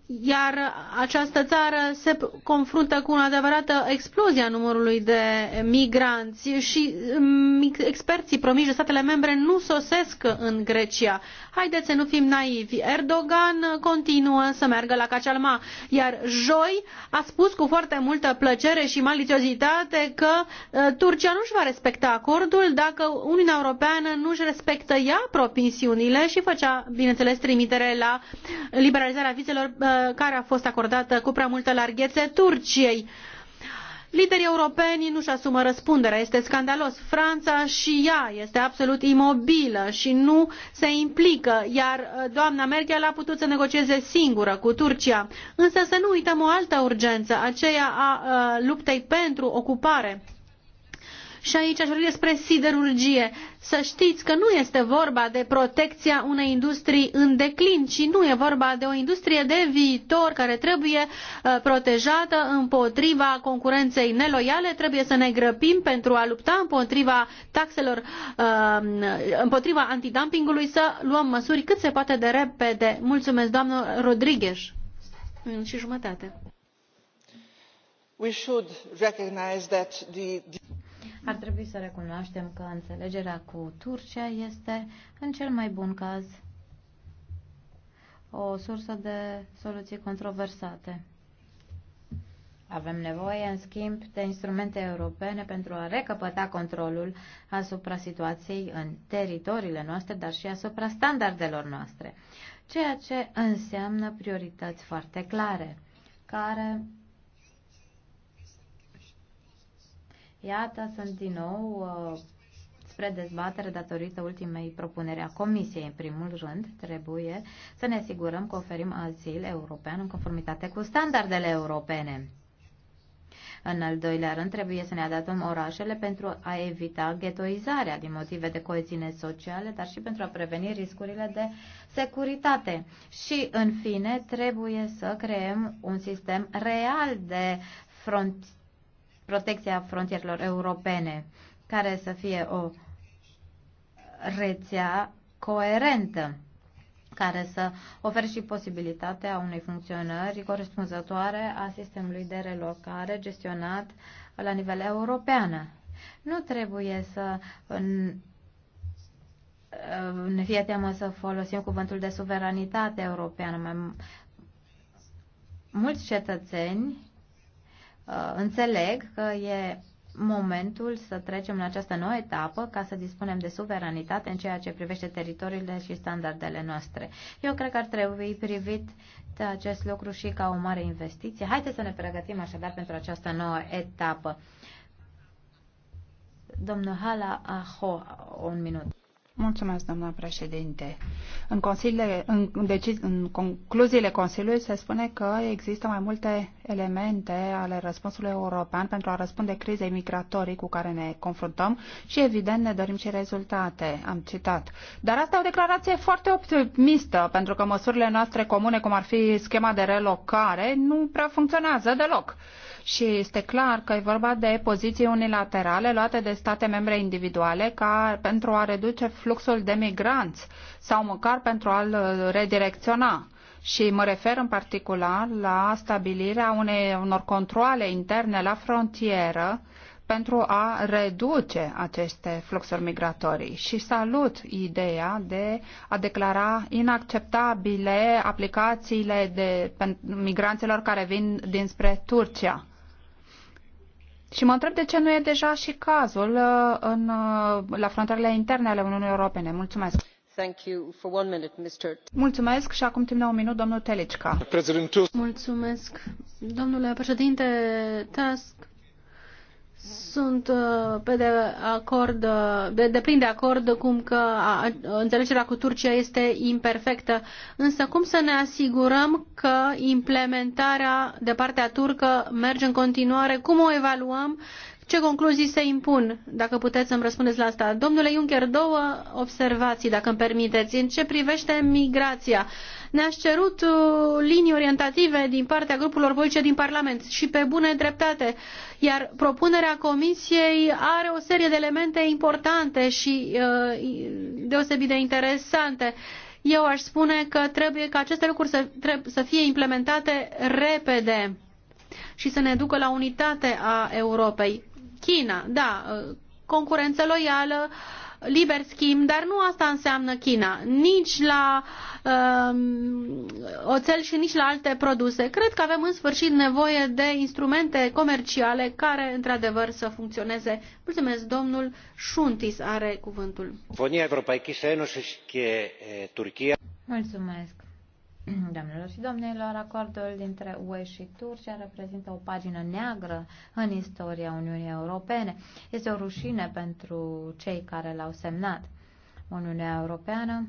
iar această țară se confruntă cu o adevărată explozie a numărului de migranți și mm, experții promiși de statele membre nu sosesc în Grecia. Haideți să nu fim naivi. Erdogan continuă să meargă la Cacalma, iar joi a spus cu foarte multă plăcere și maliciozitate că ă, Turcia nu își va respecta acordul dacă Uniunea Europeană nu își respectă ea propinsiunile și făcea, bineînțeles, trimitere la liberalizarea vizelor ă, care a fost acordată cu prea multă larghețe Turciei. Liderii europeni nu-și asumă răspunderea, este scandalos. Franța și ea este absolut imobilă și nu se implică, iar uh, doamna Merkel a putut să negocieze singură cu Turcia. Însă să nu uităm o altă urgență, aceea a uh, luptei pentru ocupare și aici aș vorbi despre siderurgie. Să știți că nu este vorba de protecția unei industrii în declin, ci nu e vorba de o industrie de viitor care trebuie uh, protejată împotriva concurenței neloiale. Trebuie să ne grăbim pentru a lupta împotriva taxelor, uh, împotriva antidumpingului, să luăm măsuri cât se poate de repede. Mulțumesc, doamnă Rodriguez. Mm, și jumătate. We should recognize that the ar trebui să recunoaștem că înțelegerea cu Turcia este, în cel mai bun caz, o sursă de soluții controversate. Avem nevoie, în schimb, de instrumente europene pentru a recăpăta controlul asupra situației în teritoriile noastre, dar și asupra standardelor noastre, ceea ce înseamnă priorități foarte clare, care Iată, sunt din nou uh, spre dezbatere datorită ultimei propuneri a Comisiei. În primul rând, trebuie să ne asigurăm că oferim azil european în conformitate cu standardele europene. În al doilea rând, trebuie să ne adaptăm orașele pentru a evita ghetoizarea din motive de coeziune sociale, dar și pentru a preveni riscurile de securitate. Și, în fine, trebuie să creăm un sistem real de frontieră protecția frontierelor europene, care să fie o rețea coerentă care să ofere și posibilitatea unei funcționări corespunzătoare a sistemului de relocare gestionat la nivel european. Nu trebuie să ne fie teamă să folosim cuvântul de suveranitate europeană. mulți cetățeni Uh, înțeleg că e momentul să trecem în această nouă etapă ca să dispunem de suveranitate în ceea ce privește teritoriile și standardele noastre. Eu cred că ar trebui privit acest lucru și ca o mare investiție. Haideți să ne pregătim așadar pentru această nouă etapă. Domnul Hala Aho, un minut. Mulțumesc, doamna președinte. În, în, decizi, în concluziile Consiliului se spune că există mai multe elemente ale răspunsului european pentru a răspunde crizei migratorii cu care ne confruntăm și, evident, ne dorim și rezultate. Am citat. Dar asta e o declarație foarte optimistă, pentru că măsurile noastre comune, cum ar fi schema de relocare, nu prea funcționează deloc și este clar că e vorba de poziții unilaterale luate de state membre individuale ca pentru a reduce fluxul de migranți sau măcar pentru a-l redirecționa. Și mă refer în particular la stabilirea unei, unor controle interne la frontieră pentru a reduce aceste fluxuri migratorii și salut ideea de a declara inacceptabile aplicațiile de migranților care vin dinspre Turcia. Și mă întreb de ce nu e deja și cazul uh, în, uh, la frontierele interne ale Uniunii Europene. Mulțumesc. Thank you for one minute, Mr. Mulțumesc și acum timp de un minut, domnul Telicca. Mulțumesc. Domnule președinte, task sunt uh, pe de acord, uh, de, de plin de acord cum că înțelegerea cu Turcia este imperfectă, însă cum să ne asigurăm că implementarea de partea turcă merge în continuare, cum o evaluăm, ce concluzii se impun, dacă puteți să-mi răspundeți la asta? Domnule Juncker, două observații, dacă îmi permiteți. În ce privește migrația, ne-ați cerut uh, linii orientative din partea grupurilor politice din Parlament și pe bune dreptate, iar propunerea Comisiei are o serie de elemente importante și uh, deosebit de interesante. Eu aș spune că trebuie ca aceste lucruri să, să fie implementate repede și să ne ducă la unitate a Europei. China, da, uh, concurență loială, uh, liber schimb, dar nu asta înseamnă China, nici la uh, oțel și nici la alte produse. Cred că avem în sfârșit nevoie de instrumente comerciale care, într-adevăr, să funcționeze. Mulțumesc, domnul Șuntis are cuvântul. Mulțumesc. Doamnelor și domnilor, acordul dintre UE și Turcia reprezintă o pagină neagră în istoria Uniunii Europene. Este o rușine pentru cei care l-au semnat. Uniunea Europeană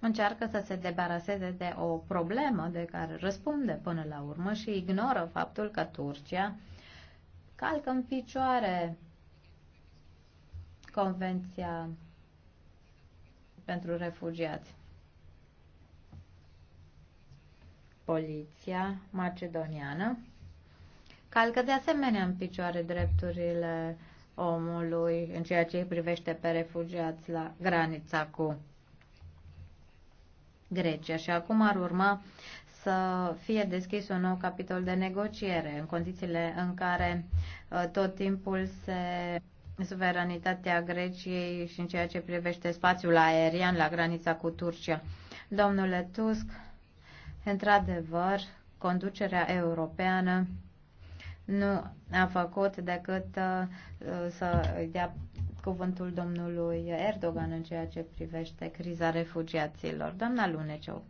încearcă să se debaraseze de o problemă de care răspunde până la urmă și ignoră faptul că Turcia calcă în picioare Convenția pentru refugiați. Poliția macedoniană calcă de asemenea în picioare drepturile omului în ceea ce îi privește pe refugiați la granița cu Grecia și acum ar urma să fie deschis un nou capitol de negociere în condițiile în care uh, tot timpul se suveranitatea Greciei și în ceea ce privește spațiul aerian la granița cu Turcia. Domnule Tusk, într-adevăr, conducerea europeană nu a făcut decât uh, să dea cuvântul domnului Erdogan în ceea ce privește criza refugiaților. Doamna Lunecioc.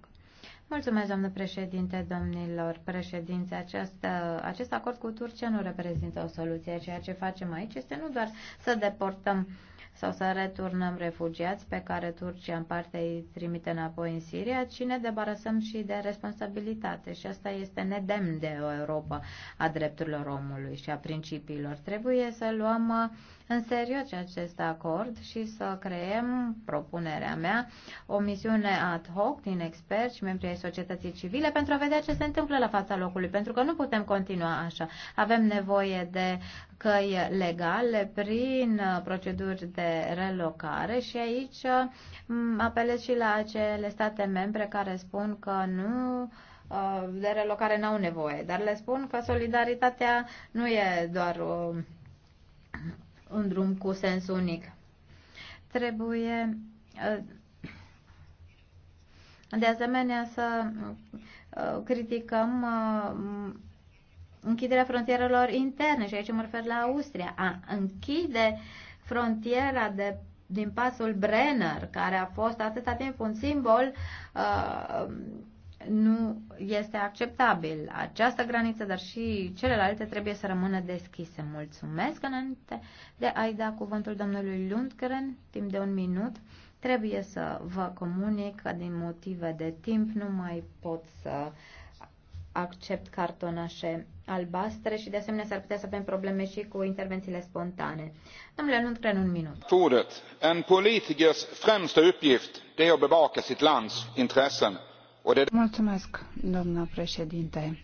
Mulțumesc, doamnă președinte, domnilor președinți. Acest, acest acord cu Turcia nu reprezintă o soluție. Ceea ce facem aici este nu doar să deportăm sau să returnăm refugiați pe care Turcia în parte îi trimite înapoi în Siria, ci ne debarasăm și de responsabilitate. Și asta este nedemn de o Europa a drepturilor omului și a principiilor. Trebuie să luăm în serios acest acord și să creăm, propunerea mea, o misiune ad hoc din experți și membrii ai societății civile pentru a vedea ce se întâmplă la fața locului, pentru că nu putem continua așa. Avem nevoie de căi legale prin uh, proceduri de relocare și aici mm, apelez și la acele state membre care spun că nu uh, de relocare n-au nevoie, dar le spun că solidaritatea nu e doar uh, un drum cu sens unic. Trebuie uh, de asemenea să uh, criticăm uh, închiderea frontierelor interne și aici mă refer la Austria. A închide frontiera de din pasul Brenner, care a fost atâta timp un simbol uh, nu este acceptabil. Această graniță, dar și celelalte, trebuie să rămână deschise. Mulțumesc înainte de a-i da cuvântul domnului Lundgren, timp de un minut. Trebuie să vă comunic că din motive de timp nu mai pot să accept cartonașe albastre și de asemenea s-ar putea să avem probleme și cu intervențiile spontane. Domnule Lundgren, un minut. Ordet. En politikers främsta uppgift det är att bevaka sitt lands intressen Mulțumesc, doamnă președinte.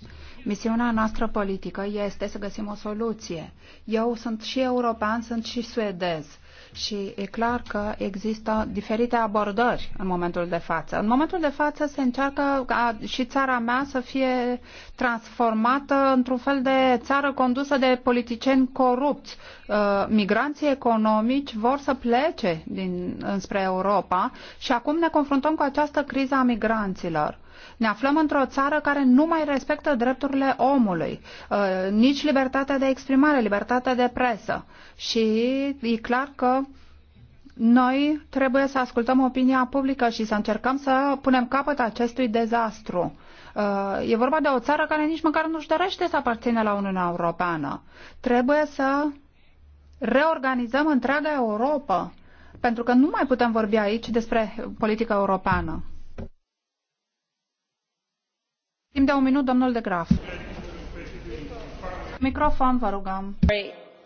Misiunea noastră politică este să găsim o soluție. Eu sunt și european, sunt și suedez și e clar că există diferite abordări în momentul de față. În momentul de față se încearcă ca și țara mea să fie transformată într-un fel de țară condusă de politicieni corupți. Uh, migranții economici vor să plece din, înspre Europa și acum ne confruntăm cu această criză a migranților. Ne aflăm într-o țară care nu mai respectă drepturile omului, uh, nici libertatea de exprimare, libertatea de presă. Și e clar că noi trebuie să ascultăm opinia publică și să încercăm să punem capăt acestui dezastru. Uh, e vorba de o țară care nici măcar nu-și dorește să aparține la Uniunea Europeană. Trebuie să reorganizăm întreaga Europa, pentru că nu mai putem vorbi aici despre politică europeană. Timp de un minut, domnul de Graf. Microfon, vă rugăm.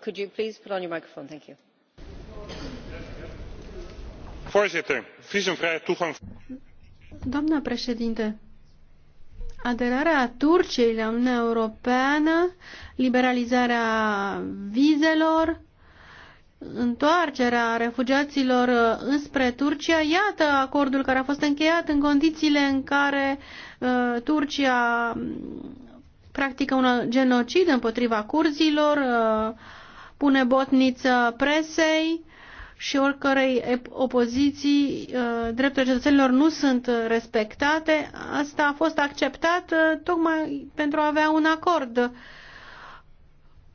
Could you please put on your microphone? Thank you. Voorzitter, toegang. Doamna președinte, aderarea Turciei la Uniunea Europeană, liberalizarea vizelor, întoarcerea refugiaților uh, înspre Turcia, iată acordul care a fost încheiat în condițiile în care uh, Turcia mm, practică un genocid împotriva curzilor, uh, pune botniță presei și oricărei opoziții, uh, drepturile cetățenilor nu sunt respectate. Asta a fost acceptat uh, tocmai pentru a avea un acord.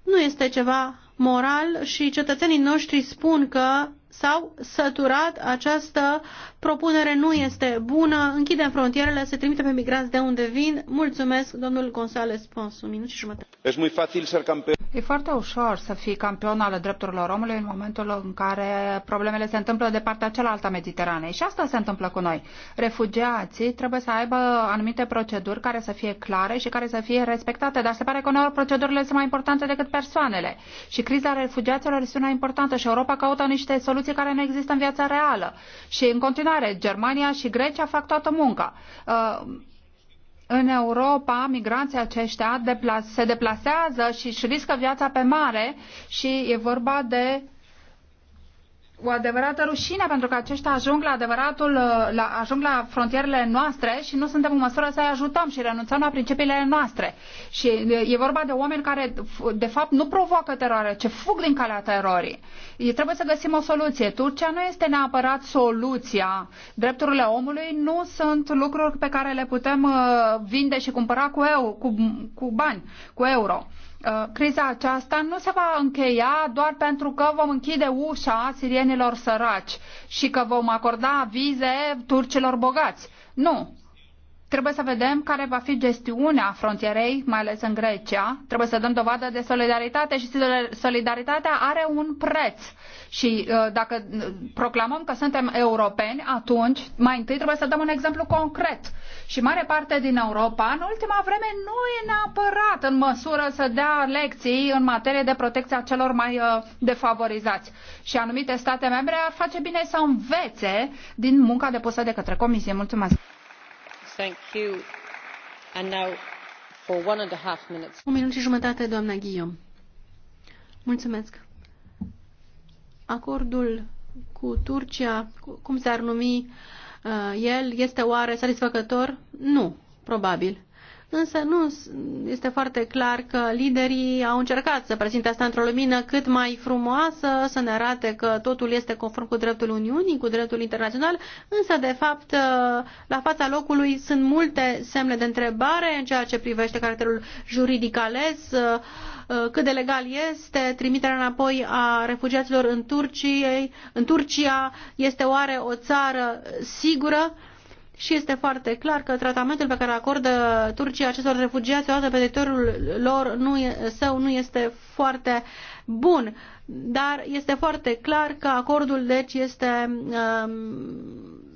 Nu este ceva moral și cetățenii noștri spun că s-au săturat această propunere nu este bună, închidem frontierele, se trimite pe migranți de unde vin. Mulțumesc, domnul González Pons, un minut și jumătate. E foarte ușor să fii campion al drepturilor omului în momentul în care problemele se întâmplă de partea cealaltă a Mediteranei. Și asta se întâmplă cu noi. Refugiații trebuie să aibă anumite proceduri care să fie clare și care să fie respectate, dar se pare că uneori procedurile sunt mai importante decât persoanele. Și criza refugiaților este una importantă și Europa caută niște soluții care nu există în viața reală. Și în continuare care Germania și Grecia fac toată munca. Uh, în Europa, migranții aceștia se deplasează și își riscă viața pe mare și e vorba de o adevărată rușine pentru că aceștia ajung la adevăratul, uh, la, ajung la frontierele noastre și nu suntem în măsură să-i ajutăm și renunțăm la principiile noastre. Și uh, e vorba de oameni care, de fapt, nu provoacă teroare, ci fug din calea terorii. E, trebuie să găsim o soluție. Turcia nu este neapărat soluția. Drepturile omului nu sunt lucruri pe care le putem uh, vinde și cumpăra cu, eu, cu, cu bani, cu euro. Uh, criza aceasta nu se va încheia doar pentru că vom închide ușa sirienilor săraci și că vom acorda vize turcilor bogați. Nu, Trebuie să vedem care va fi gestiunea frontierei, mai ales în Grecia. Trebuie să dăm dovadă de solidaritate și solidaritatea are un preț. Și uh, dacă uh, proclamăm că suntem europeni, atunci mai întâi trebuie să dăm un exemplu concret. Și mare parte din Europa, în ultima vreme, nu e neapărat în măsură să dea lecții în materie de protecție a celor mai uh, defavorizați. Și anumite state membre ar face bine să învețe din munca depusă de către Comisie. Mulțumesc! minut și jumătate, doamna Guillaume. Mulțumesc. Acordul cu Turcia, cum s-ar numi uh, el, este oare satisfăcător? Nu, probabil însă nu este foarte clar că liderii au încercat să prezinte asta într-o lumină cât mai frumoasă, să ne arate că totul este conform cu dreptul Uniunii, cu dreptul internațional, însă, de fapt, ă, la fața locului sunt multe semne de întrebare în ceea ce privește caracterul juridic ales, ă, ă, cât de legal este trimiterea înapoi a refugiaților în, Turciei, în Turcia, este oare o țară sigură? și este foarte clar că tratamentul pe care acordă Turcia acestor refugiați odată pe teritoriul lor nu e, său nu este foarte bun. Dar este foarte clar că acordul deci este um,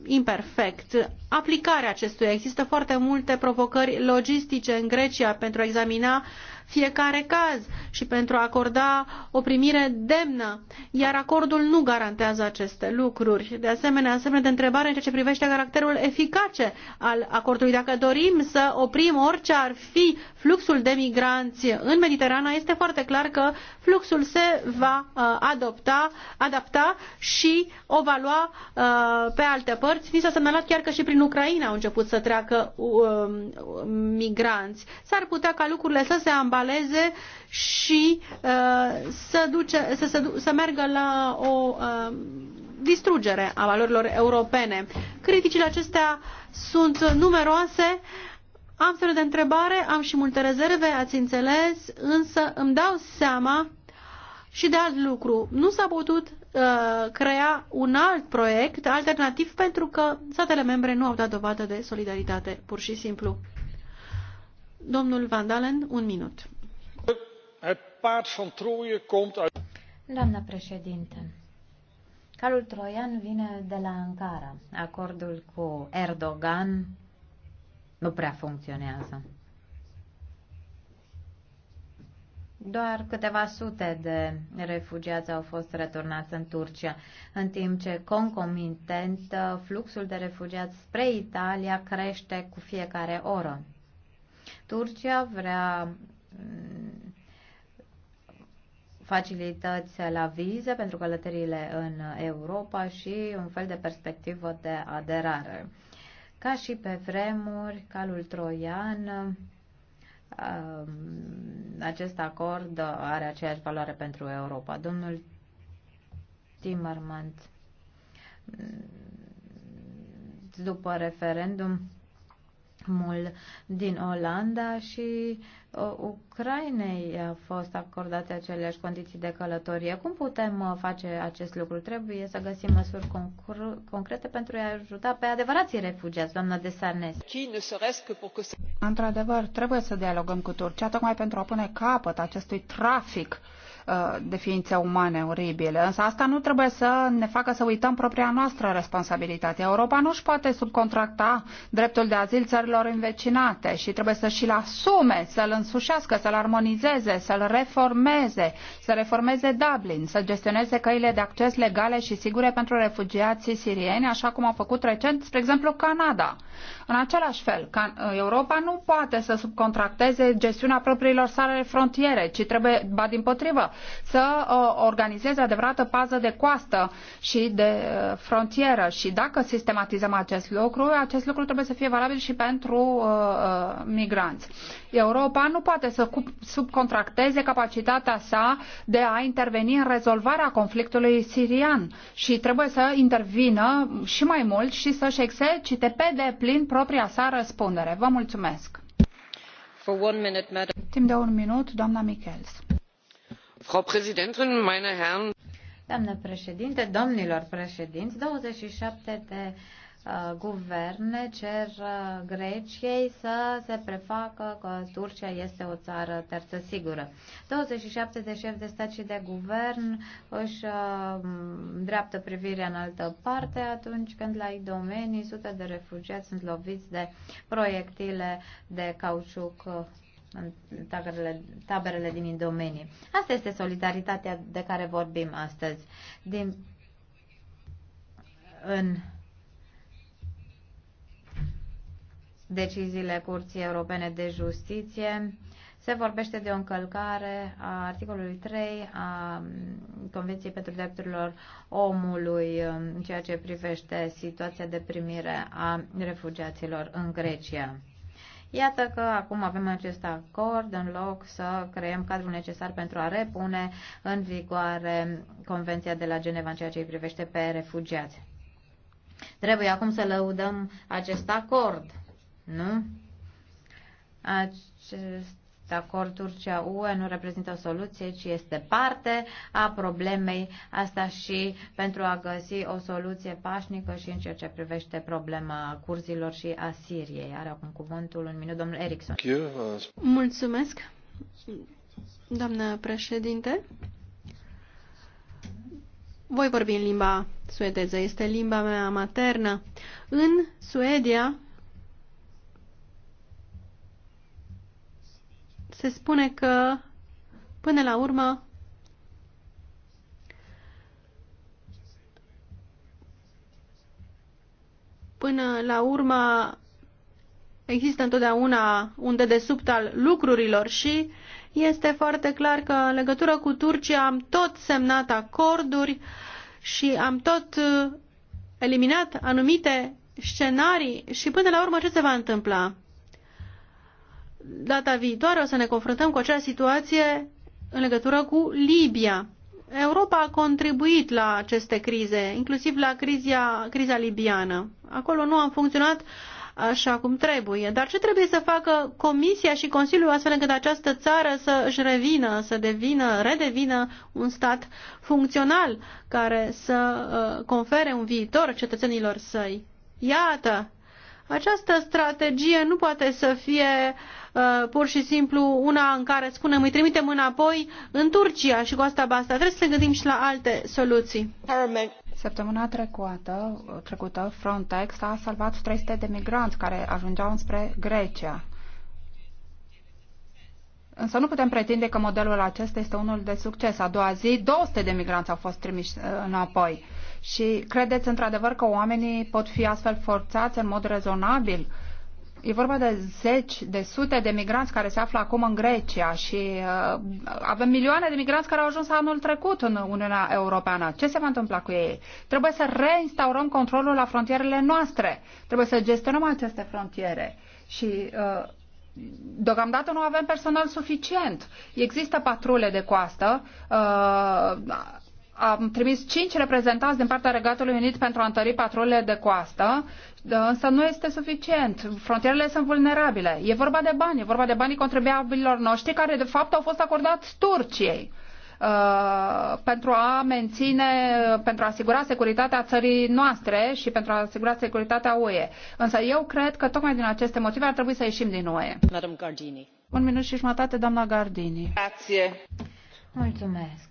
imperfect. Aplicarea acestuia. Există foarte multe provocări logistice în Grecia pentru a examina uh, fiecare caz și pentru a acorda o primire demnă, iar acordul nu garantează aceste lucruri. De asemenea, semne de întrebare în ceea ce privește caracterul eficace al acordului. Dacă dorim să oprim orice ar fi fluxul de migranți în Mediterana, este foarte clar că fluxul se va uh, adopta, adapta și o va lua uh, pe alte părți. Ni s-a semnalat chiar că și prin Ucraina au început să treacă uh, migranți. S-ar putea ca lucrurile să se ambalaje nepaleze și uh, să, duce, să, să, să meargă la o uh, distrugere a valorilor europene. Criticile acestea sunt numeroase. Am fel de întrebare, am și multe rezerve, ați înțeles, însă îmi dau seama și de alt lucru. Nu s-a putut uh, crea un alt proiect alternativ pentru că statele membre nu au dat dovadă de solidaritate, pur și simplu. Domnul Van Dalen, un minut. Doamna președinte, calul troian vine de la Ankara. Acordul cu Erdogan nu prea funcționează. Doar câteva sute de refugiați au fost returnați în Turcia, în timp ce concomitent fluxul de refugiați spre Italia crește cu fiecare oră. Turcia vrea mm, facilități la vize pentru călătorile în Europa și un fel de perspectivă de aderare. Ca și pe vremuri, calul troian, um, acest acord are aceeași valoare pentru Europa. Domnul Timmermans, mm, după referendum, Erasmul din Olanda și uh, Ucrainei au fost acordate aceleași condiții de călătorie. Cum putem uh, face acest lucru? Trebuie să găsim măsuri concrete pentru a ajuta pe adevărații refugiați, doamna Sarnes. Într-adevăr, trebuie să dialogăm cu Turcia tocmai pentru a pune capăt acestui trafic Uh, de ființe umane oribile. Însă asta nu trebuie să ne facă să uităm propria noastră responsabilitate. Europa nu își poate subcontracta dreptul de azil țărilor învecinate și trebuie să și-l asume, să-l însușească, să-l armonizeze, să-l reformeze, să reformeze Dublin, să gestioneze căile de acces legale și sigure pentru refugiații sirieni, așa cum a făcut recent, spre exemplu, Canada. În același fel, ca uh, Europa nu poate să subcontracteze gestiunea propriilor sale frontiere, ci trebuie, ba din potrivă, să uh, organizeze adevărată pază de coastă și de uh, frontieră. Și dacă sistematizăm acest lucru, acest lucru trebuie să fie valabil și pentru uh, migranți. Europa nu poate să subcontracteze capacitatea sa de a interveni în rezolvarea conflictului sirian și trebuie să intervină și mai mult și să-și exercite pe deplin propria sa răspundere. Vă mulțumesc! Minute, Timp de un minut, doamna Michels. Frau Präsidentin, meine Herren! Doamnă președinte, domnilor președinți, 27 de Uh, guverne cer uh, Greciei să se prefacă că Turcia este o țară terță sigură. 27 de șefi de stat și de guvern își uh, dreaptă privirea în altă parte atunci când la ei domenii sute de refugiați sunt loviți de proiectile de cauciuc în taberele, taberele din domenii. Asta este solidaritatea de care vorbim astăzi. Din, în deciziile Curții Europene de Justiție. Se vorbește de o încălcare a articolului 3 a mm, Convenției pentru Drepturile Omului mm, în ceea ce privește situația de primire a refugiaților în Grecia. Iată că acum avem acest acord în loc să creăm cadrul necesar pentru a repune în vigoare Convenția de la Geneva în ceea ce îi privește pe refugiați. Trebuie acum să lăudăm acest acord nu? Acest acord Turcia-UE nu reprezintă o soluție, ci este parte a problemei asta și pentru a găsi o soluție pașnică și în ceea ce privește problema curzilor și a Siriei. Are acum cuvântul un minut domnul Erickson. Uh, Mulțumesc, doamnă președinte. Voi vorbi în limba suedeză, este limba mea maternă. În Suedia, se spune că, până la urmă, până la urmă există întotdeauna un dedesubt al lucrurilor și este foarte clar că în legătură cu Turcia am tot semnat acorduri și am tot uh, eliminat anumite scenarii și până la urmă ce se va întâmpla? data viitoare o să ne confruntăm cu acea situație în legătură cu Libia. Europa a contribuit la aceste crize, inclusiv la crizia, criza libiană. Acolo nu am funcționat așa cum trebuie. Dar ce trebuie să facă Comisia și Consiliul astfel încât această țară să își revină, să devină, redevină un stat funcțional care să uh, confere un viitor cetățenilor săi? Iată, această strategie nu poate să fie uh, Uh, pur și simplu una în care spunem îi trimitem înapoi în Turcia și cu asta basta. Trebuie să ne gândim și la alte soluții. Săptămâna trecută, trecută Frontex a salvat 300 de migranți care ajungeau spre Grecia. Însă nu putem pretinde că modelul acesta este unul de succes. A doua zi, 200 de migranți au fost trimiși uh, înapoi. Și credeți într-adevăr că oamenii pot fi astfel forțați în mod rezonabil uh, E vorba de zeci, de sute de migranți care se află acum în Grecia și uh, avem milioane de migranți care au ajuns anul trecut în Uniunea Europeană. Ce se va întâmpla cu ei? Trebuie să reinstaurăm controlul la frontierele noastre. Trebuie să gestionăm aceste frontiere. Și uh, deocamdată nu avem personal suficient. Există patrule de coastă. Uh, am trimis cinci reprezentanți din partea Regatului Unit pentru a întări patrulele de coastă, însă nu este suficient. Frontierele sunt vulnerabile. E vorba de bani, e vorba de banii contribuabililor noștri care de fapt au fost acordați Turciei uh, pentru a menține, pentru a asigura securitatea țării noastre și pentru a asigura securitatea UE. Însă eu cred că tocmai din aceste motive ar trebui să ieșim din UE. Madam Gardini. Un minut și jumătate, doamna Gardini. Grație. Mulțumesc.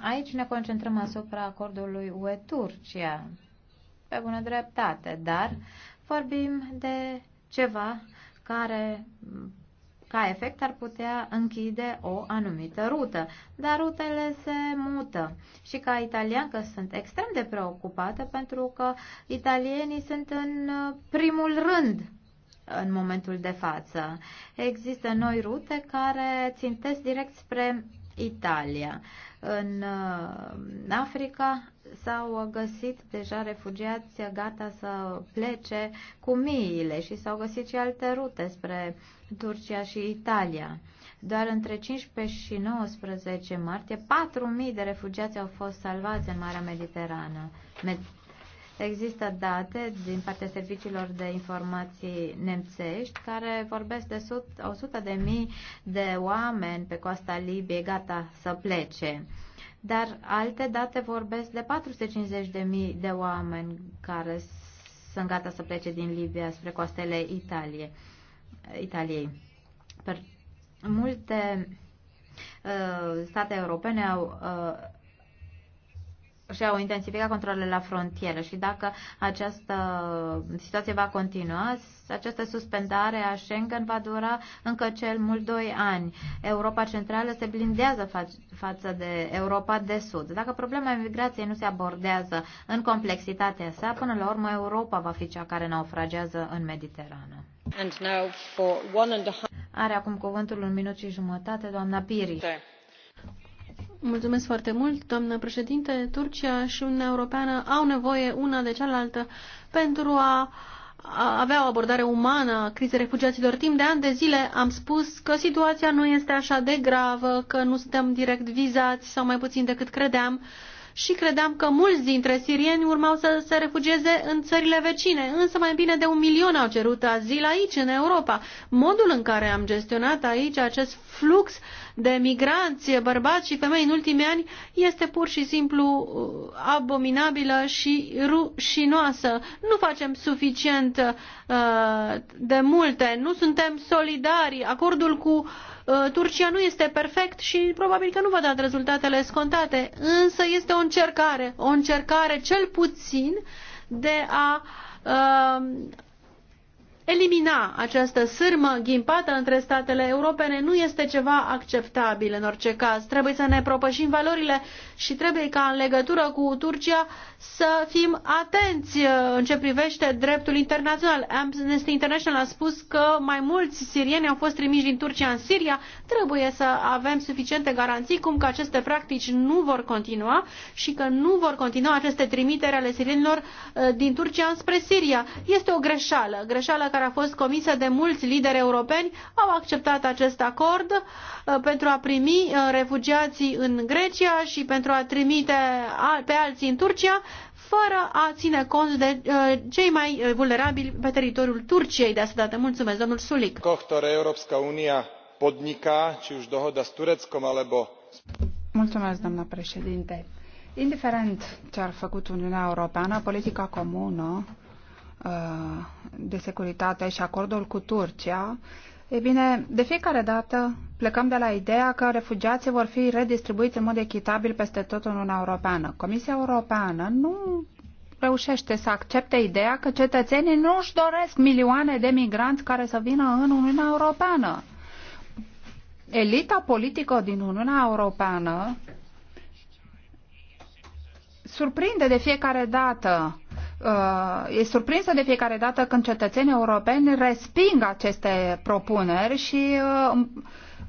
Aici ne concentrăm asupra acordului UE-Turcia, pe bună dreptate, dar vorbim de ceva care ca efect ar putea închide o anumită rută, dar rutele se mută. Și ca italiancă sunt extrem de preocupată pentru că italienii sunt în primul rând în momentul de față. Există noi rute care țintesc direct spre Italia. În uh, Africa s-au găsit deja refugiați gata să plece cu miile și s-au găsit și alte rute spre Turcia și Italia. Doar între 15 și 19 martie, 4.000 de refugiați au fost salvați în Marea Mediterană. Med- Există date din partea serviciilor de informații nemțești care vorbesc de 100 de mii de oameni pe coasta Libiei gata să plece. Dar alte date vorbesc de 450 de mii de oameni care sunt gata să plece din Libia spre coastele Italie, Italiei. Per multe uh, state europene au uh, și-au intensificat controlele la frontieră și dacă această situație va continua, această suspendare a Schengen va dura încă cel mult 2 ani. Europa Centrală se blindează fa- față de Europa de Sud. Dacă problema migrației nu se abordează în complexitatea sa, până la urmă Europa va fi cea care naufragează în Mediterană. And now for one and a... Are acum cuvântul un minut și jumătate, doamna Piri. Okay. Mulțumesc foarte mult, doamnă președinte. Turcia și Uniunea Europeană au nevoie una de cealaltă pentru a avea o abordare umană a crizei refugiaților. Timp de ani de zile am spus că situația nu este așa de gravă, că nu suntem direct vizați sau mai puțin decât credeam și credeam că mulți dintre sirieni urmau să se refugieze în țările vecine, însă mai bine de un milion au cerut azil aici, în Europa. Modul în care am gestionat aici acest flux de migranți, bărbați și femei în ultimii ani este pur și simplu uh, abominabilă și rușinoasă. Nu facem suficient uh, de multe, nu suntem solidari. Acordul cu uh, Uh, Turcia nu este perfect și probabil că nu va da rezultatele scontate, însă este o încercare, o încercare cel puțin de a uh, elimina această sârmă ghimpată între statele europene nu este ceva acceptabil în orice caz. Trebuie să ne propășim valorile și trebuie ca în legătură cu Turcia să fim atenți uh, în ce privește dreptul internațional. Amnesty International a spus că mai mulți sirieni au fost trimiși din Turcia în Siria. Trebuie să avem suficiente garanții cum că aceste practici nu vor continua și că nu vor continua aceste trimiteri ale sirienilor uh, din Turcia spre Siria. Este o greșeală, greșeală care care a fost comisă de mulți lideri europeni, au acceptat acest acord uh, pentru a primi uh, refugiații în Grecia și pentru a trimite pe alții în Turcia, fără a ține cont de uh, cei mai vulnerabili pe teritoriul Turciei de asta dată. Mulțumesc, domnul Sulik. podniká, či už dohoda s Tureckom alebo... Mulțumesc, doamna președinte. Indiferent ce ar făcut Uniunea Europeană, politica comună Uh, de securitate și acordul cu Turcia, e bine, de fiecare dată plecăm de la ideea că refugiații vor fi redistribuiți în mod echitabil peste tot în Uniunea Europeană. Comisia Europeană nu reușește să accepte ideea că cetățenii nu își doresc milioane de migranți care să vină în Uniunea Europeană. Elita politică din Uniunea Europeană surprinde de fiecare dată Uh, e surprinsă de fiecare dată când cetățenii europeni resping aceste propuneri și uh,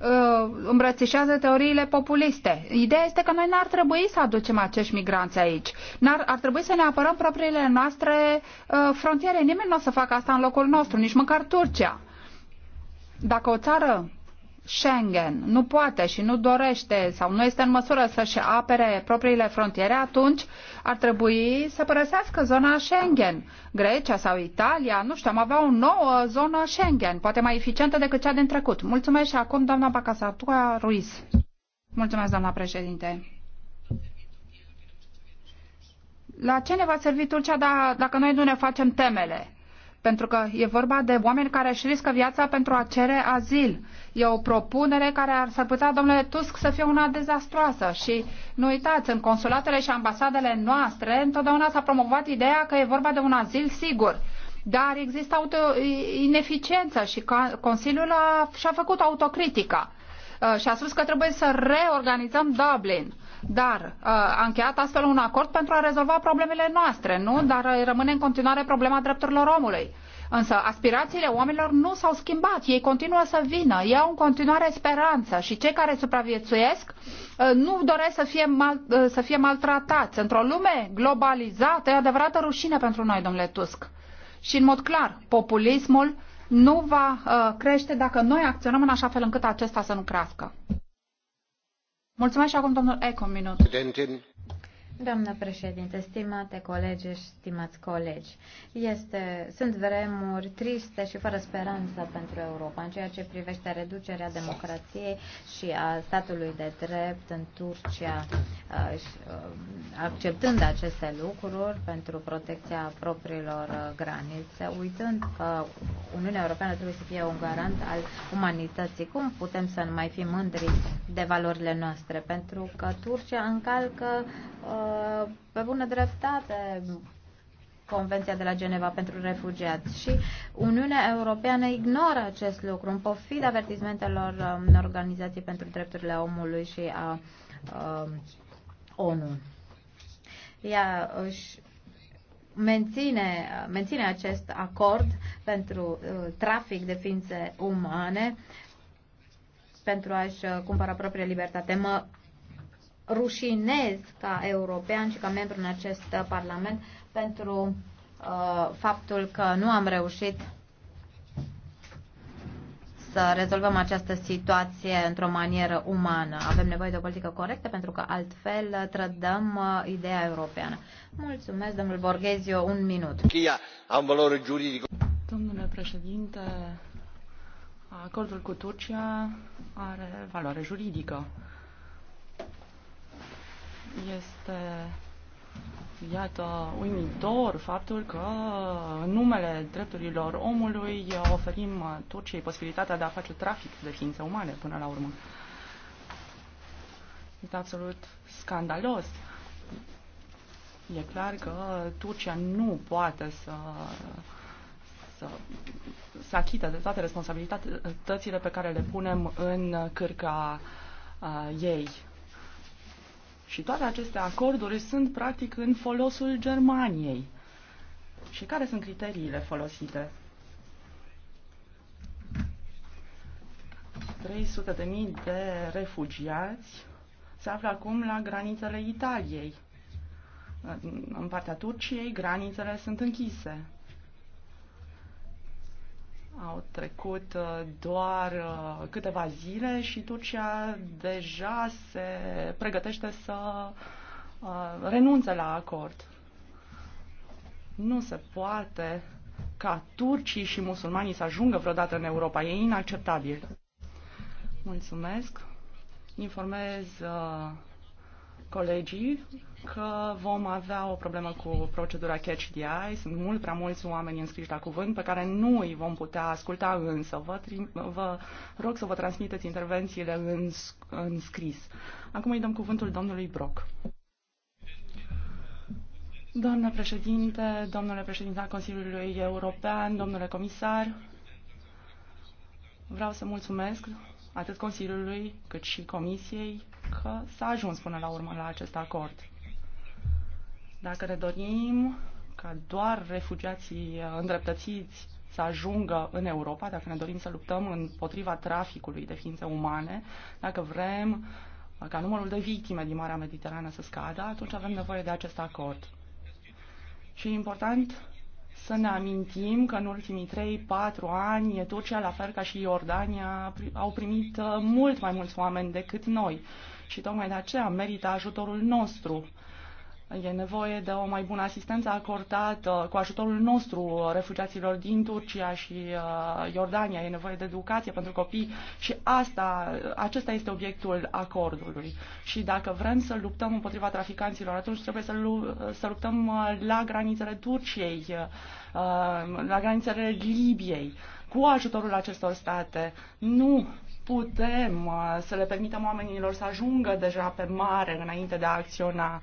uh, îmbrățișează teoriile populiste. Ideea este că noi n-ar trebui să aducem acești migranți aici. N-ar, ar trebui să ne apărăm propriile noastre frontiere. Nimeni nu o să facă asta în locul nostru, nici măcar Turcia. Dacă o țară Schengen nu poate și nu dorește sau nu este în măsură să-și apere propriile frontiere, atunci ar trebui să părăsească zona Schengen. Grecia sau Italia, nu știu, am avea o nouă zonă Schengen, poate mai eficientă decât cea din trecut. Mulțumesc și acum doamna Bacasatua Ruiz. Mulțumesc, doamna președinte. La ce ne va servi Turcia da- dacă noi nu ne facem temele? pentru că e vorba de oameni care își riscă viața pentru a cere azil. E o propunere care ar s-ar putea, domnule Tusk, să fie una dezastroasă. Și nu uitați, în consulatele și ambasadele noastre întotdeauna s-a promovat ideea că e vorba de un azil sigur. Dar există auto ineficiență și Consiliul a, și-a făcut autocritica uh, și a spus că trebuie să reorganizăm Dublin. Dar uh, a încheiat astfel un acord pentru a rezolva problemele noastre, nu? Dar uh, rămâne în continuare problema drepturilor omului. Însă aspirațiile oamenilor nu s-au schimbat, ei continuă să vină, ei au în continuare speranță și cei care supraviețuiesc uh, nu doresc să fie, mal, să fie maltratați. Într-o lume globalizată e adevărată rușine pentru noi, domnule Tusk. Și în mod clar, populismul nu va crește dacă noi acționăm în așa fel încât acesta să nu crească. Mulțumesc și acum domnul Eco, minut. Doamnă președinte, stimate colegi și stimați colegi, este, sunt vremuri triste și fără speranță pentru Europa în ceea ce privește reducerea democrației și a statului de drept în Turcia, uh, uh, acceptând aceste lucruri pentru protecția propriilor uh, granițe, uitând că Uniunea Europeană trebuie să fie un garant al umanității. Cum putem să nu mai fim mândri de valorile noastre? Pentru că Turcia încalcă Uh, pe bună dreptate Convenția de la Geneva pentru refugiați și Uniunea Europeană ignoră acest lucru în pofid avertizmentelor um, Organizației pentru Drepturile Omului și a, a um, ONU. Ea își menține, menține acest acord pentru uh, trafic de ființe umane pentru a-și uh, cumpăra propria libertate. Mă rușinez ca european și ca membru în acest uh, Parlament pentru uh, faptul că nu am reușit să rezolvăm această situație într-o manieră umană. Avem nevoie de o politică corectă pentru că altfel trădăm uh, ideea europeană. Mulțumesc, domnul Borghezio, un minut. Am valoare juridică. Domnule președinte, acordul cu Turcia are valoare juridică. Este iată, uimitor faptul că în numele drepturilor omului oferim Turciei posibilitatea de a face trafic de ființe umane până la urmă. Este absolut scandalos. E clar că Turcia nu poate să să, să achite de toate responsabilitățile pe care le punem în cârca ei. Și toate aceste acorduri sunt practic în folosul Germaniei. Și care sunt criteriile folosite? 300.000 de, refugiați se află acum la granițele Italiei. În partea Turciei granițele sunt închise. Au trecut uh, doar uh, câteva zile și Turcia deja se pregătește să uh, renunțe la acord. Nu se poate ca turcii și musulmanii să ajungă vreodată în Europa. E inacceptabil. Mulțumesc. Informez colegii că vom avea o problemă cu procedura Catch the Eye. Sunt mult prea mulți oameni înscriși la cuvânt pe care nu îi vom putea asculta însă. Vă, vă rog să vă transmiteți intervențiile în, în scris. Acum îi dăm cuvântul domnului Brock. Doamnă președinte, domnule președinte al Consiliului European, domnule comisar, vreau să mulțumesc atât Consiliului cât și Comisiei că s-a ajuns până la urmă la acest acord. Dacă ne dorim ca doar refugiații îndreptățiți să ajungă în Europa, dacă ne dorim să luptăm împotriva traficului de ființe umane, dacă vrem ca numărul de victime din Marea Mediterană să scadă, atunci avem nevoie de acest acord. Și e important să ne amintim că în ultimii 3-4 ani Turcia, la fel ca și Iordania, au primit uh, mult mai mulți oameni decât noi și tocmai de aceea merită ajutorul nostru. E nevoie de o mai bună asistență acordată cu ajutorul nostru refugiaților din Turcia și uh, Iordania. E nevoie de educație pentru copii și asta, acesta este obiectul acordului. Și dacă vrem să luptăm împotriva traficanților, atunci trebuie să, lu- să luptăm uh, la granițele Turciei, uh, la granițele Libiei, cu ajutorul acestor state. Nu putem uh, să le permitem oamenilor să ajungă deja pe mare înainte de a acționa.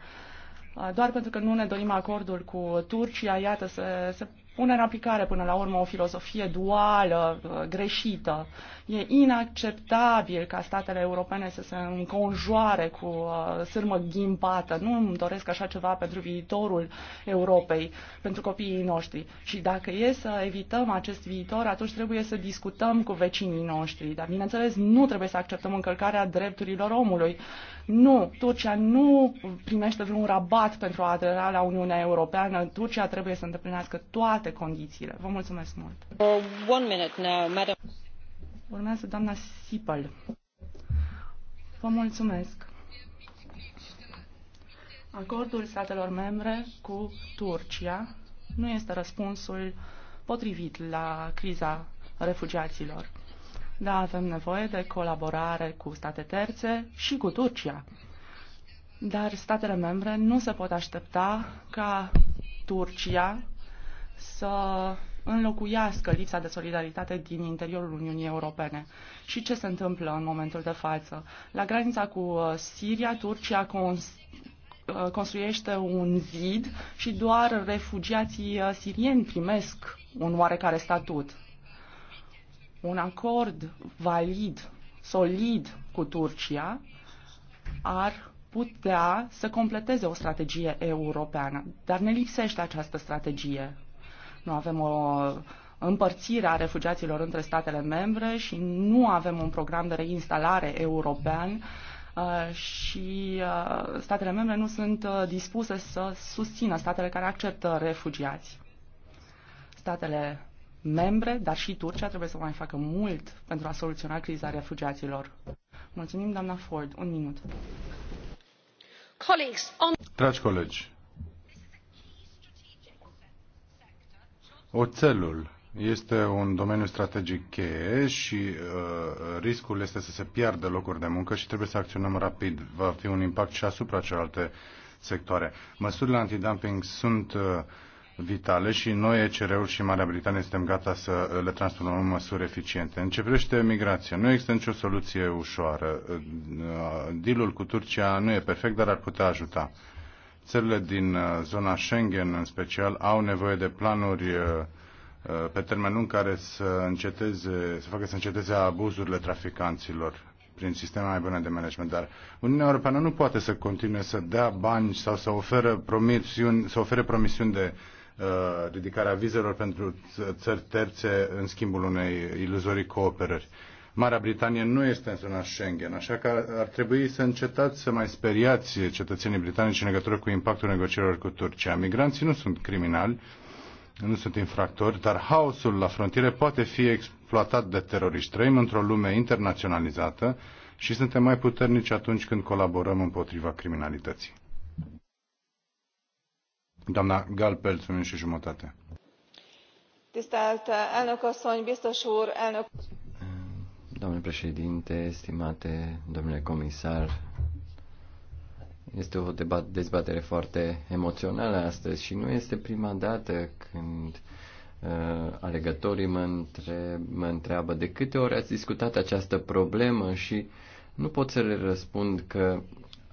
Uh, doar pentru că nu ne dorim acorduri cu Turcia, iată, se, se pune în aplicare până la urmă o filozofie duală, uh, greșită. E inacceptabil ca statele europene să se înconjoare cu uh, sârmă ghimpată. Nu îmi doresc așa ceva pentru viitorul Europei, pentru copiii noștri. Și dacă e să evităm acest viitor, atunci trebuie să discutăm cu vecinii noștri. Dar, bineînțeles, nu trebuie să acceptăm încălcarea drepturilor omului. Nu, Turcia nu primește vreun rabat pentru a adera la Uniunea Europeană. Turcia trebuie să îndeplinească toate condițiile. Vă mulțumesc mult. Uh, one minute now, madam. Urmează doamna Sipăl. Vă mulțumesc. Acordul statelor membre cu Turcia nu este răspunsul potrivit la criza refugiaților. Da, avem nevoie de colaborare cu state terțe și cu Turcia. Dar statele membre nu se pot aștepta ca Turcia să înlocuiască lipsa de solidaritate din interiorul Uniunii Europene. Și ce se întâmplă în momentul de față? La granița cu uh, Siria, Turcia uh, construiește un zid și doar refugiații uh, sirieni primesc un oarecare statut un acord valid, solid cu Turcia ar putea să completeze o strategie europeană, dar ne lipsește această strategie. Nu avem o împărțire a refugiaților între statele membre și nu avem un program de reinstalare european uh, și uh, statele membre nu sunt uh, dispuse să susțină statele care acceptă refugiați. Statele membre, dar și Turcia trebuie să mai facă mult pentru a soluționa criza refugiaților. Mulțumim, doamna Ford. Un minut. Dragi colegi, oțelul este un domeniu strategic cheie și uh, riscul este să se piardă locuri de muncă și trebuie să acționăm rapid. Va fi un impact și asupra celelalte sectoare. Măsurile antidumping sunt uh, vitale și noi, ECR-ul și Marea Britanie, suntem gata să le transformăm în măsuri eficiente. Începește migrația, nu există nicio soluție ușoară. Dealul cu Turcia nu e perfect, dar ar putea ajuta. Țările din uh, zona Schengen, în special, au nevoie de planuri uh, uh, pe termen lung care să, înceteze, să facă să înceteze abuzurile traficanților prin sisteme mai bune de management, dar Uniunea Europeană nu poate să continue să dea bani sau să ofere promisiuni, să ofere promisiuni de Uh, ridicarea vizelor pentru țări terțe în schimbul unei iluzorii cooperări. Marea Britanie nu este în zona Schengen, așa că ar trebui să încetați să mai speriați cetățenii britanici în legătură cu impactul negocierilor cu Turcia. Migranții nu sunt criminali, nu sunt infractori, dar haosul la frontiere poate fi exploatat de teroriști. Trăim într-o lume internaționalizată și suntem mai puternici atunci când colaborăm împotriva criminalității. Doamna Galpelț, un și jumătate. Tisztelt elnök asszony, biztos úr, elnök... Domnule președinte, stimate domnule comisar, este o dezbatere foarte emoțională astăzi și nu este prima dată când uh, alegătorii mă, între, mă întreabă de câte ori ați discutat această problemă și nu pot să le răspund că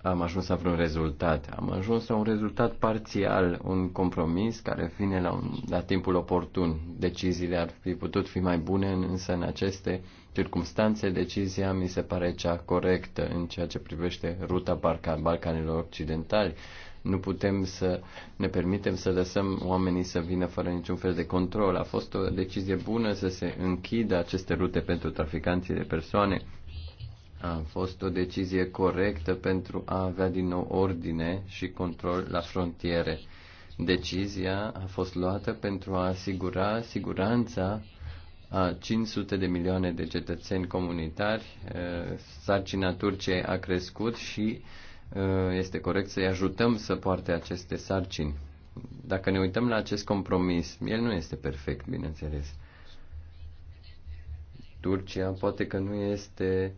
am ajuns la vreun rezultat. Am ajuns la un rezultat parțial, un compromis care vine la, un, la timpul oportun. Deciziile ar fi putut fi mai bune, însă în aceste circunstanțe decizia mi se pare cea corectă în ceea ce privește ruta Balcan, Balcanilor Occidentali. Nu putem să ne permitem să lăsăm oamenii să vină fără niciun fel de control. A fost o decizie bună să se închidă aceste rute pentru traficanții de persoane a fost o decizie corectă pentru a avea din nou ordine și control la frontiere. Decizia a fost luată pentru a asigura siguranța a 500 de milioane de cetățeni comunitari. Sarcina Turciei a crescut și este corect să-i ajutăm să poarte aceste sarcini. Dacă ne uităm la acest compromis, el nu este perfect, bineînțeles. Turcia poate că nu este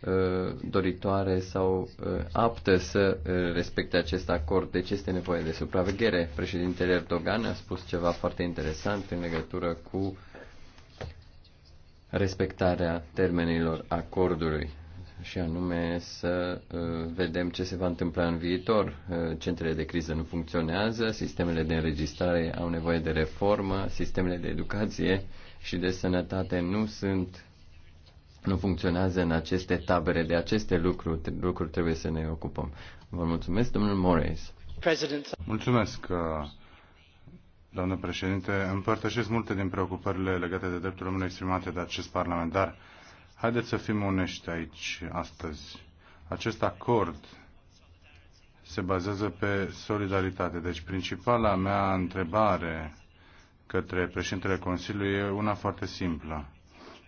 Uh, doritoare sau uh, aptă să uh, respecte acest acord, deci este nevoie de supraveghere. Președintele Erdogan a spus ceva foarte interesant în legătură cu respectarea termenilor acordului și anume să vedem ce se va întâmpla în viitor. Centrele de criză nu funcționează, sistemele de înregistrare au nevoie de reformă, sistemele de educație și de sănătate nu sunt nu funcționează în aceste tabere. De aceste lucruri, lucruri trebuie să ne ocupăm. Vă mulțumesc, domnul Moraes. Mulțumesc, uh, doamnă președinte. Împărtășesc multe din preocupările legate de dreptul omului exprimate de acest parlamentar. Haideți să fim onești aici astăzi. Acest acord se bazează pe solidaritate. Deci principala mea întrebare către președintele Consiliului e una foarte simplă.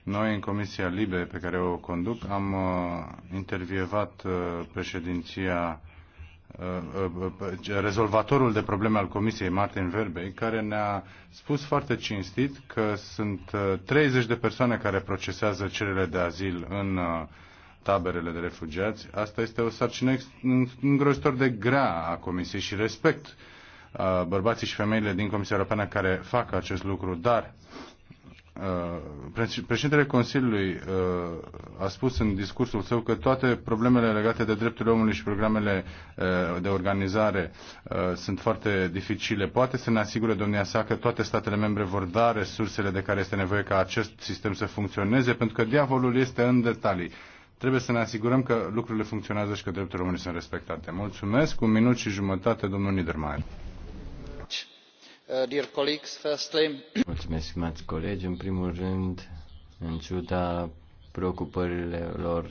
Noi, în Comisia Libe, pe care o conduc, am uh, intervievat uh, președinția, uh, uh, uh rezolvatorul de probleme al Comisiei, Martin Verbei, care ne-a spus foarte cinstit că sunt uh, 30 de persoane care procesează cererile de azil în uh, taberele de refugiați. Asta este o sarcină îngrozitor de grea a Comisiei și respect uh, bărbații și femeile din Comisia Europeană care fac acest lucru, dar uh, Uh, președintele Consiliului uh, a spus în discursul său că toate problemele legate de drepturile omului și programele uh, de organizare sunt foarte dificile. Poate să ne asigure domnia sa că toate statele membre vor da resursele de care este nevoie ca acest sistem să funcționeze, pentru că diavolul este în detalii. Trebuie să ne asigurăm că lucrurile funcționează și că drepturile omului sunt respectate. Mulțumesc. Un minut și jumătate, domnul Niedermayer. Uh, Mulțumesc, stimați colegi. În primul rând, în ciuda preocupărilor,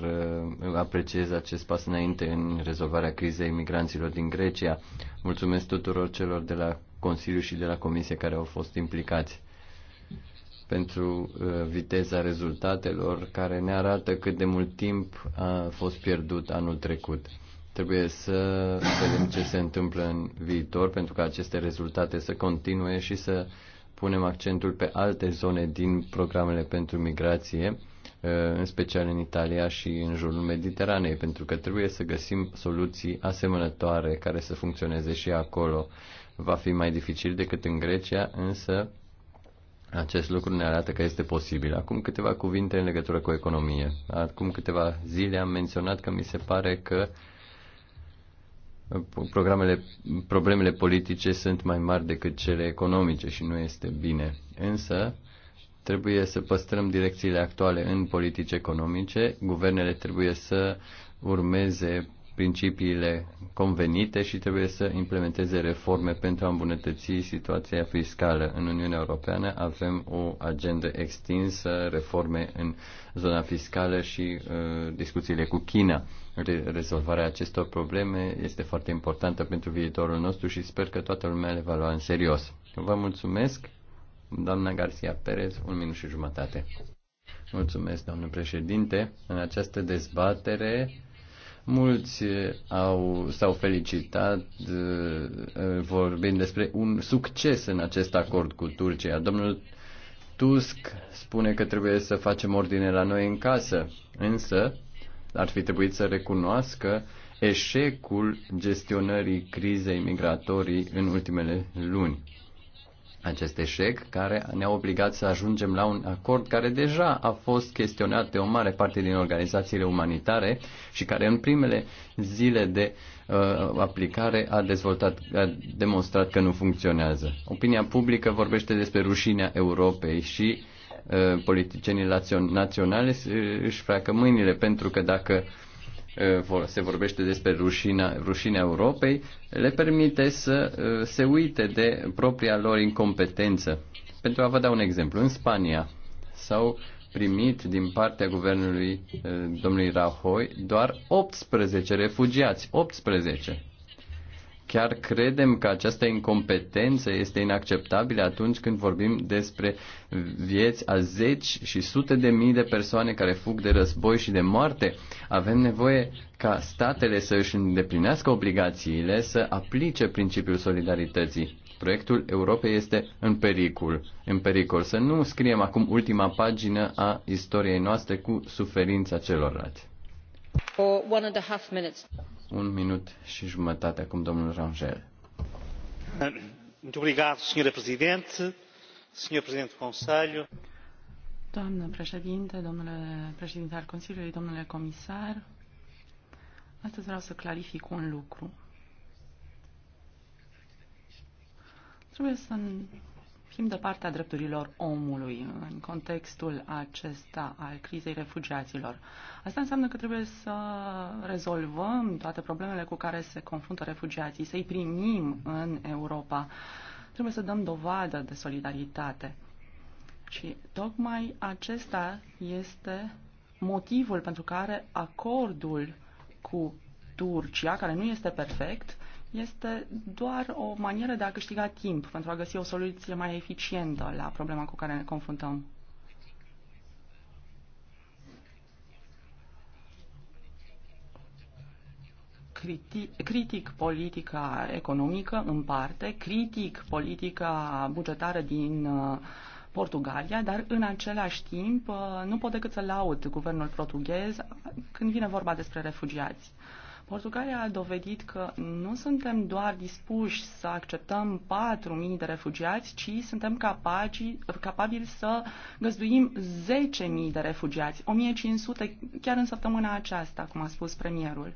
uh, apreciez acest pas înainte în rezolvarea crizei migranților din Grecia. Mulțumesc tuturor celor de la Consiliu și de la Comisie care au fost implicați pentru uh, viteza rezultatelor care ne arată cât de mult timp a fost pierdut anul trecut. Trebuie să vedem ce se întâmplă în viitor pentru ca aceste rezultate să continue și să punem accentul pe alte zone din programele pentru migrație, uh, în special în Italia și în jurul Mediteranei, pentru că trebuie să găsim soluții asemănătoare care să funcționeze și acolo. Va fi mai dificil decât în Grecia, însă acest lucru ne arată că este posibil. Acum câteva cuvinte în legătură cu economie. Acum câteva zile am menționat că mi se pare că uh, programele, problemele politice sunt mai mari decât cele economice și nu este bine. Însă, trebuie să păstrăm direcțiile actuale în politici economice, guvernele trebuie să urmeze principiile convenite și trebuie să implementeze reforme pentru a îmbunătăți situația fiscală. În Uniunea Europeană avem o agendă extinsă, reforme în zona fiscală și uh, discuțiile cu China rezolvarea acestor probleme este foarte importantă pentru viitorul nostru și sper că toată lumea le va lua în serios. Vă mulțumesc, doamna Garcia Perez, un minut și jumătate. Mulțumesc, doamnă președinte. În această dezbatere, mulți eh, au, s-au felicitat eh, vorbind despre un succes în acest acord cu Turcia. Domnul Tusk spune că trebuie să facem ordine la noi în casă, însă ar fi trebuit să recunoască eșecul gestionării crizei migratorii în ultimele luni. Acest eșec care ne-a obligat să ajungem la un acord care deja a fost chestionat de o mare parte din organizațiile umanitare și care în primele zile de uh, aplicare a, dezvoltat, a demonstrat că nu funcționează. Opinia publică vorbește despre rușinea Europei și uh, Uh, politicienii naționale își freacă mâinile, pentru că dacă uh, se vorbește despre rușina, rușinea Europei, le permite să uh, se uite de propria lor incompetență. Pentru a vă da un exemplu, în Spania s-au primit din partea guvernului domnului Rajoy doar 18 refugiați, 18. Chiar credem că această incompetență este inacceptabilă atunci când vorbim despre vieți a zeci și sute de mii de persoane care fug de război și de moarte. Avem nevoie ca statele să își îndeplinească obligațiile, să aplice principiul solidarității. Proiectul Europei este în pericol. În pericol să nu scriem acum ultima pagină a istoriei noastre cu suferința celorlalți. Un minut și jumătate acum domnul Rangel. Doamnă președinte, domnule președinte al Consiliului, domnule comisar, astăzi vreau să clarific un lucru. Trebuie să de partea drepturilor omului în contextul acesta al crizei refugiaților. Asta înseamnă că trebuie să rezolvăm toate problemele cu care se confruntă refugiații, să-i primim în Europa. Trebuie să dăm dovadă de solidaritate. Și tocmai acesta este motivul pentru care acordul cu Turcia, care nu este perfect, este doar o manieră de a câștiga timp pentru a găsi o soluție mai eficientă la problema cu care ne confruntăm. critic, critic politica economică în parte, critic politica bugetară din uh, Portugalia, dar în același timp uh, nu pot decât să laud guvernul portughez când vine vorba despre refugiați. Portugalia a dovedit că nu suntem doar dispuși să acceptăm 4.000 de refugiați, ci suntem capaci, capabili să găzduim 10.000 de refugiați, 1.500 chiar în săptămâna aceasta, cum a spus premierul.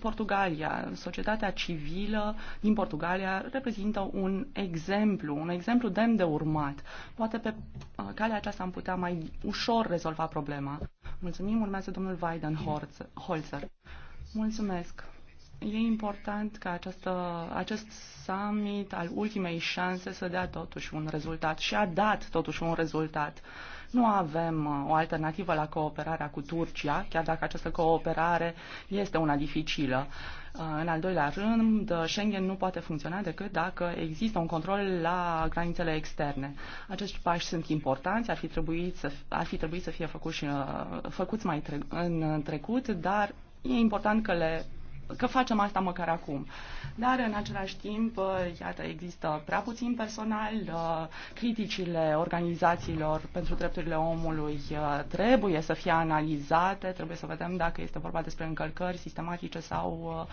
Portugalia, societatea civilă din Portugalia reprezintă un exemplu, un exemplu demn de urmat. Poate pe uh, calea aceasta am putea mai ușor rezolva problema. Mulțumim, urmează domnul Weidenholzer. Mulțumesc. E important ca această, acest summit al ultimei șanse să dea totuși un rezultat și a dat totuși un rezultat. Nu avem uh, o alternativă la cooperarea cu Turcia, chiar dacă această cooperare este una dificilă. Uh, în al doilea rând, uh, Schengen nu poate funcționa decât dacă există un control la granițele externe. Acești pași sunt importanți, ar fi trebuit să, ar fi trebuit să fie făcuți, făcuți mai tre- în trecut, dar e important că le că facem asta măcar acum. Dar în același timp, iată, există prea puțin personal, uh, criticile organizațiilor pentru drepturile omului uh, trebuie să fie analizate, trebuie să vedem dacă este vorba despre încălcări sistematice sau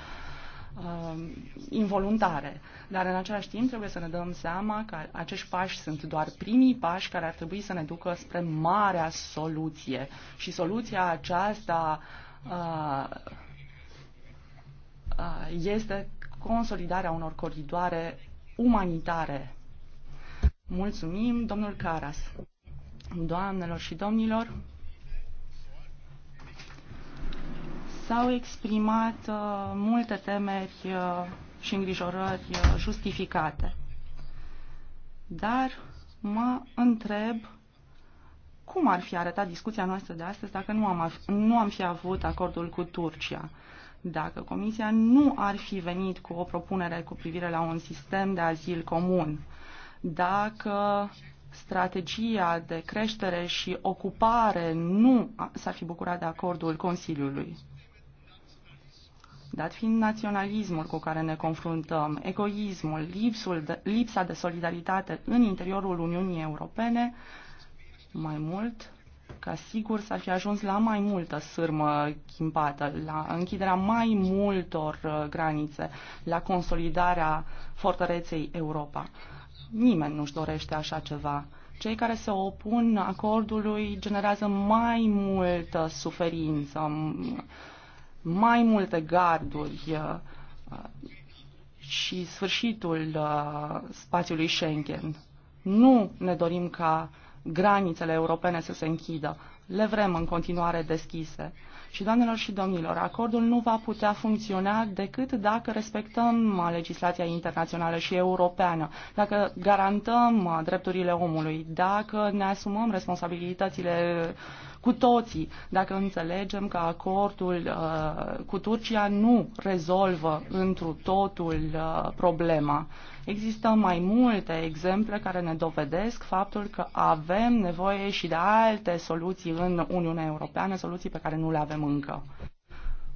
uh, involuntare. Dar în același timp trebuie să ne dăm seama că acești pași sunt doar primii pași care ar trebui să ne ducă spre marea soluție. Și soluția aceasta uh, este consolidarea unor coridoare umanitare. Mulțumim, domnul Caras. Doamnelor și domnilor, s-au exprimat uh, multe temeri uh, și îngrijorări uh, justificate. Dar mă întreb cum ar fi arătat discuția noastră de astăzi dacă nu am, nu am fi avut acordul cu Turcia? Dacă Comisia nu ar fi venit cu o propunere cu privire la un sistem de azil comun? Dacă strategia de creștere și ocupare nu s-ar fi bucurat de acordul Consiliului? dat fiind naționalismul cu care ne confruntăm, egoismul, lipsul de, lipsa de solidaritate în interiorul Uniunii Europene, mai mult, ca sigur s-ar fi ajuns la mai multă sârmă ghimpată, la închiderea mai multor uh, granițe, la consolidarea fortăreței Europa. Nimeni nu-și dorește așa ceva. Cei care se opun acordului generează mai multă suferință, mai multe garduri uh, și sfârșitul uh, spațiului Schengen. Nu ne dorim ca uh, granițele europene să se închidă. Le vrem în continuare deschise. Și, doamnelor și domnilor, acordul nu va putea funcționa decât dacă respectăm legislația internațională și europeană, dacă garantăm drepturile omului, dacă ne asumăm responsabilitățile cu toții, dacă înțelegem că acordul uh, cu Turcia nu rezolvă întru totul uh, problema. Există mai multe exemple care ne dovedesc faptul că avem nevoie și de alte soluții în Uniunea Europeană, soluții pe care nu le avem încă.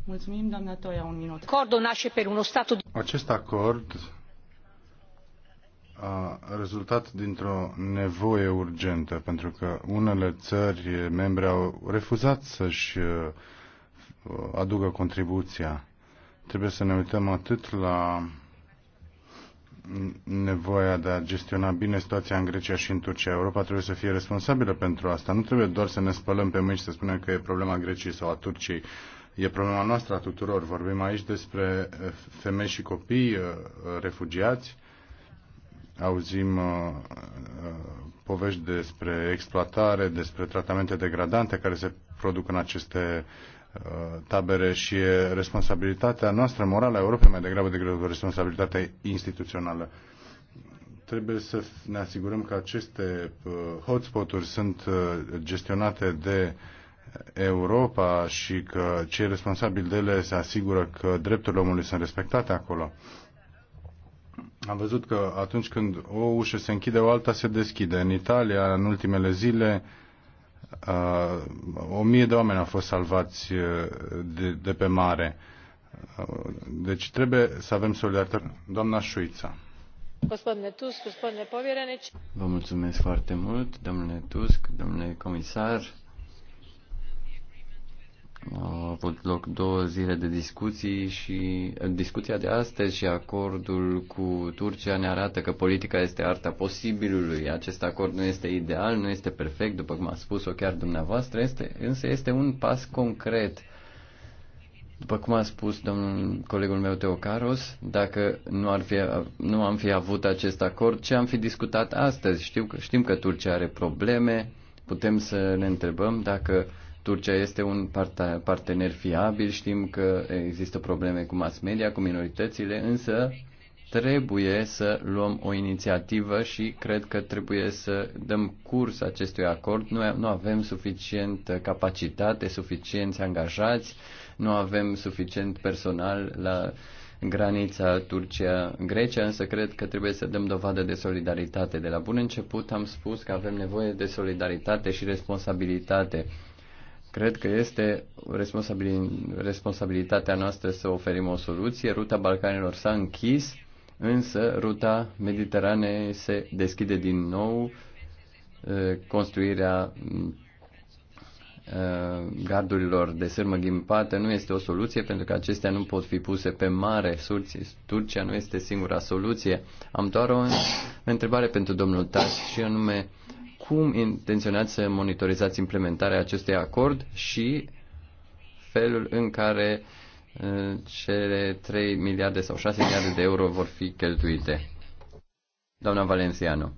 Mulțumim, doamna Toia, un minut. Acest acord a rezultat dintr-o nevoie urgentă, pentru că unele țări membre au refuzat să-și uh, aducă contribuția. Trebuie să ne uităm atât la nevoia de a gestiona bine situația în Grecia și în Turcia. Europa trebuie să fie responsabilă pentru asta. Nu trebuie doar să ne spălăm pe mâini și să spunem că e problema Greciei sau a Turciei. E problema noastră a tuturor. Vorbim aici despre eh, femei și copii eh, refugiați. Auzim eh, povești despre exploatare, despre tratamente degradante care se produc în aceste Uh, tabere și e responsabilitatea noastră morală a Europei mai degrabă decât responsabilitatea instituțională. Trebuie să ne asigurăm că aceste uh, hotspot-uri sunt uh, gestionate de Europa și că cei responsabili de ele se asigură că drepturile omului sunt respectate acolo. Am văzut că atunci când o ușă se închide, o alta se deschide. În Italia, în ultimele zile, uh, o mie de oameni au fost salvați de, de pe mare. Deci trebuie să avem solidaritate. Doamna Șuița. Vă mulțumesc foarte mult, domnule Tusk, domnule comisar. Au avut loc două zile de discuții și discuția de astăzi și acordul cu Turcia ne arată că politica este arta posibilului. Acest acord nu este ideal, nu este perfect, după cum a spus-o chiar dumneavoastră, este, însă este un pas concret. După cum a spus domnul colegul meu Teocaros, dacă nu, ar fi, nu am fi avut acest acord, ce am fi discutat astăzi? Știu, știm că Turcia are probleme, putem să ne întrebăm dacă Turcia este un partener fiabil, știm că există probleme cu mass media, cu minoritățile, însă trebuie să luăm o inițiativă și cred că trebuie să dăm curs acestui acord. Nu, nu avem suficientă capacitate, suficienți angajați, nu avem suficient personal la granița Turcia-Grecia, însă cred că trebuie să dăm dovadă de solidaritate. De la bun început am spus că avem nevoie de solidaritate și responsabilitate Cred că este responsabilitatea noastră să oferim o soluție. Ruta Balcanilor s-a închis, însă ruta Mediteranei se deschide din nou. Uh, construirea uh, gardurilor de sârmă ghimpată nu este o soluție pentru că acestea nu pot fi puse pe mare. Turcia nu este singura soluție. Am doar o întrebare pentru domnul Tas și anume cum intenționați să monitorizați implementarea acestui acord și felul în care uh, cele 3 miliarde sau 6 miliarde de euro vor fi cheltuite. Doamna Valenciano.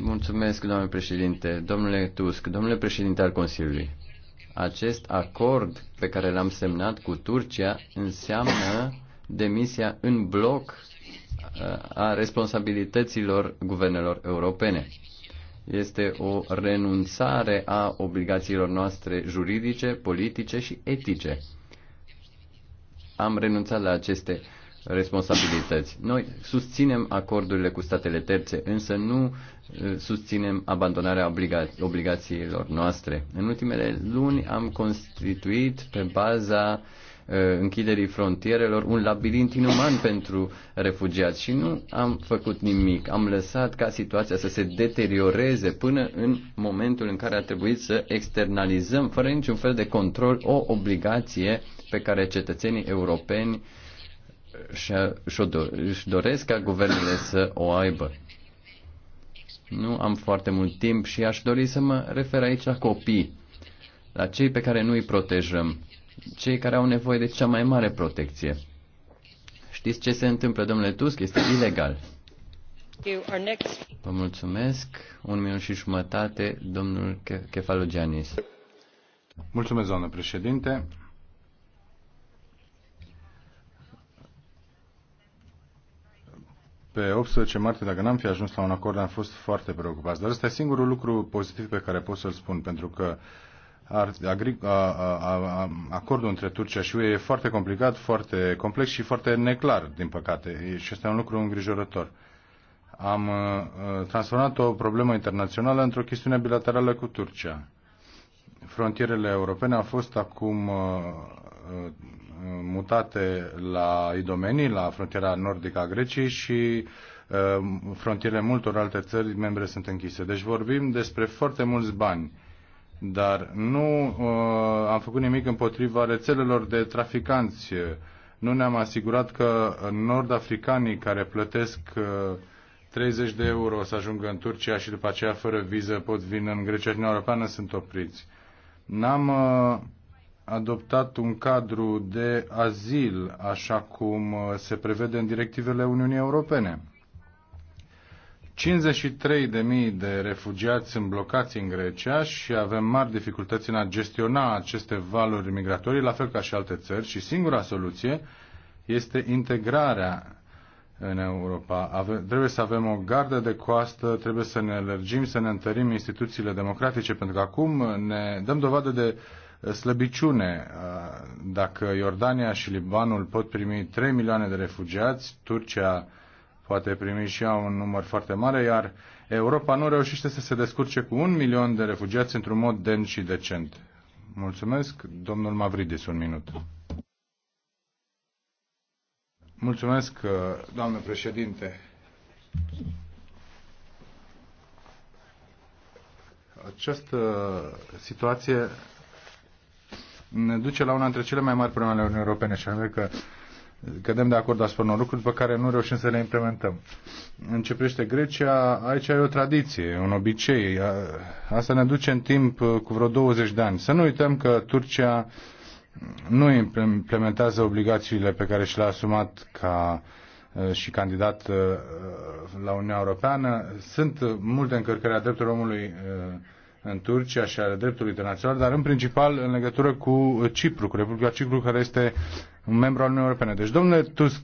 Mulțumesc, domnule președinte. Domnule Tusk, domnule președinte al Consiliului, acest acord pe care l-am semnat cu Turcia înseamnă demisia în bloc uh, a responsabilităților guvernelor europene este o renunțare a obligațiilor noastre juridice, politice și etice. Am renunțat la aceste responsabilități. Noi susținem acordurile cu statele terțe, însă nu eh, susținem abandonarea obliga- obligațiilor noastre. În ultimele luni am constituit pe baza uh, Eh, închiderii frontierelor, un labirint inuman pentru refugiați și nu am făcut nimic. Am lăsat ca situația să se deterioreze până în momentul în care a trebuit să externalizăm, fără niciun fel de control, o obligație pe care cetățenii europeni își doresc ca guvernele să o aibă. Nu am foarte mult timp și aș dori să mă refer aici la copii, la cei pe care nu îi protejăm cei care au nevoie de cea mai mare protecție. Știți ce se întâmplă, domnule Tusk? Este ilegal. Vă mulțumesc. Un minut și jumătate, domnul Kefalogianis. Mulțumesc, doamnă președinte. Pe 18 martie, dacă n-am fi ajuns la un acord, am fost foarte preocupați. Dar ăsta e singurul lucru pozitiv pe care pot să-l spun, pentru că uh, acordul între Turcia și UE e foarte complicat, foarte complex și foarte neclar, din păcate. Și este un lucru îngrijorător. Am transformat o problemă internațională într-o chestiune bilaterală cu Turcia. Frontierele europene au fost acum mutate la Idomenii, la frontiera nordică a Greciei și frontierele multor alte țări membre sunt închise. Deci vorbim despre foarte mulți bani dar nu uh, am făcut nimic împotriva rețelelor de traficanți. Nu ne-am asigurat că nord-africanii care plătesc uh, 30 de euro să ajungă în Turcia și după aceea fără viză pot veni în Grecia și în Europeană sunt opriți. N-am uh, adoptat un cadru de azil așa cum uh, se prevede în directivele Uniunii Europene. 53.000 de refugiați sunt blocați în Grecia și avem mari dificultăți în a gestiona aceste valuri migratorii, la fel ca și alte țări, și singura soluție este integrarea în Europa. Ave- trebuie să avem o gardă de coastă, trebuie să ne lărgim, să ne întărim instituțiile democratice, pentru că acum ne dăm dovadă de uh, slăbiciune. Uh, dacă Iordania și Libanul pot primi 3 milioane de refugiați, Turcia poate primi și ea un număr foarte mare, iar Europa nu reușește să se descurce cu un milion de refugiați într-un mod demn și decent. Mulțumesc, domnul Mavridis, un minut. Mulțumesc, uh, doamnă președinte. Această situație ne duce la una dintre cele mai mari probleme ale Uniunii Europene, și anume că cădem de acord asupra unor lucruri pe care nu reușim să le implementăm. Începește Grecia, aici e ai o tradiție, un obicei. Asta ne duce în timp uh, cu vreo 20 de ani. Să nu uităm că Turcia nu implementează obligațiile pe care și le-a asumat ca uh, și candidat uh, la Uniunea Europeană. Sunt multe încărcări a drepturilor omului în Turcia și ale dreptului internațional, dar în principal în legătură cu Cipru, cu Republica Cipru, care este un membru al Uniunii Europene. Deci, domnule Tusk,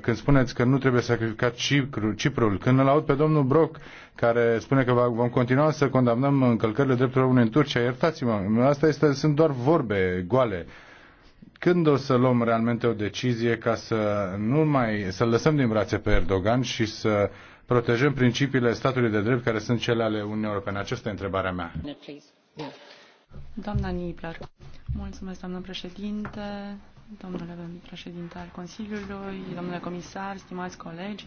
când spuneți că nu trebuie sacrificat Cipru, Ciprul, când îl aud pe domnul Broc, care spune că vom continua să condamnăm încălcările drepturilor omului în Turcia, iertați-mă, asta este, sunt doar vorbe goale când o să luăm realmente o decizie ca să nu mai să lăsăm din brațe pe Erdogan și să protejăm principiile statului de drept care sunt cele ale Uniunii Europene? Aceasta e întrebarea mea. Doamna Nibler. Mulțumesc, doamnă președinte, domnule președinte al Consiliului, domnule comisar, stimați colegi.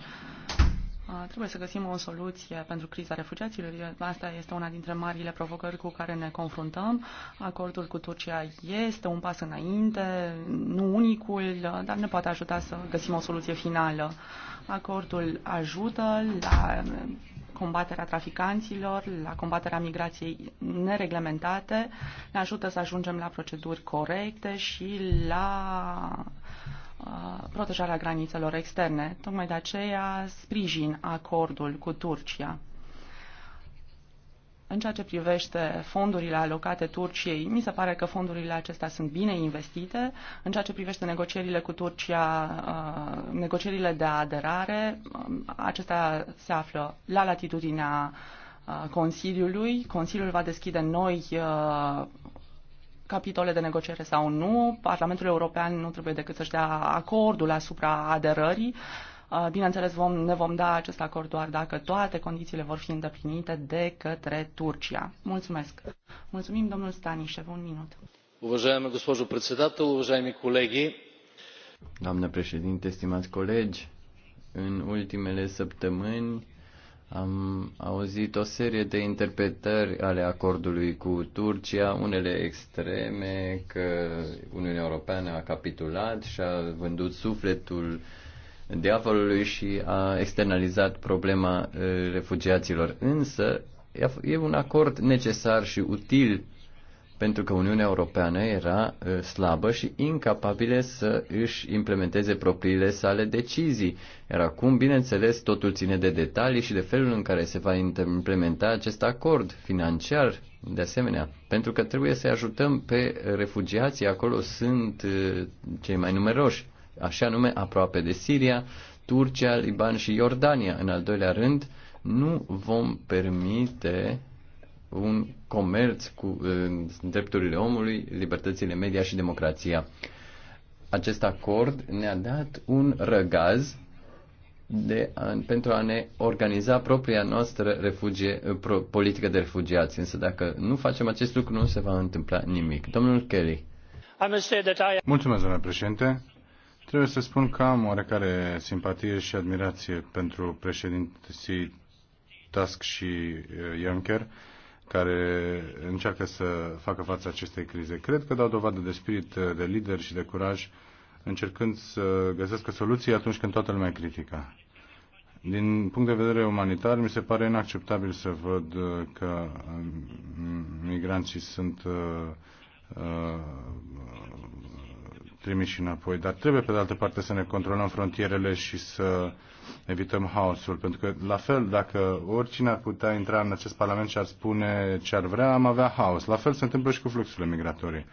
Uh, trebuie să găsim o soluție pentru criza refugiaților. Asta este una dintre marile provocări cu care ne confruntăm. Acordul cu Turcia este un pas înainte, nu unicul, uh, dar ne poate ajuta să găsim o soluție finală. Acordul ajută la combaterea traficanților, la combaterea migrației nereglementate, ne ajută să ajungem la proceduri corecte și la protejarea granițelor externe. Tocmai de aceea sprijin acordul cu Turcia. În ceea ce privește fondurile alocate Turciei, mi se pare că fondurile acestea sunt bine investite. În ceea ce privește negocierile cu Turcia, negocierile de aderare, acestea se află la latitudinea Consiliului. Consiliul va deschide noi capitole de negociere sau nu. Parlamentul European nu trebuie decât să-și dea acordul asupra aderării. Uh, bineînțeles, vom, ne vom da acest acord doar dacă toate condițiile vor fi îndeplinite de către Turcia. Mulțumesc. Mulțumim, domnul Stanișev. Un minut. Уважаема госпожо председател, уважаеми колеги. Doamnă președinte, stimați colegi, în ultimele săptămâni am auzit o serie de interpretări ale acordului cu Turcia, unele extreme, că Uniunea Europeană a capitulat și a vândut sufletul diavolului și a externalizat problema eh, refugiaților. Însă e un acord necesar și util pentru că Uniunea Europeană era ă, slabă și incapabilă să își implementeze propriile sale decizii. Iar acum, bineînțeles, totul ține de detalii și de felul în care se va implementa acest acord financiar, de asemenea, pentru că trebuie să ajutăm pe refugiații, acolo sunt ă, cei mai numeroși, așa nume aproape de Siria, Turcia, Liban și Iordania. În al doilea rând, nu vom permite un comerț cu drepturile omului, libertățile media și democrația. Acest acord ne-a dat un răgaz de a, pentru a ne organiza propria noastră refugie, pro, politică de refugiați. Însă dacă nu facem acest lucru, nu se va întâmpla nimic. Domnul Kelly. Mulțumesc, domnule președinte. Trebuie să spun că am oarecare simpatie și admirație pentru președinții Tusk și uh, Juncker care încearcă să facă față acestei crize. Cred că dau dovadă de spirit de lider și de curaj încercând să găsească soluții atunci când toată lumea critică. Din punct de vedere umanitar, mi se pare inacceptabil să văd că um, migranții sunt uh, uh, trimiși înapoi, dar trebuie pe de altă parte să ne controlăm frontierele și să evităm haosul. Pentru că, la fel, dacă oricine ar putea intra în acest Parlament și ar spune ce ar vrea, am avea haos. La fel se întâmplă și cu fluxurile migratorii.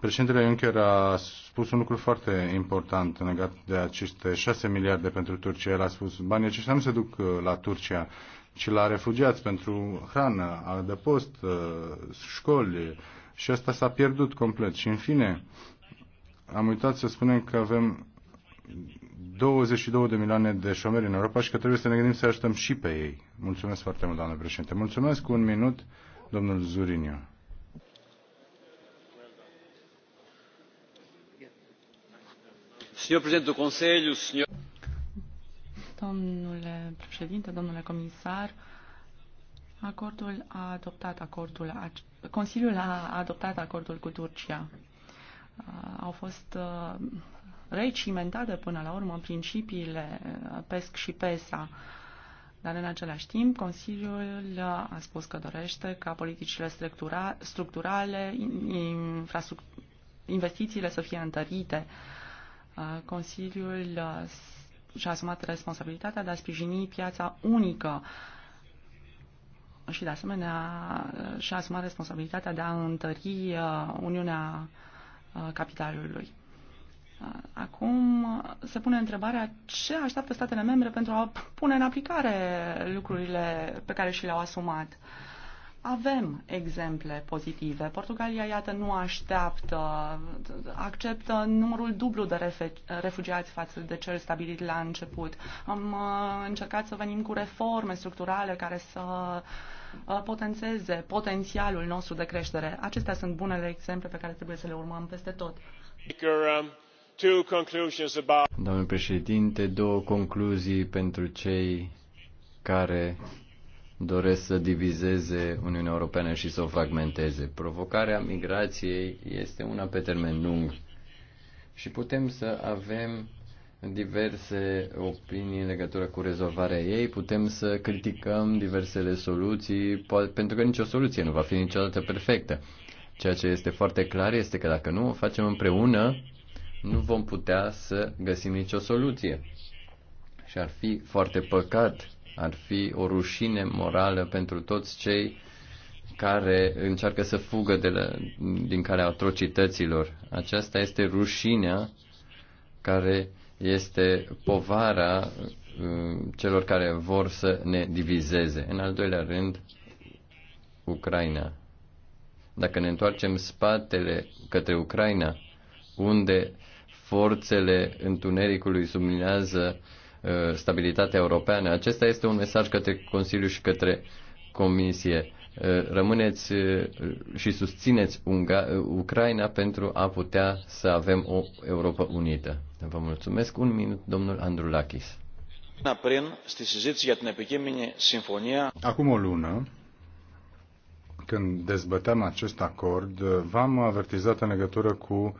Președintele Juncker a spus un lucru foarte important legat de aceste 6 miliarde pentru Turcia. El a spus, banii aceștia nu se duc uh, la Turcia, ci la refugiați pentru hrană, adăpost, uh, școli. Și asta s-a pierdut complet. Și în fine, am uitat să spunem că avem 22 de milioane de șomeri în Europa și că trebuie să ne gândim să ajutăm și pe ei. Mulțumesc foarte mult, doamnă președinte. Mulțumesc cu un minut, domnul Zuriniu. Domnule președinte, domnule comisar, acordul a adoptat acordul, Consiliul a adoptat acordul cu Turcia. Au fost uh, recimentată până la urmă principiile uh, PESC și PESA. Dar în același timp, Consiliul a spus că dorește ca politicile structura, structurale, investițiile să fie întărite. Uh, Consiliul uh, și-a asumat responsabilitatea de a sprijini piața unică și, de asemenea, și-a asumat responsabilitatea de a întări Uniunea Capitalului. Uh, acum uh, se pune întrebarea ce așteaptă statele membre pentru a pune în aplicare lucrurile pe care și le-au asumat. Avem exemple pozitive. Portugalia, iată, nu așteaptă, acceptă numărul dublu de refugiați față de cel stabilit la început. Am uh, încercat să venim cu reforme structurale care să potențeze potențialul nostru de creștere. Acestea sunt bunele exemple pe care trebuie să le urmăm peste tot. Speaker, um... Domnule președinte, două concluzii pentru cei care doresc să divizeze Uniunea Europeană și să o fragmenteze. Provocarea migrației este una pe termen lung și putem să avem diverse opinii în legătură cu rezolvarea ei, putem să criticăm diversele soluții, pentru că nicio soluție nu va fi niciodată perfectă. Ceea ce este foarte clar este că dacă nu o facem împreună, nu vom putea să găsim nicio soluție. Și ar fi foarte păcat, ar fi o rușine morală pentru toți cei care încearcă să fugă de la, din calea atrocităților. Aceasta este rușinea care este povara uh, celor care vor să ne divizeze. În al doilea rând, Ucraina. Dacă ne întoarcem spatele către Ucraina, unde forțele întunericului subminează uh, stabilitatea europeană. Acesta este un mesaj către Consiliu și către Comisie. Uh, rămâneți uh, și susțineți Ucraina pentru a putea să avem o Europa unită. Vă mulțumesc. Un minut, domnul Lachis. Acum o lună, când dezbăteam acest acord, v-am avertizat în legătură cu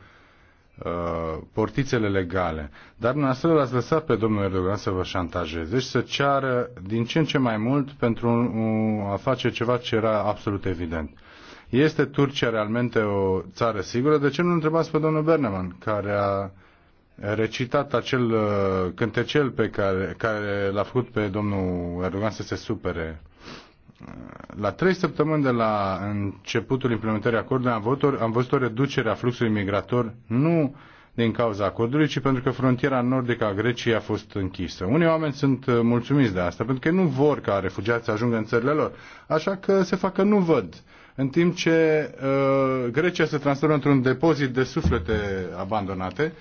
Uh, portițele legale. Dar dumneavoastră l-ați lăsat pe domnul Erdogan să vă șantajeze și să ceară din ce în ce mai mult pentru a face ceva ce era absolut evident. Este Turcia realmente o țară sigură? De ce nu întrebați pe domnul Berneman, care a recitat acel uh, cântecel pe care, care l-a făcut pe domnul Erdogan să se supere la trei săptămâni de la începutul implementării acordului am văzut, o, am văzut o reducere a fluxului migrator, nu din cauza acordului, ci pentru că frontiera nordică a Greciei a fost închisă. Unii oameni sunt uh, mulțumiți de asta, pentru că nu vor ca refugiații să ajungă în țările lor, așa că se fac că nu văd. În timp ce uh, Grecia se transformă într-un depozit de suflete abandonate,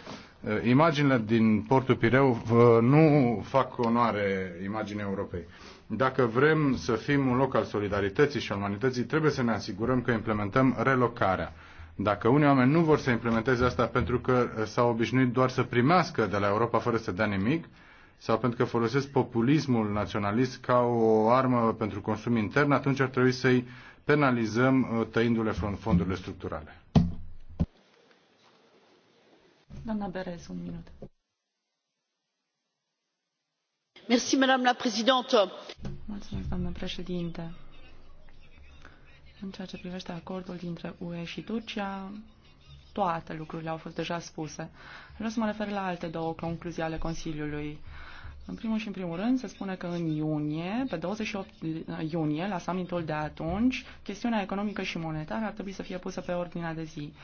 uh, imaginile din portul Pireu uh, nu fac onoare imaginii Europei. Uh, dacă vrem să fim un loc al solidarității și al umanității, trebuie să ne asigurăm că implementăm relocarea. Dacă unii oameni nu vor să implementeze asta pentru că uh, s-au obișnuit doar să primească de la Europa fără să dea nimic, sau pentru că folosesc populismul naționalist ca o armă pentru consum intern, atunci ar trebui să-i penalizăm uh, tăindu-le fondurile structurale. Doamna Berez, un minut. Mulțumesc, doamnă președintă. În ceea ce privește acordul dintre UE și Turcia, toate lucrurile au fost deja spuse. Vreau să mă refer la alte două concluzii ale Consiliului. În primul și în primul rând, se spune că în iunie, pe 28 iunie, la summitul de atunci, chestiunea economică și monetară ar trebui să fie pusă pe ordinea de zi. Uh,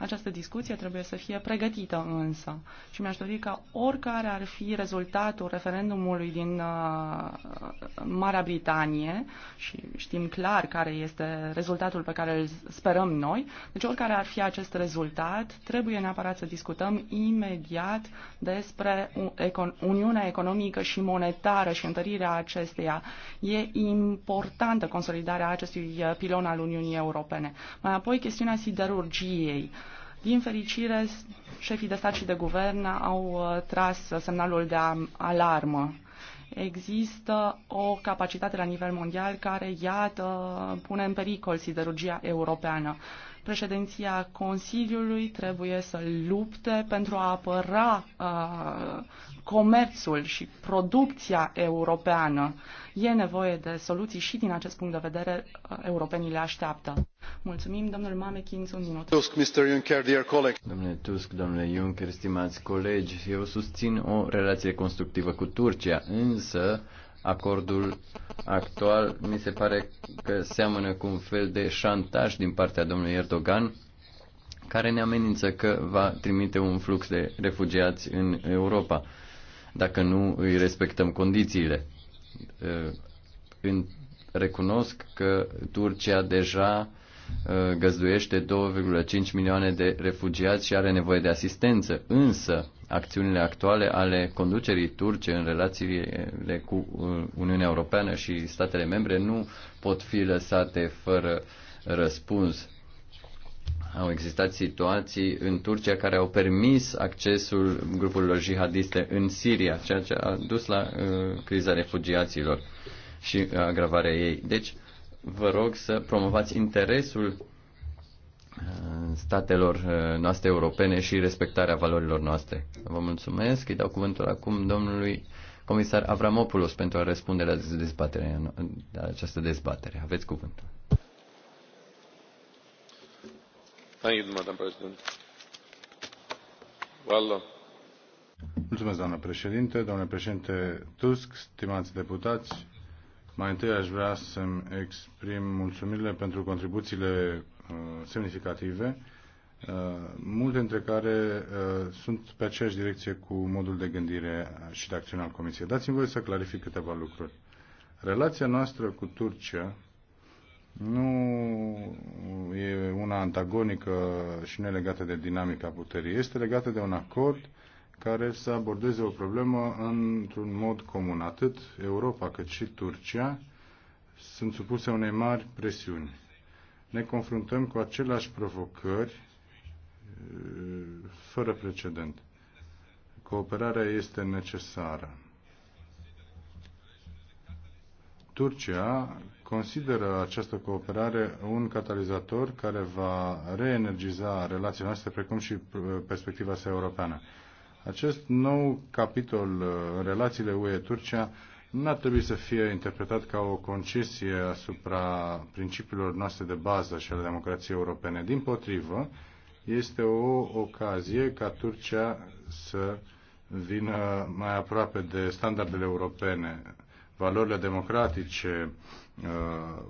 această discuție trebuie să fie pregătită însă și mi-aș dori ca oricare ar fi rezultatul referendumului din uh, Marea Britanie și știm clar care este rezultatul pe care îl sperăm noi, deci oricare ar fi acest rezultat, trebuie neapărat să discutăm imediat despre Uniunea Economică și Monetară și întărirea acesteia. E importantă consolidarea acestui uh, pilon al Uniunii Europene. Mai apoi chestiunea siderurgiei. Din fericire, șefii de stat și de guvern au uh, tras semnalul de alarmă. Există o capacitate la nivel mondial care, iată, pune în pericol siderurgia europeană președinția Consiliului trebuie să lupte pentru a apăra uh, comerțul și producția europeană. E nevoie de soluții și din acest punct de vedere uh, europenii le așteaptă. Mulțumim, domnul Mamechins, un minut. Tusk, Mr. Juncker, dear Domnule Tusk, domnule Juncker, stimați colegi, eu susțin o relație constructivă cu Turcia, însă Acordul actual mi se pare că seamănă cu un fel de șantaj din partea domnului Erdogan, care ne amenință că va trimite un flux de refugiați în Europa dacă nu îi respectăm condițiile. Recunosc că Turcia deja Uh, găzduiește 2,5 milioane de refugiați și are nevoie de asistență. Însă, acțiunile actuale ale conducerii turce în relațiile cu uh, Uniunea Europeană și statele membre nu pot fi lăsate fără răspuns. Au existat situații în Turcia care au permis accesul grupurilor jihadiste în Siria, ceea ce a dus la uh, criza refugiaților și agravarea ei. Deci, uh, vă rog să promovați interesul uh, statelor uh, noastre europene și respectarea valorilor noastre. Vă mulțumesc. Îi dau cuvântul acum domnului comisar Avramopoulos pentru a răspunde la, dezbatere, la această dezbatere. Aveți cuvântul. Thank you, Madam President. Well, uh, Mulțumesc, doamnă președinte, domnule președinte Tusk, stimați deputați, mai întâi aș vrea să-mi exprim mulțumirile pentru contribuțiile uh, semnificative, uh, multe dintre care uh, sunt pe aceeași direcție cu modul de gândire și de acțiune al Comisiei. Dați-mi voie să clarific câteva lucruri. Relația noastră cu Turcia nu e una antagonică și nelegată de dinamica puterii. Este legată de un acord care să abordeze o problemă într-un mod comun. Atât Europa cât și Turcia sunt supuse unei mari presiuni. Ne confruntăm cu aceleași provocări uh, fără precedent. Cooperarea este necesară. Turcia consideră această cooperare un catalizator care va reenergiza relațiile noastre, precum și uh, perspectiva sa europeană. Acest nou capitol uh, în relațiile UE-Turcia nu ar trebui să fie interpretat ca o concesie asupra principiilor noastre de bază și ale democrației europene. Din potrivă, este o ocazie ca Turcia să vină mai aproape de standardele europene, valorile democratice, uh,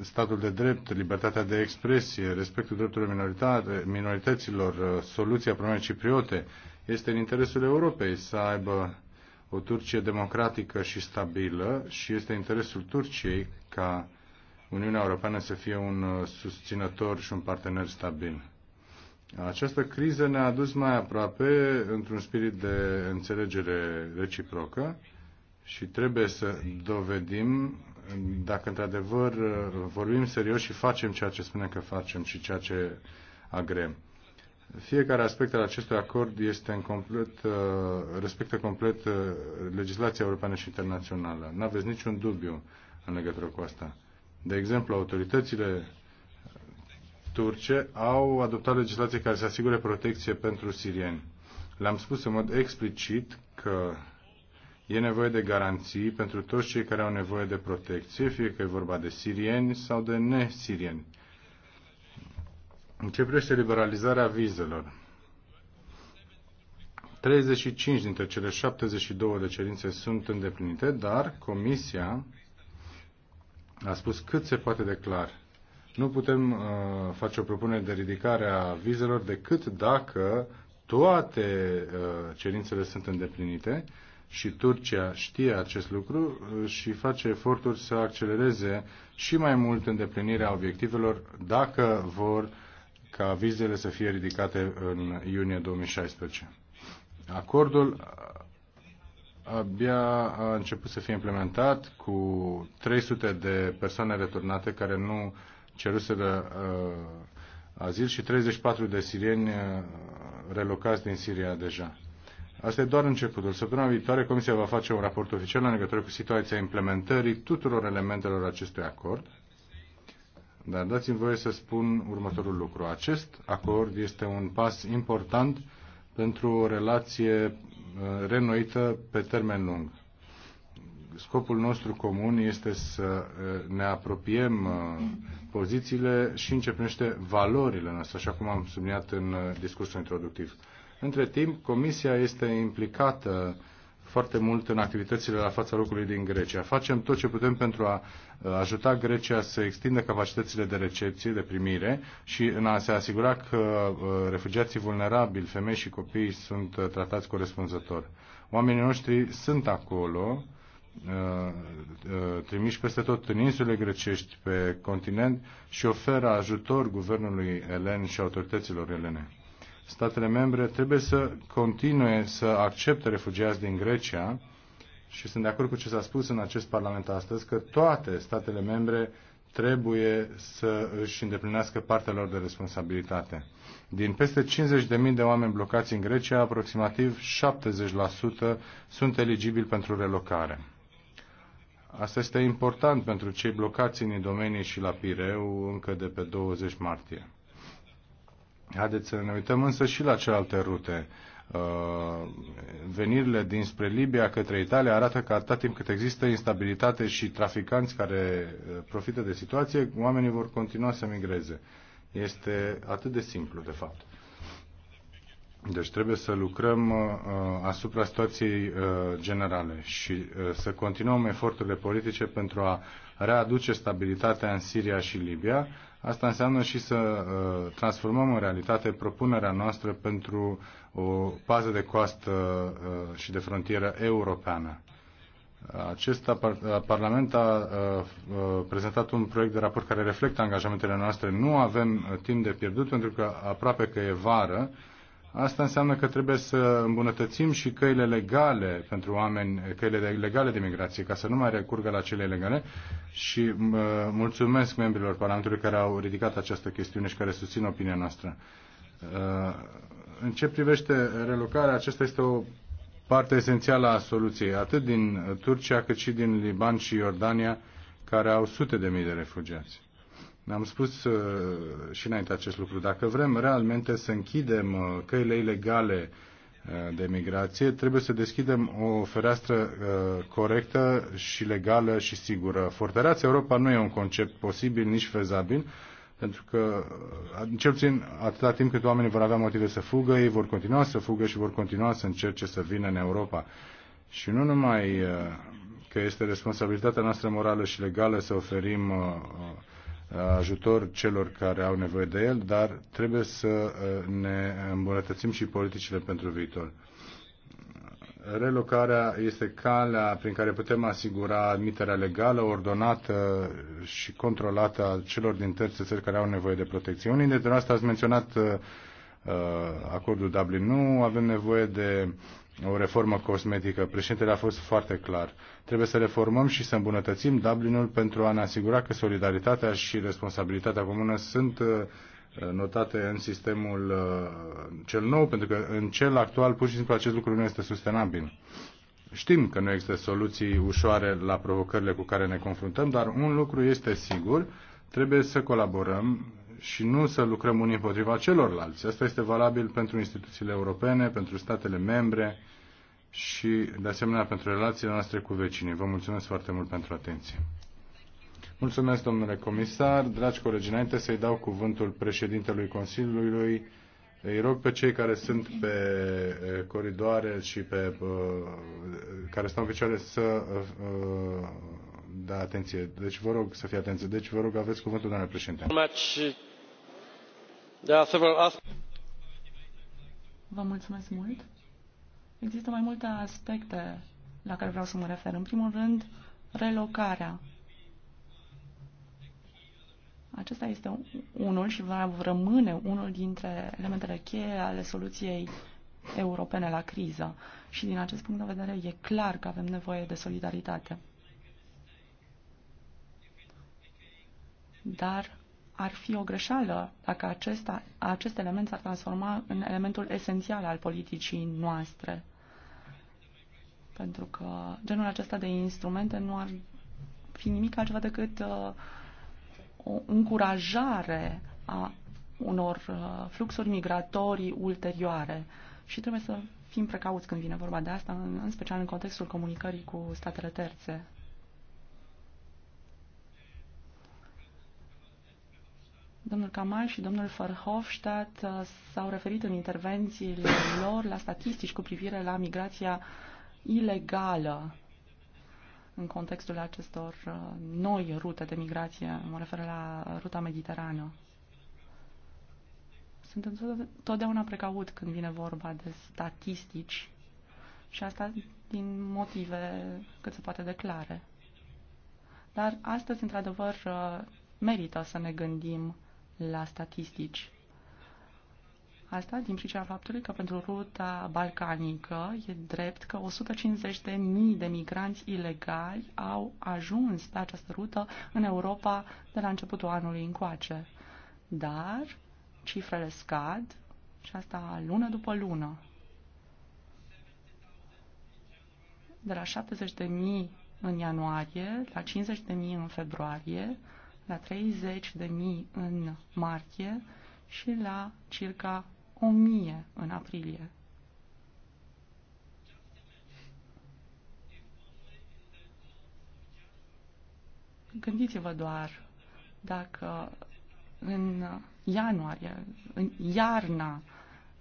statul de drept, libertatea de expresie, respectul drepturilor minorităților, uh, soluția problemei cipriote, este în interesul Europei să aibă o Turcie democratică și stabilă și este interesul Turciei ca Uniunea Europeană să fie un uh, susținător și un partener stabil. Această criză ne-a adus mai aproape într-un spirit de înțelegere reciprocă și trebuie să dovedim dacă într-adevăr uh, vorbim serios și facem ceea ce spunem că facem și ceea ce agrem. Fiecare aspect al acestui acord este în complet, uh, respectă complet uh, legislația europeană și internațională. Nu aveți niciun dubiu în legătură cu asta. De exemplu, autoritățile turce au adoptat legislație care să asigure protecție pentru sirieni. Le-am spus în mod explicit că e nevoie de garanții pentru toți cei care au nevoie de protecție, fie că e vorba de sirieni sau de nesirieni. În ce privește liberalizarea vizelor, 35 dintre cele 72 de cerințe sunt îndeplinite, dar Comisia a spus cât se poate de clar. Nu putem uh, face o propunere de ridicare a vizelor decât dacă toate uh, cerințele sunt îndeplinite și Turcia știe acest lucru uh, și face eforturi să accelereze și mai mult îndeplinirea obiectivelor dacă vor uh, ca vizele să fie ridicate în iunie 2016. Acordul abia a început să fie implementat cu 300 de persoane returnate care nu ceruseră uh, azil și 34 de sirieni uh, relocați din Siria deja. Asta e doar începutul. Săptămâna viitoare Comisia va face un raport oficial în legătură cu situația implementării tuturor elementelor acestui acord dar dați-mi voie să spun următorul lucru. Acest acord este un pas important pentru o relație uh, renoită pe termen lung. Scopul nostru comun este să uh, ne apropiem uh, pozițiile și începește valorile noastre, așa cum am subliniat în discursul introductiv. Între timp, Comisia este implicată foarte mult în activitățile la fața locului din Grecia. Facem tot ce putem pentru a uh, ajuta Grecia să extindă capacitățile de recepție, de primire și în a se asigura că uh, refugiații vulnerabili, femei și copii sunt uh, tratați corespunzător. Oamenii noștri sunt acolo, trimiși peste tot în insule grecești, pe continent și oferă ajutor guvernului elen și autorităților elene statele membre trebuie să continue să accepte refugiați din Grecia și sunt de acord cu ce s-a spus în acest Parlament astăzi, că toate statele membre trebuie să își îndeplinească partea lor de responsabilitate. Din peste 50.000 de oameni blocați în Grecia, aproximativ 70% sunt eligibili pentru relocare. Asta este important pentru cei blocați în domenii și la Pireu încă de pe 20 martie. Haideți să ne uităm însă și la celelalte rute. Uh, venirile dinspre Libia către Italia arată că atâta timp cât există instabilitate și traficanți care uh, profită de situație, oamenii vor continua să migreze. Este atât de simplu, de fapt. Deci trebuie să lucrăm uh, uh asupra situației uh, generale și uh, să continuăm eforturile politice pentru a readuce stabilitatea în Siria și Libia, Asta înseamnă și să uh, transformăm în realitate propunerea noastră pentru o pază de coastă uh, și de frontieră europeană. Acest Parlament a uh, prezentat un proiect de raport care reflectă angajamentele noastre. Nu avem timp de pierdut pentru că aproape că e vară Asta înseamnă că trebuie să îmbunătățim și căile legale pentru oameni, căile legale de migrație, ca să nu mai recurgă la cele legale. Și mulțumesc membrilor Parlamentului care au ridicat această chestiune și care susțin opinia noastră. Uh, în ce privește relocarea, aceasta este o parte esențială a soluției, atât din Turcia cât și din Liban și Iordania, care au sute de mii de refugiați. Ne-am spus uh, și înainte acest lucru. Dacă vrem realmente să închidem uh, căile ilegale uh, de migrație, trebuie să deschidem o fereastră corectă și legală și sigură. Fortăreața Europa nu e un concept posibil, nici fezabil, pentru că, cel puțin atâta timp cât oamenii vor avea motive să fugă, ei vor continua să fugă și vor continua să încerce să vină în Europa. Și nu numai că este responsabilitatea noastră morală și legală să oferim ajutor celor care au nevoie de el, dar trebuie să uh, ne îmbunătățim și politicile pentru viitor. Relocarea este calea prin care putem asigura admiterea legală, ordonată și controlată a celor din terțe țări care au nevoie de protecție. Unii dintre noastre ați menționat uh, acordul Dublin. Nu avem nevoie de o reformă cosmetică. Președintele a fost foarte clar. Trebuie să reformăm și să îmbunătățim Dublinul pentru a ne asigura că solidaritatea și responsabilitatea comună sunt uh, notate în sistemul uh, cel nou, pentru că în cel actual pur și simplu acest lucru nu este sustenabil. Știm că nu există soluții ușoare la provocările cu care ne confruntăm, dar un lucru este sigur, trebuie să colaborăm și nu să lucrăm unii împotriva celorlalți. Asta este valabil pentru instituțiile europene, pentru statele membre și, de asemenea, pentru relațiile noastre cu vecinii. Vă mulțumesc foarte mult pentru atenție. Mulțumesc, domnule comisar. Dragi colegi, înainte să-i dau cuvântul președintelui Consiliului, îi rog pe cei care sunt pe coridoare și pe care stau în picioare să da atenție. Deci vă rog să fie atenție. Deci vă rog, aveți cuvântul, doamne președinte. Vă mulțumesc mult. Există mai multe aspecte la care vreau să mă refer. În primul rând, relocarea. Acesta este unul și va rămâne unul dintre elementele cheie ale soluției europene la criză. Și din acest punct de vedere e clar că avem nevoie de solidaritate. Dar ar fi o greșeală dacă acesta, acest element s-ar transforma în elementul esențial al politicii noastre. Pentru că genul acesta de instrumente nu ar fi nimic altceva decât uh, o încurajare a unor uh, fluxuri migratorii ulterioare. Și trebuie să fim precauți când vine vorba de asta, în, în special în contextul comunicării cu statele terțe. Domnul Kamal și domnul Verhofstadt uh, s-au referit în intervențiile lor la statistici cu privire la migrația ilegală în contextul acestor uh, noi rute de migrație, mă refer la ruta mediterană. Sunt întotdeauna precaut când vine vorba de statistici și asta din motive cât se poate declare. Dar astăzi, într-adevăr, uh, merită să ne gândim la statistici. Asta din pricina faptului că pentru ruta balcanică e drept că 150.000 de migranți ilegali au ajuns pe această rută în Europa de la începutul anului încoace. Dar cifrele scad și asta lună după lună. De la 70.000 în ianuarie la 50.000 în februarie, la 30 de mii în martie și la circa 1000 în aprilie. Gândiți-vă doar dacă în ianuarie, în iarna,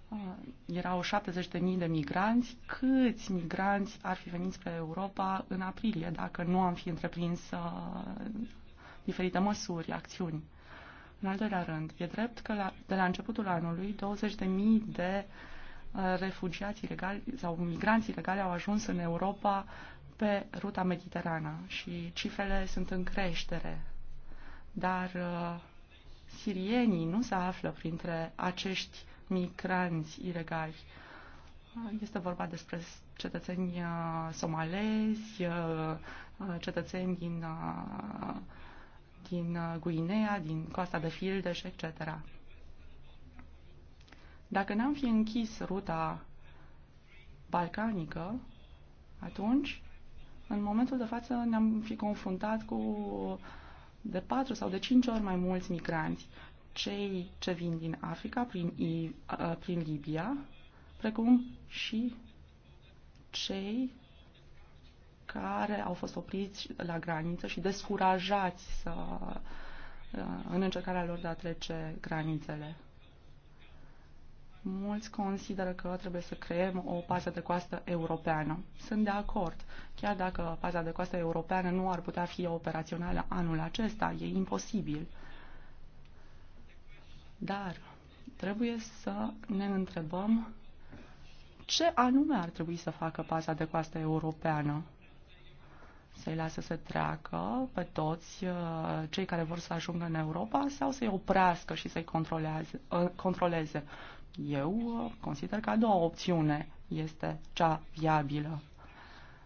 uh, erau 70.000 de migranți, câți migranți ar fi venit spre Europa în aprilie dacă nu am fi întreprins uh, diferite măsuri, acțiuni. În al doilea rând, e drept că la, de la începutul anului 20.000 de uh, refugiați ilegali sau migranți ilegali au ajuns în Europa pe ruta mediterană și cifrele sunt în creștere. Dar uh, sirienii nu se află printre acești migranți ilegali. Uh, este vorba despre cetățeni uh, somalezi, uh, cetățeni din din Guinea, din Costa de Fildeș, etc. Dacă n-am fi închis ruta balcanică, atunci, în momentul de față, ne-am fi confruntat cu de patru sau de cinci ori mai mulți migranți. Cei ce vin din Africa prin, uh, prin Libia, precum și cei care au fost opriți la graniță și descurajați să, uh, în încercarea lor de a trece granițele. Mulți consideră că trebuie să creăm o pază de coastă europeană. Sunt de acord. Chiar dacă paza de coastă europeană nu ar putea fi operațională anul acesta, e imposibil. Dar trebuie să ne întrebăm ce anume ar trebui să facă paza de coastă europeană să-i lase să treacă pe toți uh, cei care vor să ajungă în Europa sau să-i oprească și să-i controleze. Uh, Eu uh, consider că a doua opțiune este cea viabilă.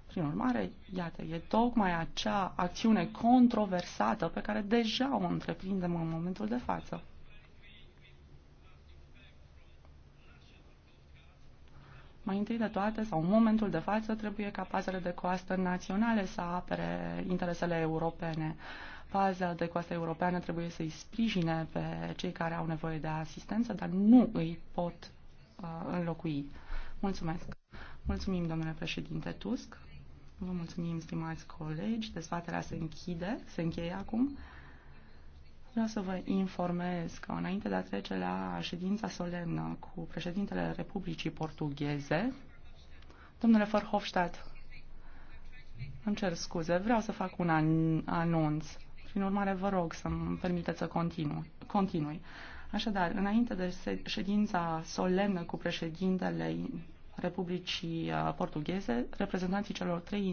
Prin urmare, iată, e tocmai acea acțiune controversată pe care deja o întreprindem în momentul de față. Mai întâi de toate, sau în momentul de față, trebuie ca pazele de coastă naționale să apere interesele europene. Paza de coastă europeană trebuie să-i sprijine pe cei care au nevoie de asistență, dar nu îi pot uh, înlocui. Mulțumesc! Mulțumim, domnule președinte Tusk. Vă mulțumim, stimați colegi. Dezbaterea se închide, se încheie acum. Vreau să vă informez că înainte de a trece la ședința solemnă cu președintele Republicii Portugheze, domnule Verhofstadt, îmi cer scuze, vreau să fac un anunț. Prin urmare, vă rog să-mi permiteți să continu, continui. Așadar, înainte de ședința solemnă cu președintele Republicii uh, Portugheze, reprezentanții celor trei